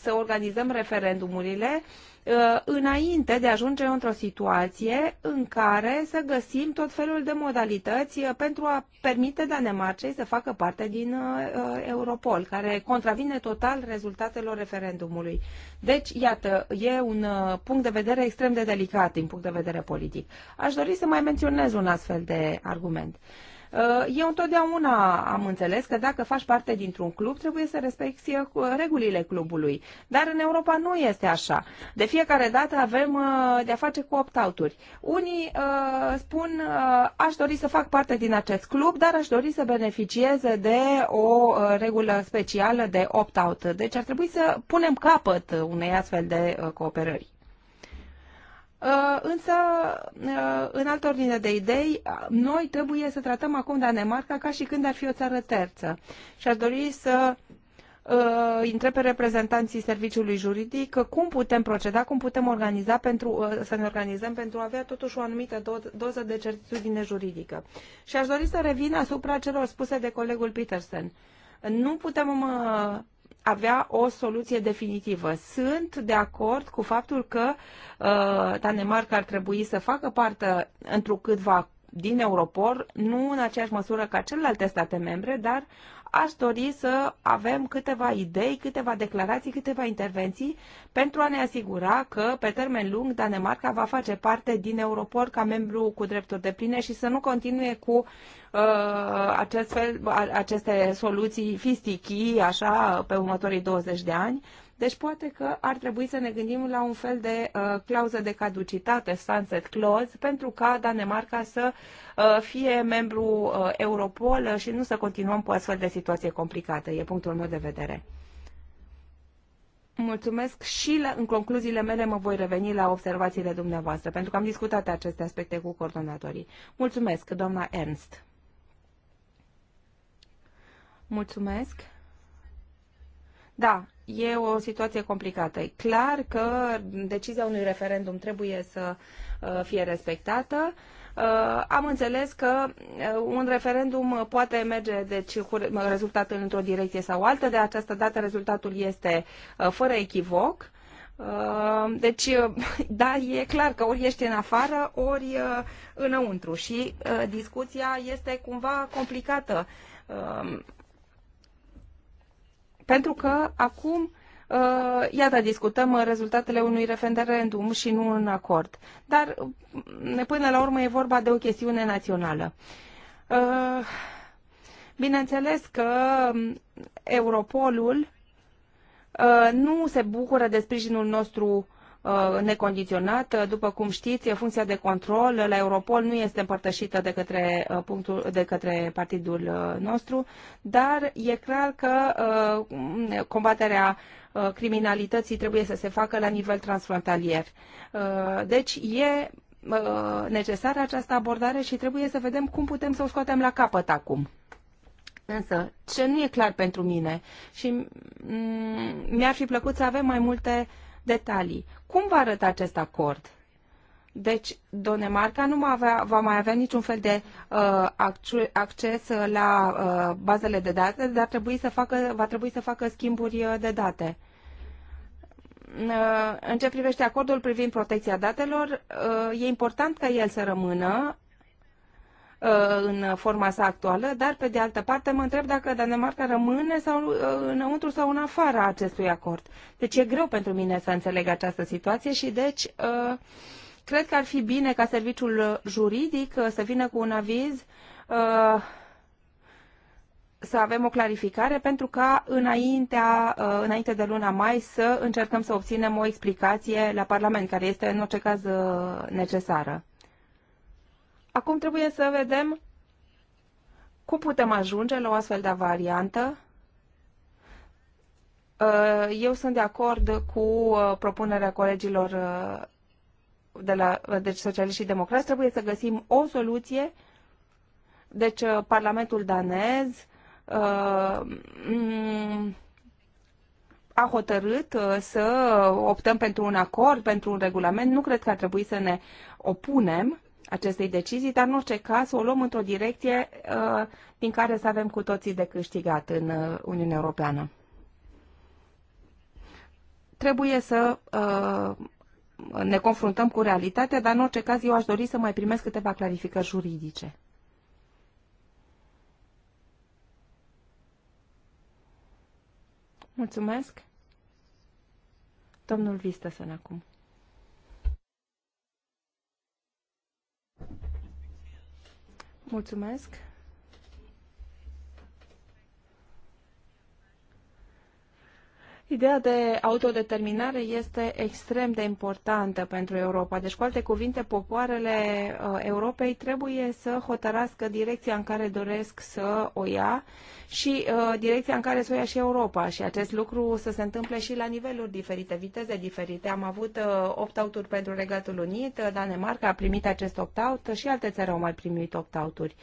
să organizăm referendumurile Uh, înainte de a ajunge într-o situație în care să găsim tot felul de modalități uh, pentru a permite Danemarcei să facă parte din uh, Europol, care contravine total rezultatelor referendumului. Deci, iată, e un punct de vedere extrem de delicat din punct de vedere politic. Aș dori să mai menționez un astfel de argument. Uh, eu întotdeauna am înțeles că dacă faci parte dintr-un club, trebuie să respecti uh, regulile clubului. Dar în Europa nu este așa. De fiecare dată avem uh, de-a face cu opt-out-uri. Unii spun, aș dori să fac parte din acest club, dar aș dori să beneficieze de o regulă specială de opt-out. Deci ar trebui să punem capăt unei astfel de cooperări. Uh, însă, uh, în altă ordine de idei, uh, noi trebuie să tratăm acum Danemarca ca și când ar fi o țară terță. Și aș dori să intre pe reprezentanții serviciului juridic cum putem proceda, cum putem organiza pentru, să ne organizăm pentru a avea totuși o anumită do- doză de certitudine juridică. Și aș dori să revin asupra celor spuse de colegul Peterson. Nu putem avea o soluție definitivă. Sunt de acord cu faptul că uh, Danemarca ar trebui să facă parte întrucâtva din Europol, nu în aceeași măsură ca celelalte state membre, dar aș dori să avem câteva idei, câteva declarații, câteva intervenții pentru a ne asigura că, pe termen lung, Danemarca va face parte din Europol ca membru cu drepturi de pline și să nu continue cu uh, acest fel, aceste soluții fistichii, așa, pe următorii 20 de ani, deci poate că ar trebui să ne gândim la un fel de uh, clauză de caducitate, sunset clause, pentru ca Danemarca să uh, fie membru uh, Europol și nu să continuăm cu astfel de situație complicată. E punctul meu de vedere. Mulțumesc și la, în concluziile mele mă voi reveni la observațiile dumneavoastră, pentru că am discutat aceste aspecte cu coordonatorii. Mulțumesc, doamna Ernst. Mulțumesc. Da, e o situație complicată. E clar că decizia unui referendum trebuie să uh, fie respectată. Uh, am înțeles că uh, un referendum poate merge deci, cu rezultatul într-o direcție sau altă. De această dată rezultatul este fără echivoc. Deci, da, e clar că ori ești în afară, ori înăuntru și discuția este cumva complicată pentru că acum, uh, iată, discutăm rezultatele unui referendum și nu un acord. Dar, mm, până la urmă, e vorba de o chestiune națională. Uh, bineînțeles că mm, Europolul uh, nu se bucură de sprijinul nostru uh, Uh, necondiționat. După cum știți, funcția de control la Europol nu este împărtășită de către, uh, punctul, de către partidul uh, nostru, dar e clar că combaterea criminalității trebuie să se facă la nivel transfrontalier. Deci e necesară această abordare și trebuie să vedem cum putem să o scoatem la capăt acum. Însă, ce nu e clar pentru mine și mm, mi-ar fi plăcut să avem mai multe uh, detalii. Cum va arăta acest acord? Deci, Donemarca nu va, avea, va mai avea niciun fel de uh, acces la uh, bazele de date, dar trebui să facă, va trebui să facă schimburi uh, de date. Uh, în ce privește acordul privind protecția datelor, uh, e important ca el să rămână Uh, în forma sa actuală, dar pe de altă parte mă întreb dacă Danemarca rămâne sau uh, înăuntru sau în afara acestui acord. Deci e greu pentru mine să înțeleg această situație și deci uh, cred că ar fi bine ca serviciul juridic să vină cu un aviz să avem o clarificare pentru ca înaintea, înainte de luna mai să încercăm să obținem o explicație la Parlament, care este în orice caz necesară. Acum trebuie să vedem cum putem ajunge la o astfel de variantă. Uh, eu sunt de acord cu uh, propunerea colegilor uh, de la deci socialiști și democrați. Trebuie să găsim o soluție. Deci Parlamentul danez mm, a hotărât să optăm pentru un acord, pentru un regulament. Nu cred că ar trebui să ne opunem acestei decizii, dar în orice caz o luăm într-o direcție uh, din care să avem cu toții de câștigat în uh, Uniunea Europeană. Trebuie să uh, ne confruntăm cu realitatea, dar în orice caz eu aș dori să mai primesc câteva clarificări juridice. Mulțumesc. Domnul Vistăsăn acum. Mulțumesc. Ideea de autodeterminare este extrem de importantă pentru Europa. Deci, cu alte cuvinte, popoarele uh, Europei trebuie să hotărască direcția în care doresc să o ia și uh, direcția în care să o ia și Europa. Și acest lucru să se întâmple și la niveluri diferite, viteze diferite. Am avut uh, opt-out-uri pentru Regatul Unit, uh, Danemarca a primit acest opt-out și alte țări au mai primit opt-out-uri.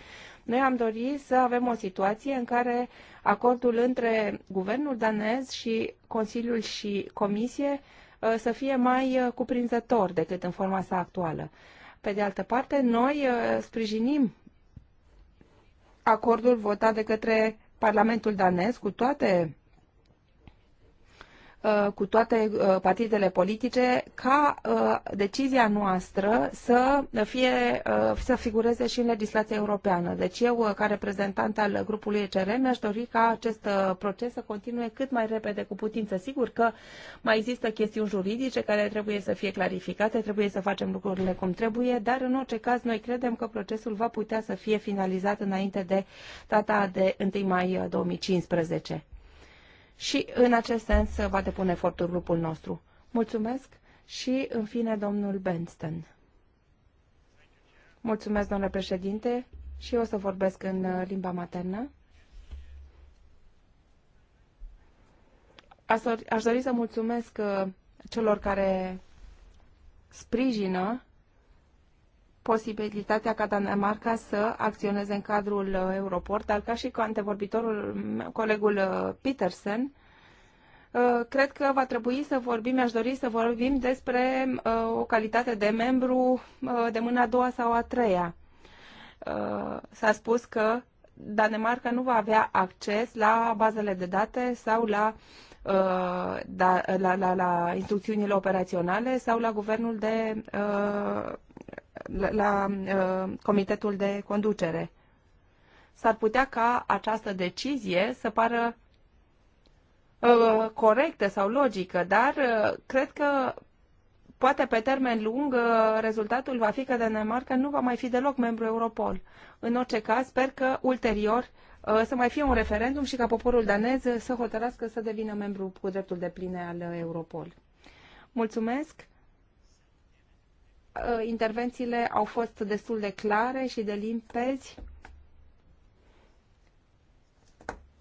Noi am dorit să avem o situație în care acordul între guvernul danez și Consiliul și Comisie uh, să fie mai uh, cuprinzător decât în forma sa actuală. Pe de altă parte, noi uh, sprijinim acordul votat de către Parlamentul danez cu toate Uh, cu toate uh, partidele politice ca uh, decizia noastră să fie să figureze și în legislația europeană. Deci eu, ca reprezentant al grupului ECR, mi-aș dori ca acest proces să continue cât mai repede cu putință. Sigur că mai există chestiuni juridice care trebuie să fie clarificate, trebuie să facem lucrurile cum trebuie, dar în orice caz noi credem că procesul va putea să fie finalizat înainte de data de 1 mai 2015 și în acest sens va depune efortul grupul nostru. Mulțumesc și, în fine, domnul Benston. Mulțumesc, domnule președinte, și eu o să vorbesc în uh, limba maternă. Aș dori să mulțumesc uh, celor care sprijină posibilitatea ca Danemarca să acționeze în cadrul uh, Europort, dar ca și cu antevorbitorul, colegul uh, Petersen, uh, cred că va trebui să vorbim, mi-aș dori să vorbim despre o calitate de membru de mâna a doua sau a treia. S-a spus că Danemarca nu va avea acces la bazele de date sau la, da, la, la, la instrucțiunile operaționale sau la guvernul de la, la uh, comitetul de conducere. S-ar putea ca această decizie să pară uh, corectă sau logică, dar uh, cred că poate pe termen lung uh, rezultatul va fi că Danemarca nu va mai fi deloc membru Europol. În orice caz, sper că ulterior uh, să mai fie un referendum și ca poporul danez să hotărască să devină membru cu dreptul de pline al Europol. Mulțumesc! Uh, intervențiile au fost destul de clare și de limpezi.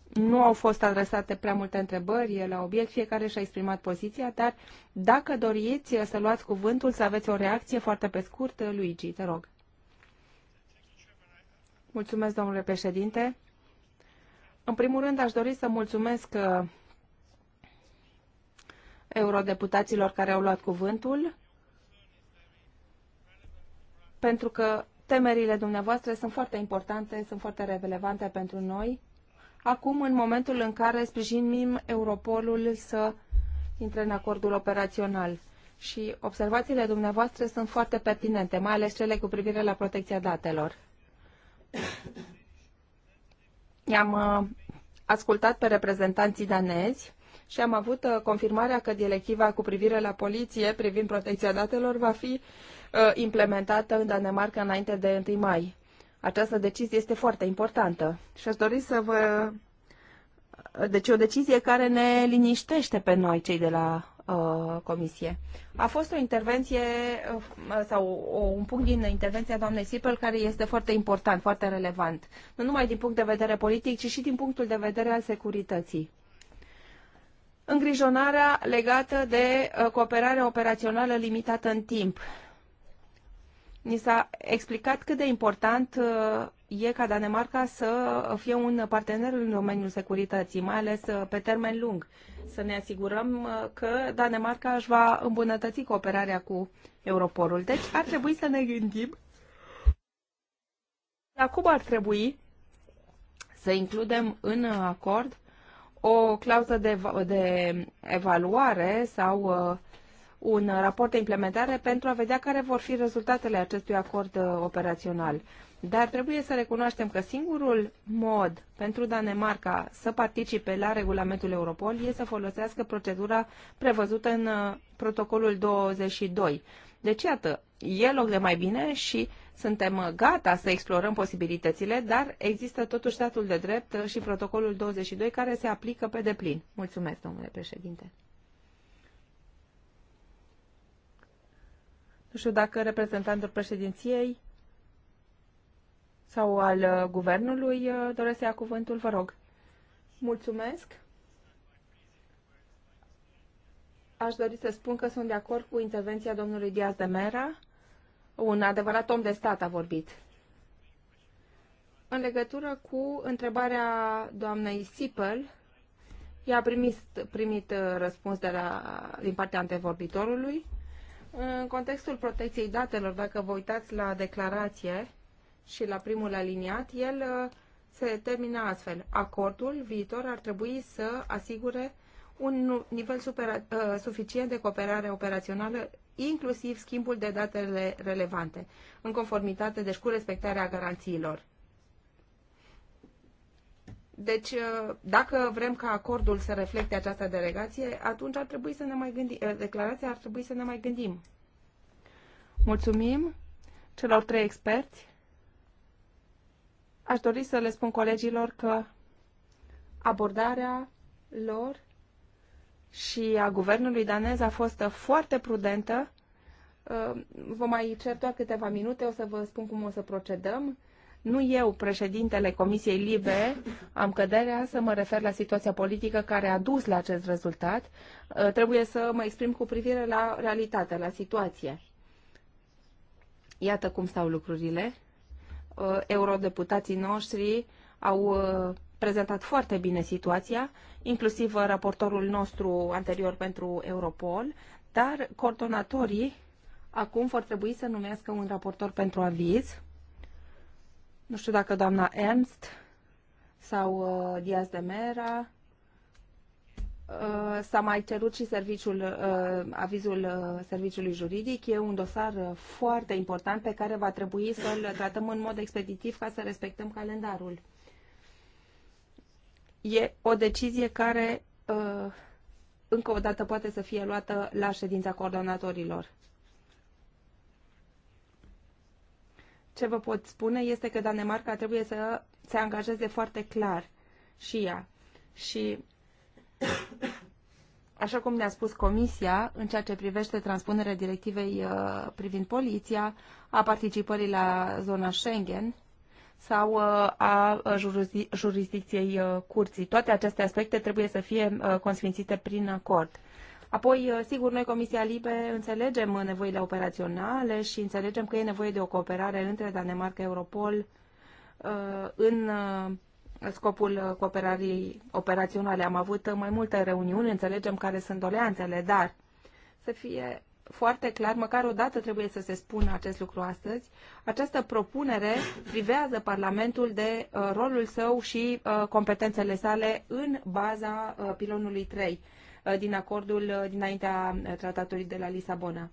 Nu au fost adresate prea multe întrebări la obiect, fiecare și-a exprimat poziția, dar dacă doriți să luați cuvântul, să aveți o reacție foarte pe scurt, Luigi, te rog. Mulțumesc, domnule președinte. În primul rând, aș dori să mulțumesc uh, eurodeputaților care au luat cuvântul pentru că temerile dumneavoastră sunt foarte importante, sunt foarte relevante pentru noi. Acum, în momentul în care sprijinim Europolul să intre în acordul operațional și observațiile dumneavoastră sunt foarte pertinente, mai ales cele cu privire la protecția datelor. I-am uh, ascultat pe reprezentanții danezi și am avut uh, confirmarea că directiva cu privire la poliție privind protecția datelor va fi Uh, implementată în Danemarca înainte de 1 mai. Această decizie este foarte importantă și aș dori să vă... Deci o decizie care ne liniștește pe noi, cei de la uh, Comisie. A fost o intervenție uh, sau o, un punct din intervenția doamnei Sipel care este foarte important, foarte relevant. Nu numai din punct de vedere politic, ci și din punctul de vedere al securității îngrijonarea legată de uh, cooperarea operațională limitată în timp Ni s-a explicat cât de important uh, e ca Danemarca să fie un partener în domeniul securității, mai ales uh, pe termen lung. Să ne asigurăm uh, că Danemarca își va îmbunătăți cooperarea cu Europorul. Deci ar trebui să ne gândim la cum ar trebui să includem în acord o clauză de, de evaluare sau un raport de implementare pentru a vedea care vor fi rezultatele acestui acord uh, operațional. Dar trebuie să recunoaștem că singurul mod pentru Danemarca să participe la regulamentul Europol este să folosească procedura prevăzută în uh, protocolul 22. Deci, iată, e loc de mai bine și suntem uh, gata să explorăm posibilitățile, dar există totuși statul de drept și protocolul 22 care se aplică pe deplin. Mulțumesc, domnule președinte. Nu știu dacă reprezentantul președinției sau al uh, guvernului uh, doresc să ia cuvântul, vă rog. Mulțumesc. Aș dori să spun că sunt de acord cu intervenția domnului Diaz de Mera. Un adevărat om de stat a vorbit. În legătură cu întrebarea doamnei Sipel, ea a primit, primit uh, răspuns de la, din partea antevorbitorului. În contextul protecției datelor, dacă vă uitați la declarație și la primul aliniat, el uh, se termină astfel. Acordul viitor ar trebui să asigure un nivel super, uh, suficient de cooperare operațională, inclusiv schimbul de datele relevante, în conformitate, deci cu respectarea garanțiilor. Deci, uh, dacă vrem ca acordul să reflecte această delegație, atunci ar trebui să ne mai gândim, uh, declarația ar trebui să ne mai gândim. Mulțumim celor trei experți. Aș dori să le spun colegilor că abordarea lor și a guvernului danez a fost foarte prudentă. Uh, vă mai cer doar câteva minute, o să vă spun cum o să procedăm. Nu eu, președintele Comisiei Libe, am căderea să mă refer la situația politică care a dus la acest rezultat. Uh, trebuie să mă exprim cu privire la realitate, la situație. Iată cum stau lucrurile. Uh, eurodeputații noștri au uh, prezentat foarte bine situația, inclusiv raportorul nostru anterior pentru Europol, dar coordonatorii acum vor trebui să numească un raportor pentru aviz nu știu dacă doamna Ernst sau uh, Diaz de Mera uh, s-a mai cerut și serviciul, uh, avizul uh, serviciului juridic. E un dosar foarte important pe care va trebui să-l tratăm în mod expeditiv ca să respectăm calendarul. E o decizie care încă o dată poate să fie luată la ședința coordonatorilor. ce vă pot spune este că Danemarca trebuie să se angajeze foarte clar și ea. Și așa cum ne-a spus Comisia, în ceea ce privește transpunerea directivei uh, privind poliția, a participării la zona Schengen sau uh, a jurisdicției uh, curții. Toate aceste aspecte trebuie să fie consfințite prin acord. Apoi, uh, sigur, noi, Comisia Libe, înțelegem nevoile operaționale și înțelegem că e nevoie de o cooperare între Danemarca, Europol, uh, în uh, scopul cooperării operaționale. Am avut mai multe reuniuni, înțelegem care sunt doleanțele, dar să fie foarte clar, măcar o dată trebuie să se spună acest lucru astăzi, această propunere privează Parlamentul de rolul său și competențele sale în baza pilonului 3. Uh, din acordul uh, dinaintea uh, tratatului de la Lisabona.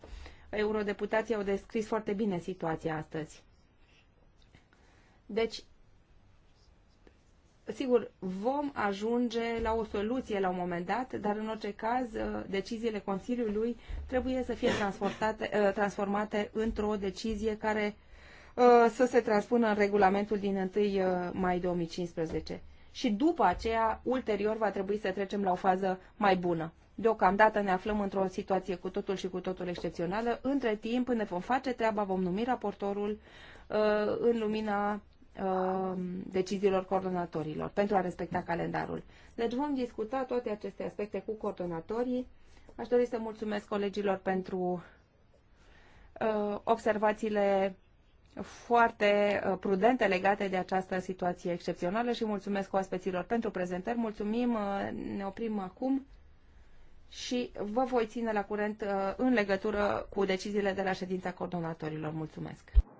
Eurodeputații au descris foarte bine situația astăzi. Deci, sigur, vom ajunge la o soluție la un moment dat, dar în orice caz, deciziile Consiliului trebuie să fie transformate într-o decizie care să se transpună în regulamentul din 1 mai 2015 și după aceea, ulterior, va trebui să trecem la o fază mai bună. Deocamdată ne aflăm într-o situație cu totul și cu totul excepțională. Între timp ne vom face treaba, vom numi raportorul uh, în lumina uh, deciziilor coordonatorilor pentru a respecta calendarul. Deci vom discuta toate aceste aspecte cu coordonatorii. Aș dori să mulțumesc colegilor pentru uh, observațiile foarte uh, prudente legate de această situație excepțională și mulțumesc oaspeților pentru prezentări. Mulțumim, uh, ne oprim acum și vă voi ține la curent uh, în legătură cu deciziile de la ședința coordonatorilor. Mulțumesc!